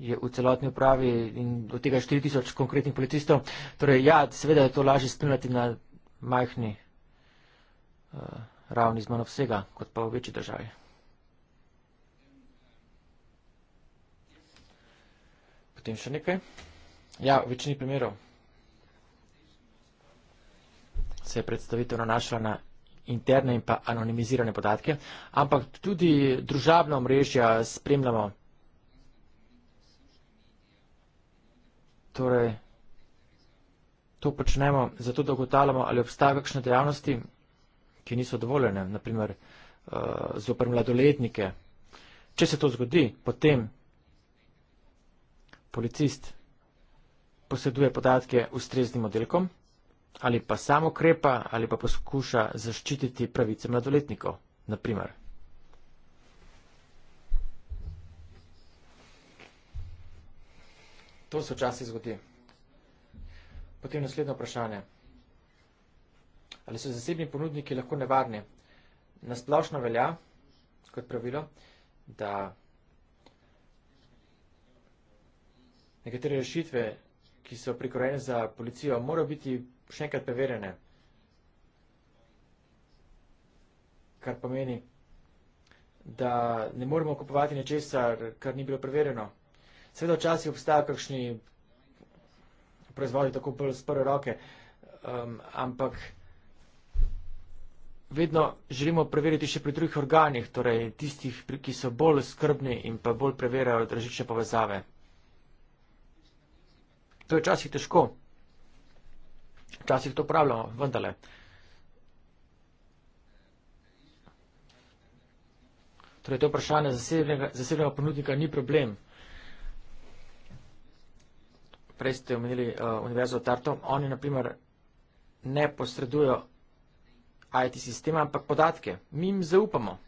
je v celotni upravi in od tega 4000 konkretnih policistov. Torej, ja, seveda je to lažje spremljati na majhni uh, ravni izmano vsega, kot pa v večji državi. Potem še nekaj. Ja, v večini primerov se je predstavitev nanašala na interne in pa anonimizirane podatke, ampak tudi družabna omrežja spremljamo. Torej, to počnemo zato, da ugotavljamo, ali obstajajo kakšne dejavnosti, ki niso dovoljene, naprimer uh, eh, zoper mladoletnike. Če se to zgodi, potem policist poseduje podatke ustreznim oddelkom ali pa samo krepa ali pa poskuša zaščititi pravice mladoletnikov, naprimer. To se včasih zgodi. Potem naslednje vprašanje. Ali so zasebni ponudniki lahko nevarni? Nasplošno velja, kot pravilo, da nekatere rešitve, ki so prikrojene za policijo, morajo biti še enkrat preverjene. Kar pomeni, da ne moremo kupovati nečesar, kar ni bilo preverjeno. Seveda včasih obstajajo kakšni proizvodi tako bolj z prve roke, um, ampak vedno želimo preveriti še pri drugih organih, torej tistih, ki so bolj skrbni in pa bolj preverjajo različne povezave. To je včasih težko včasih to pravljamo, vendarle. Torej, to vprašanje zasebnega, zasebnega ponudnika ni problem. Prej ste omenili uh, univerzo Tartom, oni naprimer ne posredujo IT sistema, ampak podatke. Mi jim zaupamo.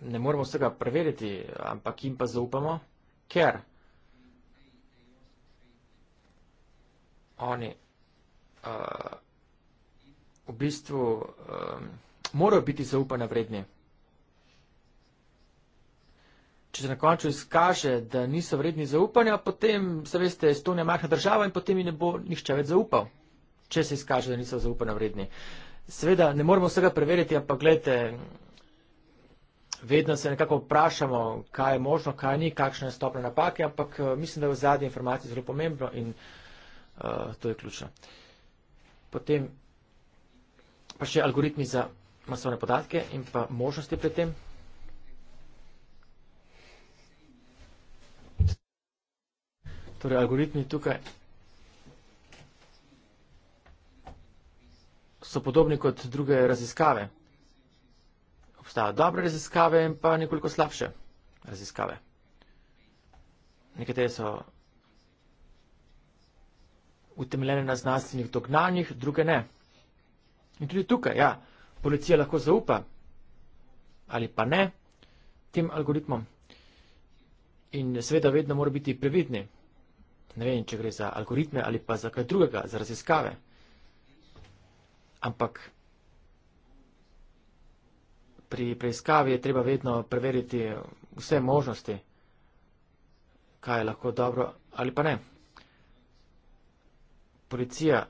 Ne moremo vsega preveriti, ampak jim pa zaupamo, ker oni uh, v bistvu um, morajo biti zaupanja vredni. Če se na koncu izkaže, da niso vredni zaupanja, potem, veste, Estonija je majhna država in potem jim ne bo nihče več zaupal, če se izkaže, da niso zaupanja vredni. Seveda, ne moramo vsega preveriti, ampak gledajte, vedno se nekako vprašamo, kaj je možno, kaj ni, kakšne stopne napake, ampak mislim, da je v zadnji informaciji zelo pomembno in uh, Eh, to je ključno. Potem pa še algoritmi za masovne podatke in pa možnosti pri tem. Torej, algoritmi tukaj so podobni kot druge raziskave. Obstajajo dobre raziskave in pa nekoliko slabše raziskave. Nekatere so utemeljene na znanstvenih dognanjih, druge ne. In tudi tukaj, ja, policija lahko zaupa ali pa ne tem algoritmom. In seveda vedno mora biti previdni. Ne vem, če gre za algoritme ali pa za kaj drugega, za raziskave. Ampak pri preiskavi je treba vedno preveriti vse možnosti, kaj je lahko dobro ali pa ne policija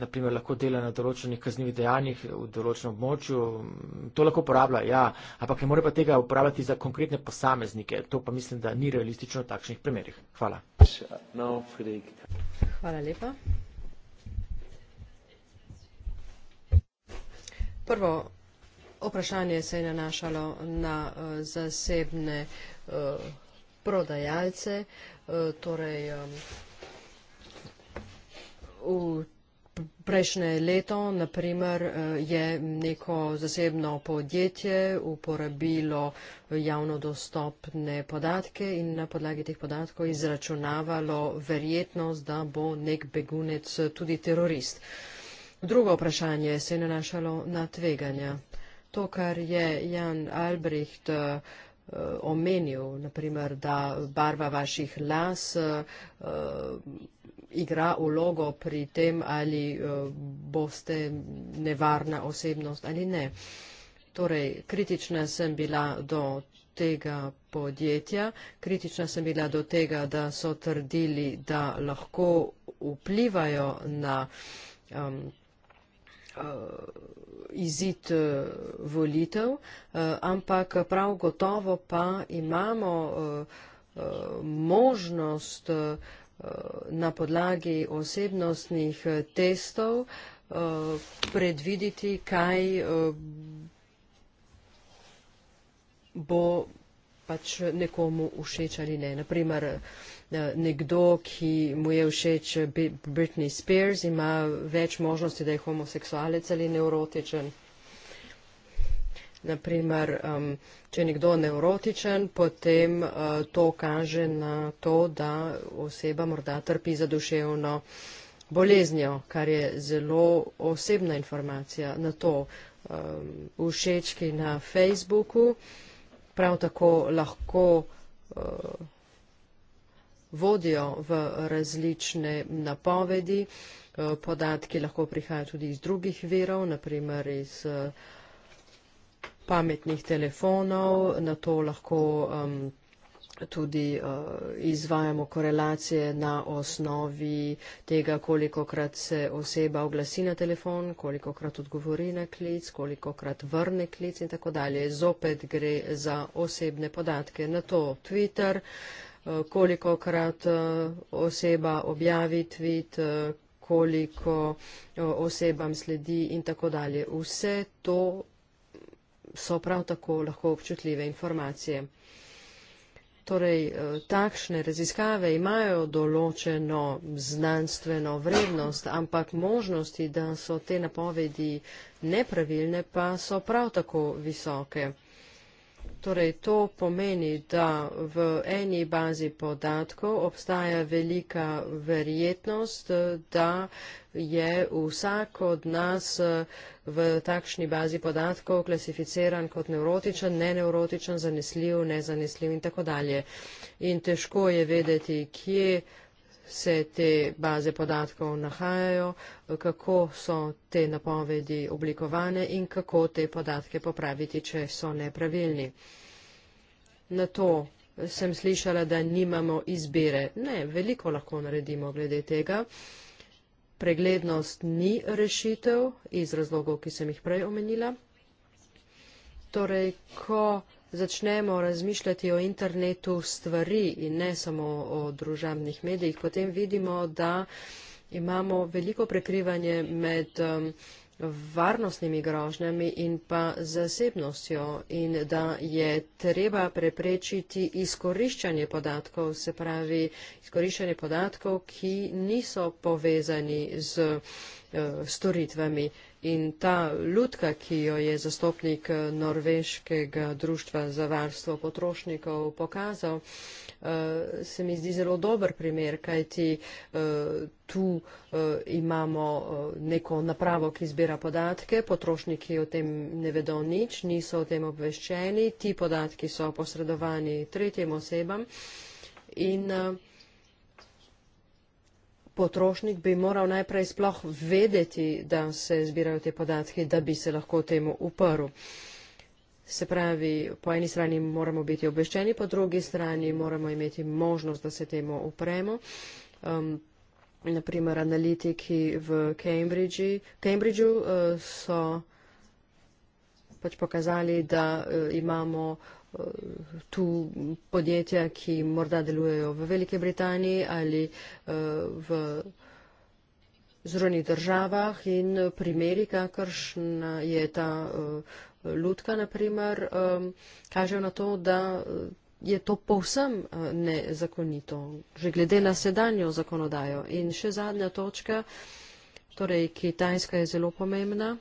naprimer lahko dela na določenih kaznjivih dejanjih v določenem območju, to lahko uporablja, ja, ampak ne more pa tega uporabljati za konkretne posameznike. To pa mislim, da ni realistično v takšnih primerih. Hvala. Hvala lepa. Prvo vprašanje se je nanašalo na eh, zasebne eh, prodajalce. E, torej, v prejšnje leto, naprimer, e, je neko zasebno podjetje uporabilo javno dostopne podatke in na podlagi teh podatkov izračunavalo verjetnost, da bo nek begunec tudi terorist. Drugo vprašanje se je nanašalo na tveganja. To, kar je Jan Albrecht Eh, omenil, naprimer, da barva vaših las uh, igra ulogo pri tem, ali uh, boste nevarna osebnost ali ne. Torej, kritična sem bila do tega podjetja, kritična sem bila do tega, da so trdili, da lahko vplivajo na um, uh, izid eh, volitev, eh, ampak prav gotovo pa imamo eh, možnost na podlagi osebnostnih testov predviditi, kaj bo pač nekomu všeč ali ne. Naprimer, Eh, nekdo, ki mu je všeč Britney Spears, ima več možnosti, da je homoseksualec ali neurotičen. Naprimer, um, če je nekdo neurotičen, potem uh, to kaže na to, da oseba morda trpi za duševno boleznjo, kar je zelo osebna informacija na to. Um, všečki na Facebooku prav tako lahko uh, vodijo v različne napovedi. Eh, podatki lahko prihajajo tudi iz drugih virov, naprimer iz eh, pametnih telefonov, na to lahko um, tudi uh, izvajamo korelacije na osnovi tega, kolikokrat se oseba oglasi na telefon, kolikokrat odgovori na klic, kolikokrat vrne klic in tako dalje. Zopet gre za osebne podatke. Na to Twitter uh, kolikokrat eh, oseba objavi tweet, eh, koliko eh, osebam sledi in tako dalje. Vse to so prav tako lahko občutljive informacije. Torej, takšne raziskave imajo določeno znanstveno vrednost, ampak možnosti, da so te napovedi nepravilne, pa so prav tako visoke. Torej, to pomeni, da v eni bazi podatkov obstaja velika verjetnost, da je vsak od nas v takšni bazi podatkov klasificiran kot nevrotičen, neneurotičen, zanesljiv, nezanesljiv in tako dalje. In težko je vedeti, kje se te baze podatkov nahajajo, kako so te napovedi oblikovane in kako te podatke popraviti, če so nepravilni. Na to sem slišala, da nimamo izbire. Ne, veliko lahko naredimo glede tega. Preglednost ni rešitev iz razlogov, ki sem jih prej omenila. Torej, ko začnemo razmišljati o internetu stvari in ne samo o družabnih medijih, potem vidimo, da imamo veliko prekrivanje med um, varnostnimi grožnjami in pa zasebnostjo in da je treba preprečiti izkoriščanje podatkov, se pravi izkoriščanje podatkov, ki niso povezani z uh, storitvami. Uh, In ta lutka, ki jo je zastopnik eh, Norveškega društva za varstvo potrošnikov pokazal, eh, se mi zdi zelo dober primer, kajti eh, tu imamo neko napravo, ki zbira podatke, potrošniki o tem ne vedo nič, niso o tem obveščeni, ti podatki so posredovani tretjim osebam. In, uh, potrošnik bi moral najprej sploh vedeti, da se zbirajo te podatke, da bi se lahko temu uprl. Se pravi, po eni strani moramo biti obveščeni, po drugi strani moramo imeti možnost, da se temu upremo. Um, naprimer, analitiki v Cambridgeu uh, so pač pokazali, da uh, imamo uh, tu podjetja, ki morda delujejo v Veliki Britaniji ali eh, v zrovnih državah in primeri, kakršna je ta eh, lutka, naprimer, eh, kažejo na to, da je to povsem nezakonito, že glede na sedanjo zakonodajo. In še zadnja točka, torej Kitajska je zelo pomembna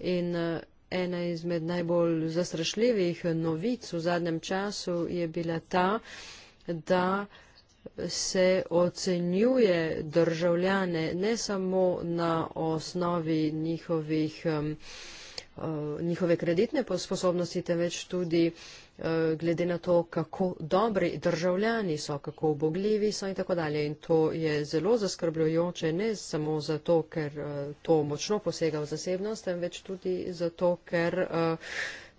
in Ena izmed najbolj zastrašljivih novic v zadnjem času je bila ta, da se ocenjuje državljane ne samo na osnovi njihovih um, Eh, njihove kreditne sposobnosti, temveč tudi eh, glede na to, kako dobri državljani so, kako obogljivi so in tako dalje. In to je zelo zaskrbljujoče, ne samo zato, ker eh, to močno posega v zasebnost, temveč tudi zato, ker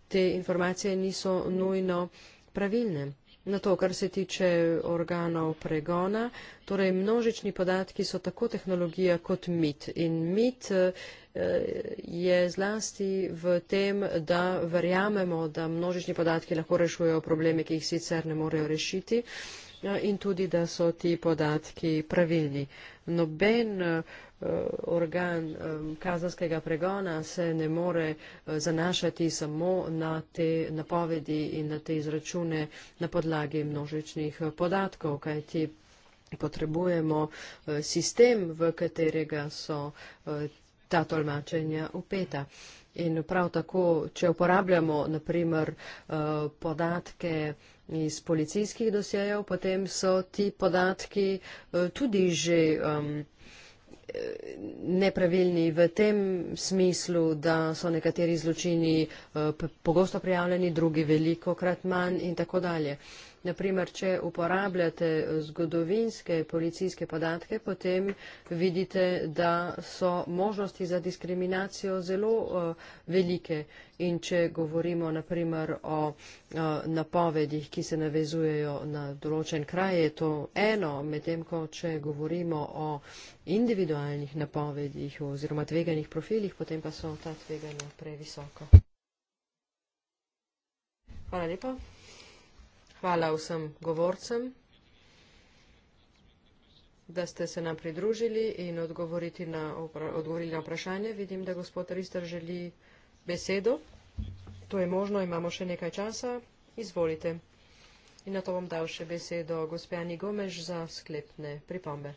te informacije niso nujno pravilne. Na to, kar se tiče organov pregona, torej množični podatki so tako tehnologija kot mit. In mit eh, je zlasti v tem, da verjamemo, da množični podatki lahko rešujejo probleme, ki jih sicer ne morejo rešiti eh, in tudi, da so ti podatki pravilni. Noben uh, Eh, organ kazanskega pregona se ne more eh, zanašati samo na te napovedi in na te izračune na podlagi množičnih eh, podatkov, kajti potrebujemo sistem, v katerega so ta tolmačenja upeta. In prav tako, če uporabljamo, na primer, podatke iz policijskih dosjejev, potem so ti podatki tudi že um, nepravilni v tem smislu, da so nekateri zločini eh, pogosto prijavljeni, drugi veliko krat manj in tako dalje. Naprimer, če uporabljate zgodovinske policijske podatke, potem vidite, da so možnosti za diskriminacijo zelo uh, velike. In če govorimo naprimer o uh, napovedih, ki se navezujejo na določen kraj, je to eno, medtem ko če govorimo o individualnih napovedih oziroma tveganih profilih, potem pa so ta tveganja previsoka. Hvala lepa. Hvala vsem govorcem, da ste se nam pridružili in na odgovorili na vprašanje. Vidim, da gospod Rister želi besedo. To je možno, imamo še nekaj časa. Izvolite. In na to bom dal še besedo gospejani Gomež za sklepne pripombe.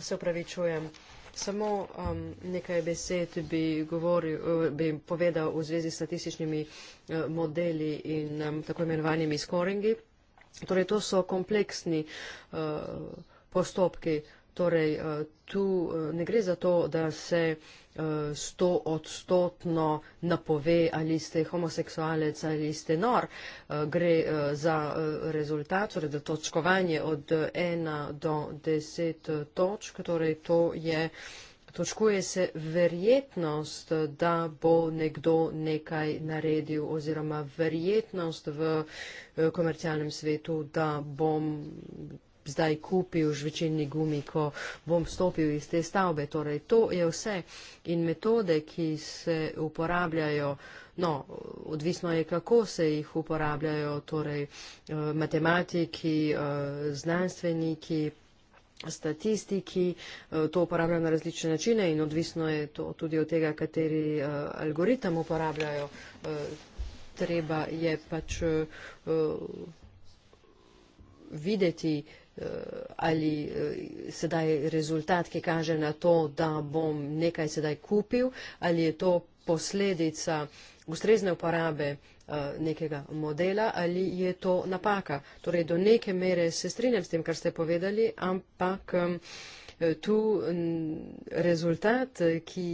Se upravičujem. Samo um, nekaj besed bi, govoril, eh, bi povedal v zvezi s statističnimi uh, modeli in um, tako imenovanimi scoringi. Torej, to so kompleksni uh, postopki. Torej, uh, tu uh, ne gre za to, da se uh, stoodstotno napove, ali ste homoseksualec ali ste nor. Eh, gre eh, za eh, rezultat, torej za točkovanje od 1 do 10 točk. Torej to je, točkuje se verjetnost, da bo nekdo nekaj naredil oziroma verjetnost v komercialnem svetu, da bom zdaj kupil žvečilni gumi, ko bom stopil iz te stavbe. Torej, to je vse. In metode, ki se uporabljajo, no, odvisno je, kako se jih uporabljajo, torej eh, matematiki, eh, znanstveniki. Statistiki eh, to uporabljajo na različne načine in odvisno je to tudi od tega, kateri algoritem uporabljajo. Treba je pač videti, Eh, ali eh, sedaj rezultat, ki kaže na to, da bom nekaj sedaj kupil, ali je to posledica ustrezne uporabe eh, nekega modela ali je to napaka. Torej, do neke mere se strinjam s tem, kar ste povedali, ampak tu rezultat, ki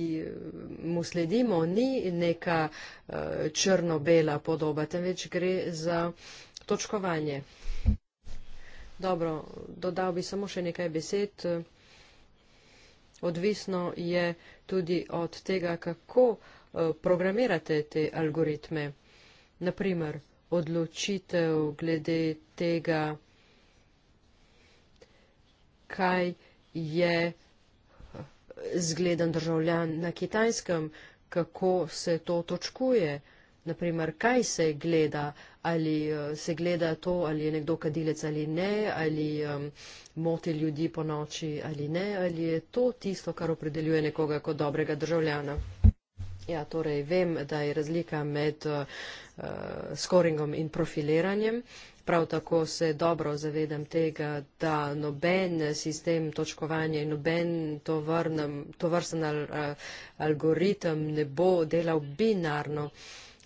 mu sledimo, ni neka črno-bela podoba, temveč gre za točkovanje. Dobro, dodal bi samo še nekaj besed. Odvisno je tudi od tega, kako eh, programirate te algoritme. Naprimer, odločitev glede tega, kaj je eh, zgleden državljan na kitajskem, kako se to točkuje, naprimer, kaj se gleda, ali uh, se gleda to, ali je nekdo kadilec ali ne, ali um, moti ljudi po noči ali ne, ali je to tisto, kar opredeljuje nekoga kot dobrega državljana. Ja, torej vem, da je razlika med uh, scoringom in profiliranjem. Prav tako se dobro zavedam tega, da noben sistem točkovanja in noben tovrsten to al, eh, algoritem ne bo delal binarno. Uh,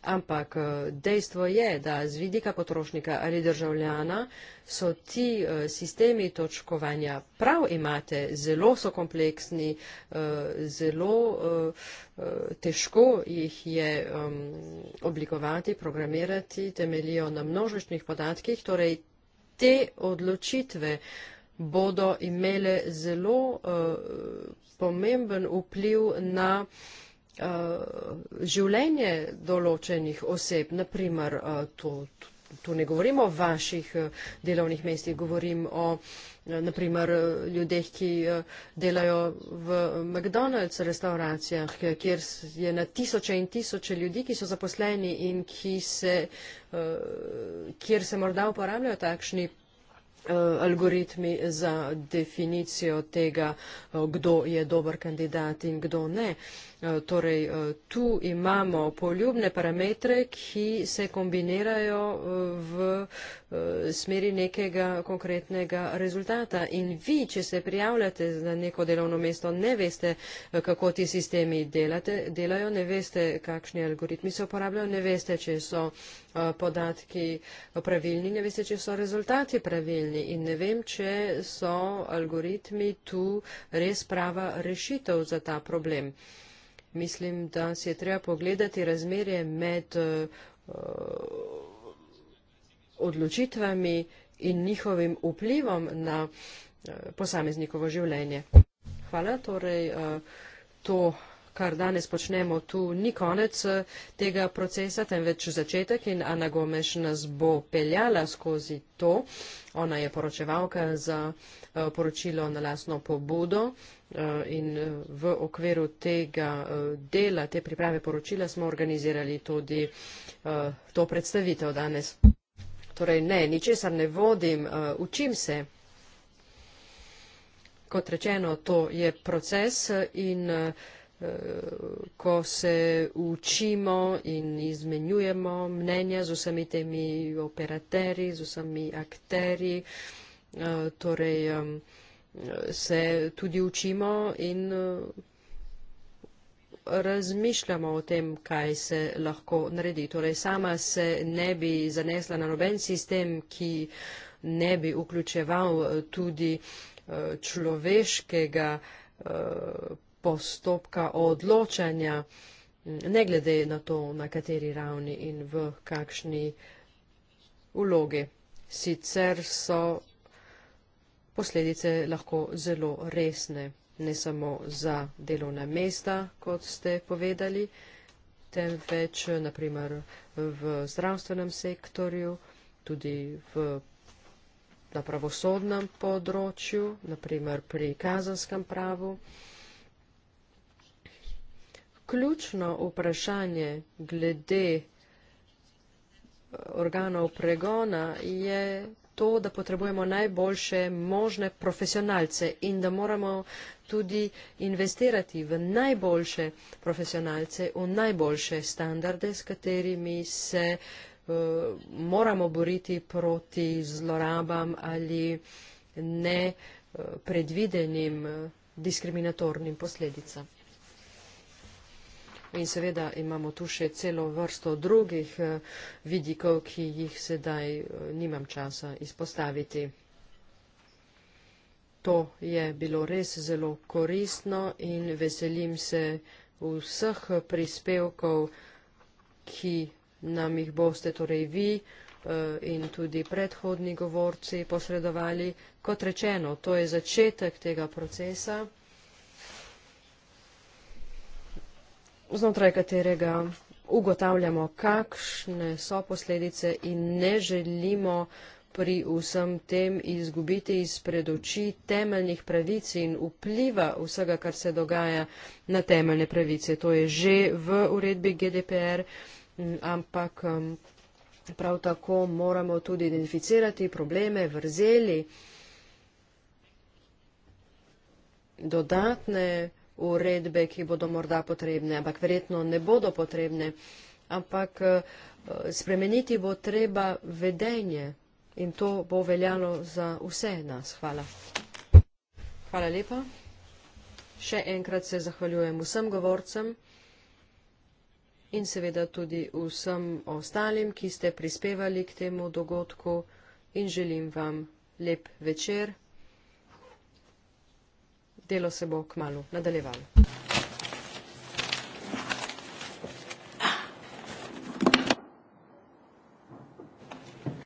ampak eh, dejstvo je, da z vidika potrošnika ali državljana so ti eh, sistemi točkovanja prav imate, zelo so kompleksni, eh, zelo težko jih je um, oblikovati, programirati, temelijo na množičnih podatkih, torej te odločitve bodo imele zelo pomemben vpliv na Eh, življenje določenih oseb, naprimer eh, to, tu ne govorimo o vaših eh, delovnih mestih, govorim o naprimer ljudeh, ki delajo v McDonald's restauracijah, kjer je na tisoče in tisoče ljudi, ki so zaposleni in ki se, kjer se morda uporabljajo takšni algoritmi za definicijo tega, kdo je dober kandidat in kdo ne. Uh, Eh, torej, eh, tu imamo poljubne parametre, ki se kombinirajo eh, v smeri nekega konkretnega rezultata. In vi, če se prijavljate na neko delovno mesto, ne veste, kako ti sistemi delate, delajo, ne veste, kakšni algoritmi se uporabljajo, ne veste, če so podatki pravilni, ne veste, če so rezultati pravilni in ne vem, če so algoritmi tu res prava rešitev za ta problem mislim, da si je treba pogledati razmerje med eh, eh, odločitvami in njihovim vplivom na eh, posameznikovo življenje. Hvala, torej to, kar danes počnemo tu, ni konec tega procesa, temveč začetek in Ana Gomeš nas bo peljala skozi to. Ona je poročevalka za poročilo na lasno pobudo Eh, in eh, v okviru tega eh, dela, te priprave poročila smo organizirali tudi to predstavitev danes. Torej ne, ničesar ne vodim, učim se. Kot rečeno, to je proces in ko se učimo in izmenjujemo mnenja z vsemi temi operaterji, z vsemi akterji, torej se tudi učimo in eh, razmišljamo o tem, kaj se lahko naredi. Torej, sama se ne bi zanesla na noben sistem, ki ne bi vključeval eh, tudi eh, človeškega postopka odločanja, ne glede na to, na kateri ravni in v kakšni vlogi. Sicer so posledice lahko zelo resne, ne samo za delovna mesta, kot ste povedali, temveč naprimer v zdravstvenem sektorju, tudi v na pravosodnem področju, naprimer pri kazanskem pravu. Ključno vprašanje glede eh, organov pregona je to, da potrebujemo najboljše možne profesionalce in da moramo tudi investirati v najboljše profesionalce, v najboljše standarde, s katerimi se uh, moramo boriti proti zlorabam ali ne uh, predvidenim uh, diskriminatornim posledicam in seveda imamo tu še celo vrsto drugih eh, vidikov, ki jih sedaj eh, nimam časa izpostaviti. To je bilo res zelo koristno in veselim se vseh prispevkov, ki nam jih boste torej vi eh, in tudi predhodni govorci posredovali. Kot rečeno, to je začetek tega procesa. znotraj katerega ugotavljamo, kakšne so posledice in ne želimo pri vsem tem izgubiti izpred oči temeljnih pravic in vpliva vsega, kar se dogaja na temeljne pravice. To je že v uredbi GDPR, ampak prav tako moramo tudi identificirati probleme, vrzeli, dodatne uredbe, ki bodo morda potrebne, ampak verjetno ne bodo potrebne. Ampak eh, spremeniti bo treba vedenje in to bo veljalo za vse nas. Hvala. Hvala lepa. Še enkrat se zahvaljujem vsem govorcem in seveda tudi vsem ostalim, ki ste prispevali k temu dogodku in želim vam lep večer delo se bo kmalo nadaljevalo.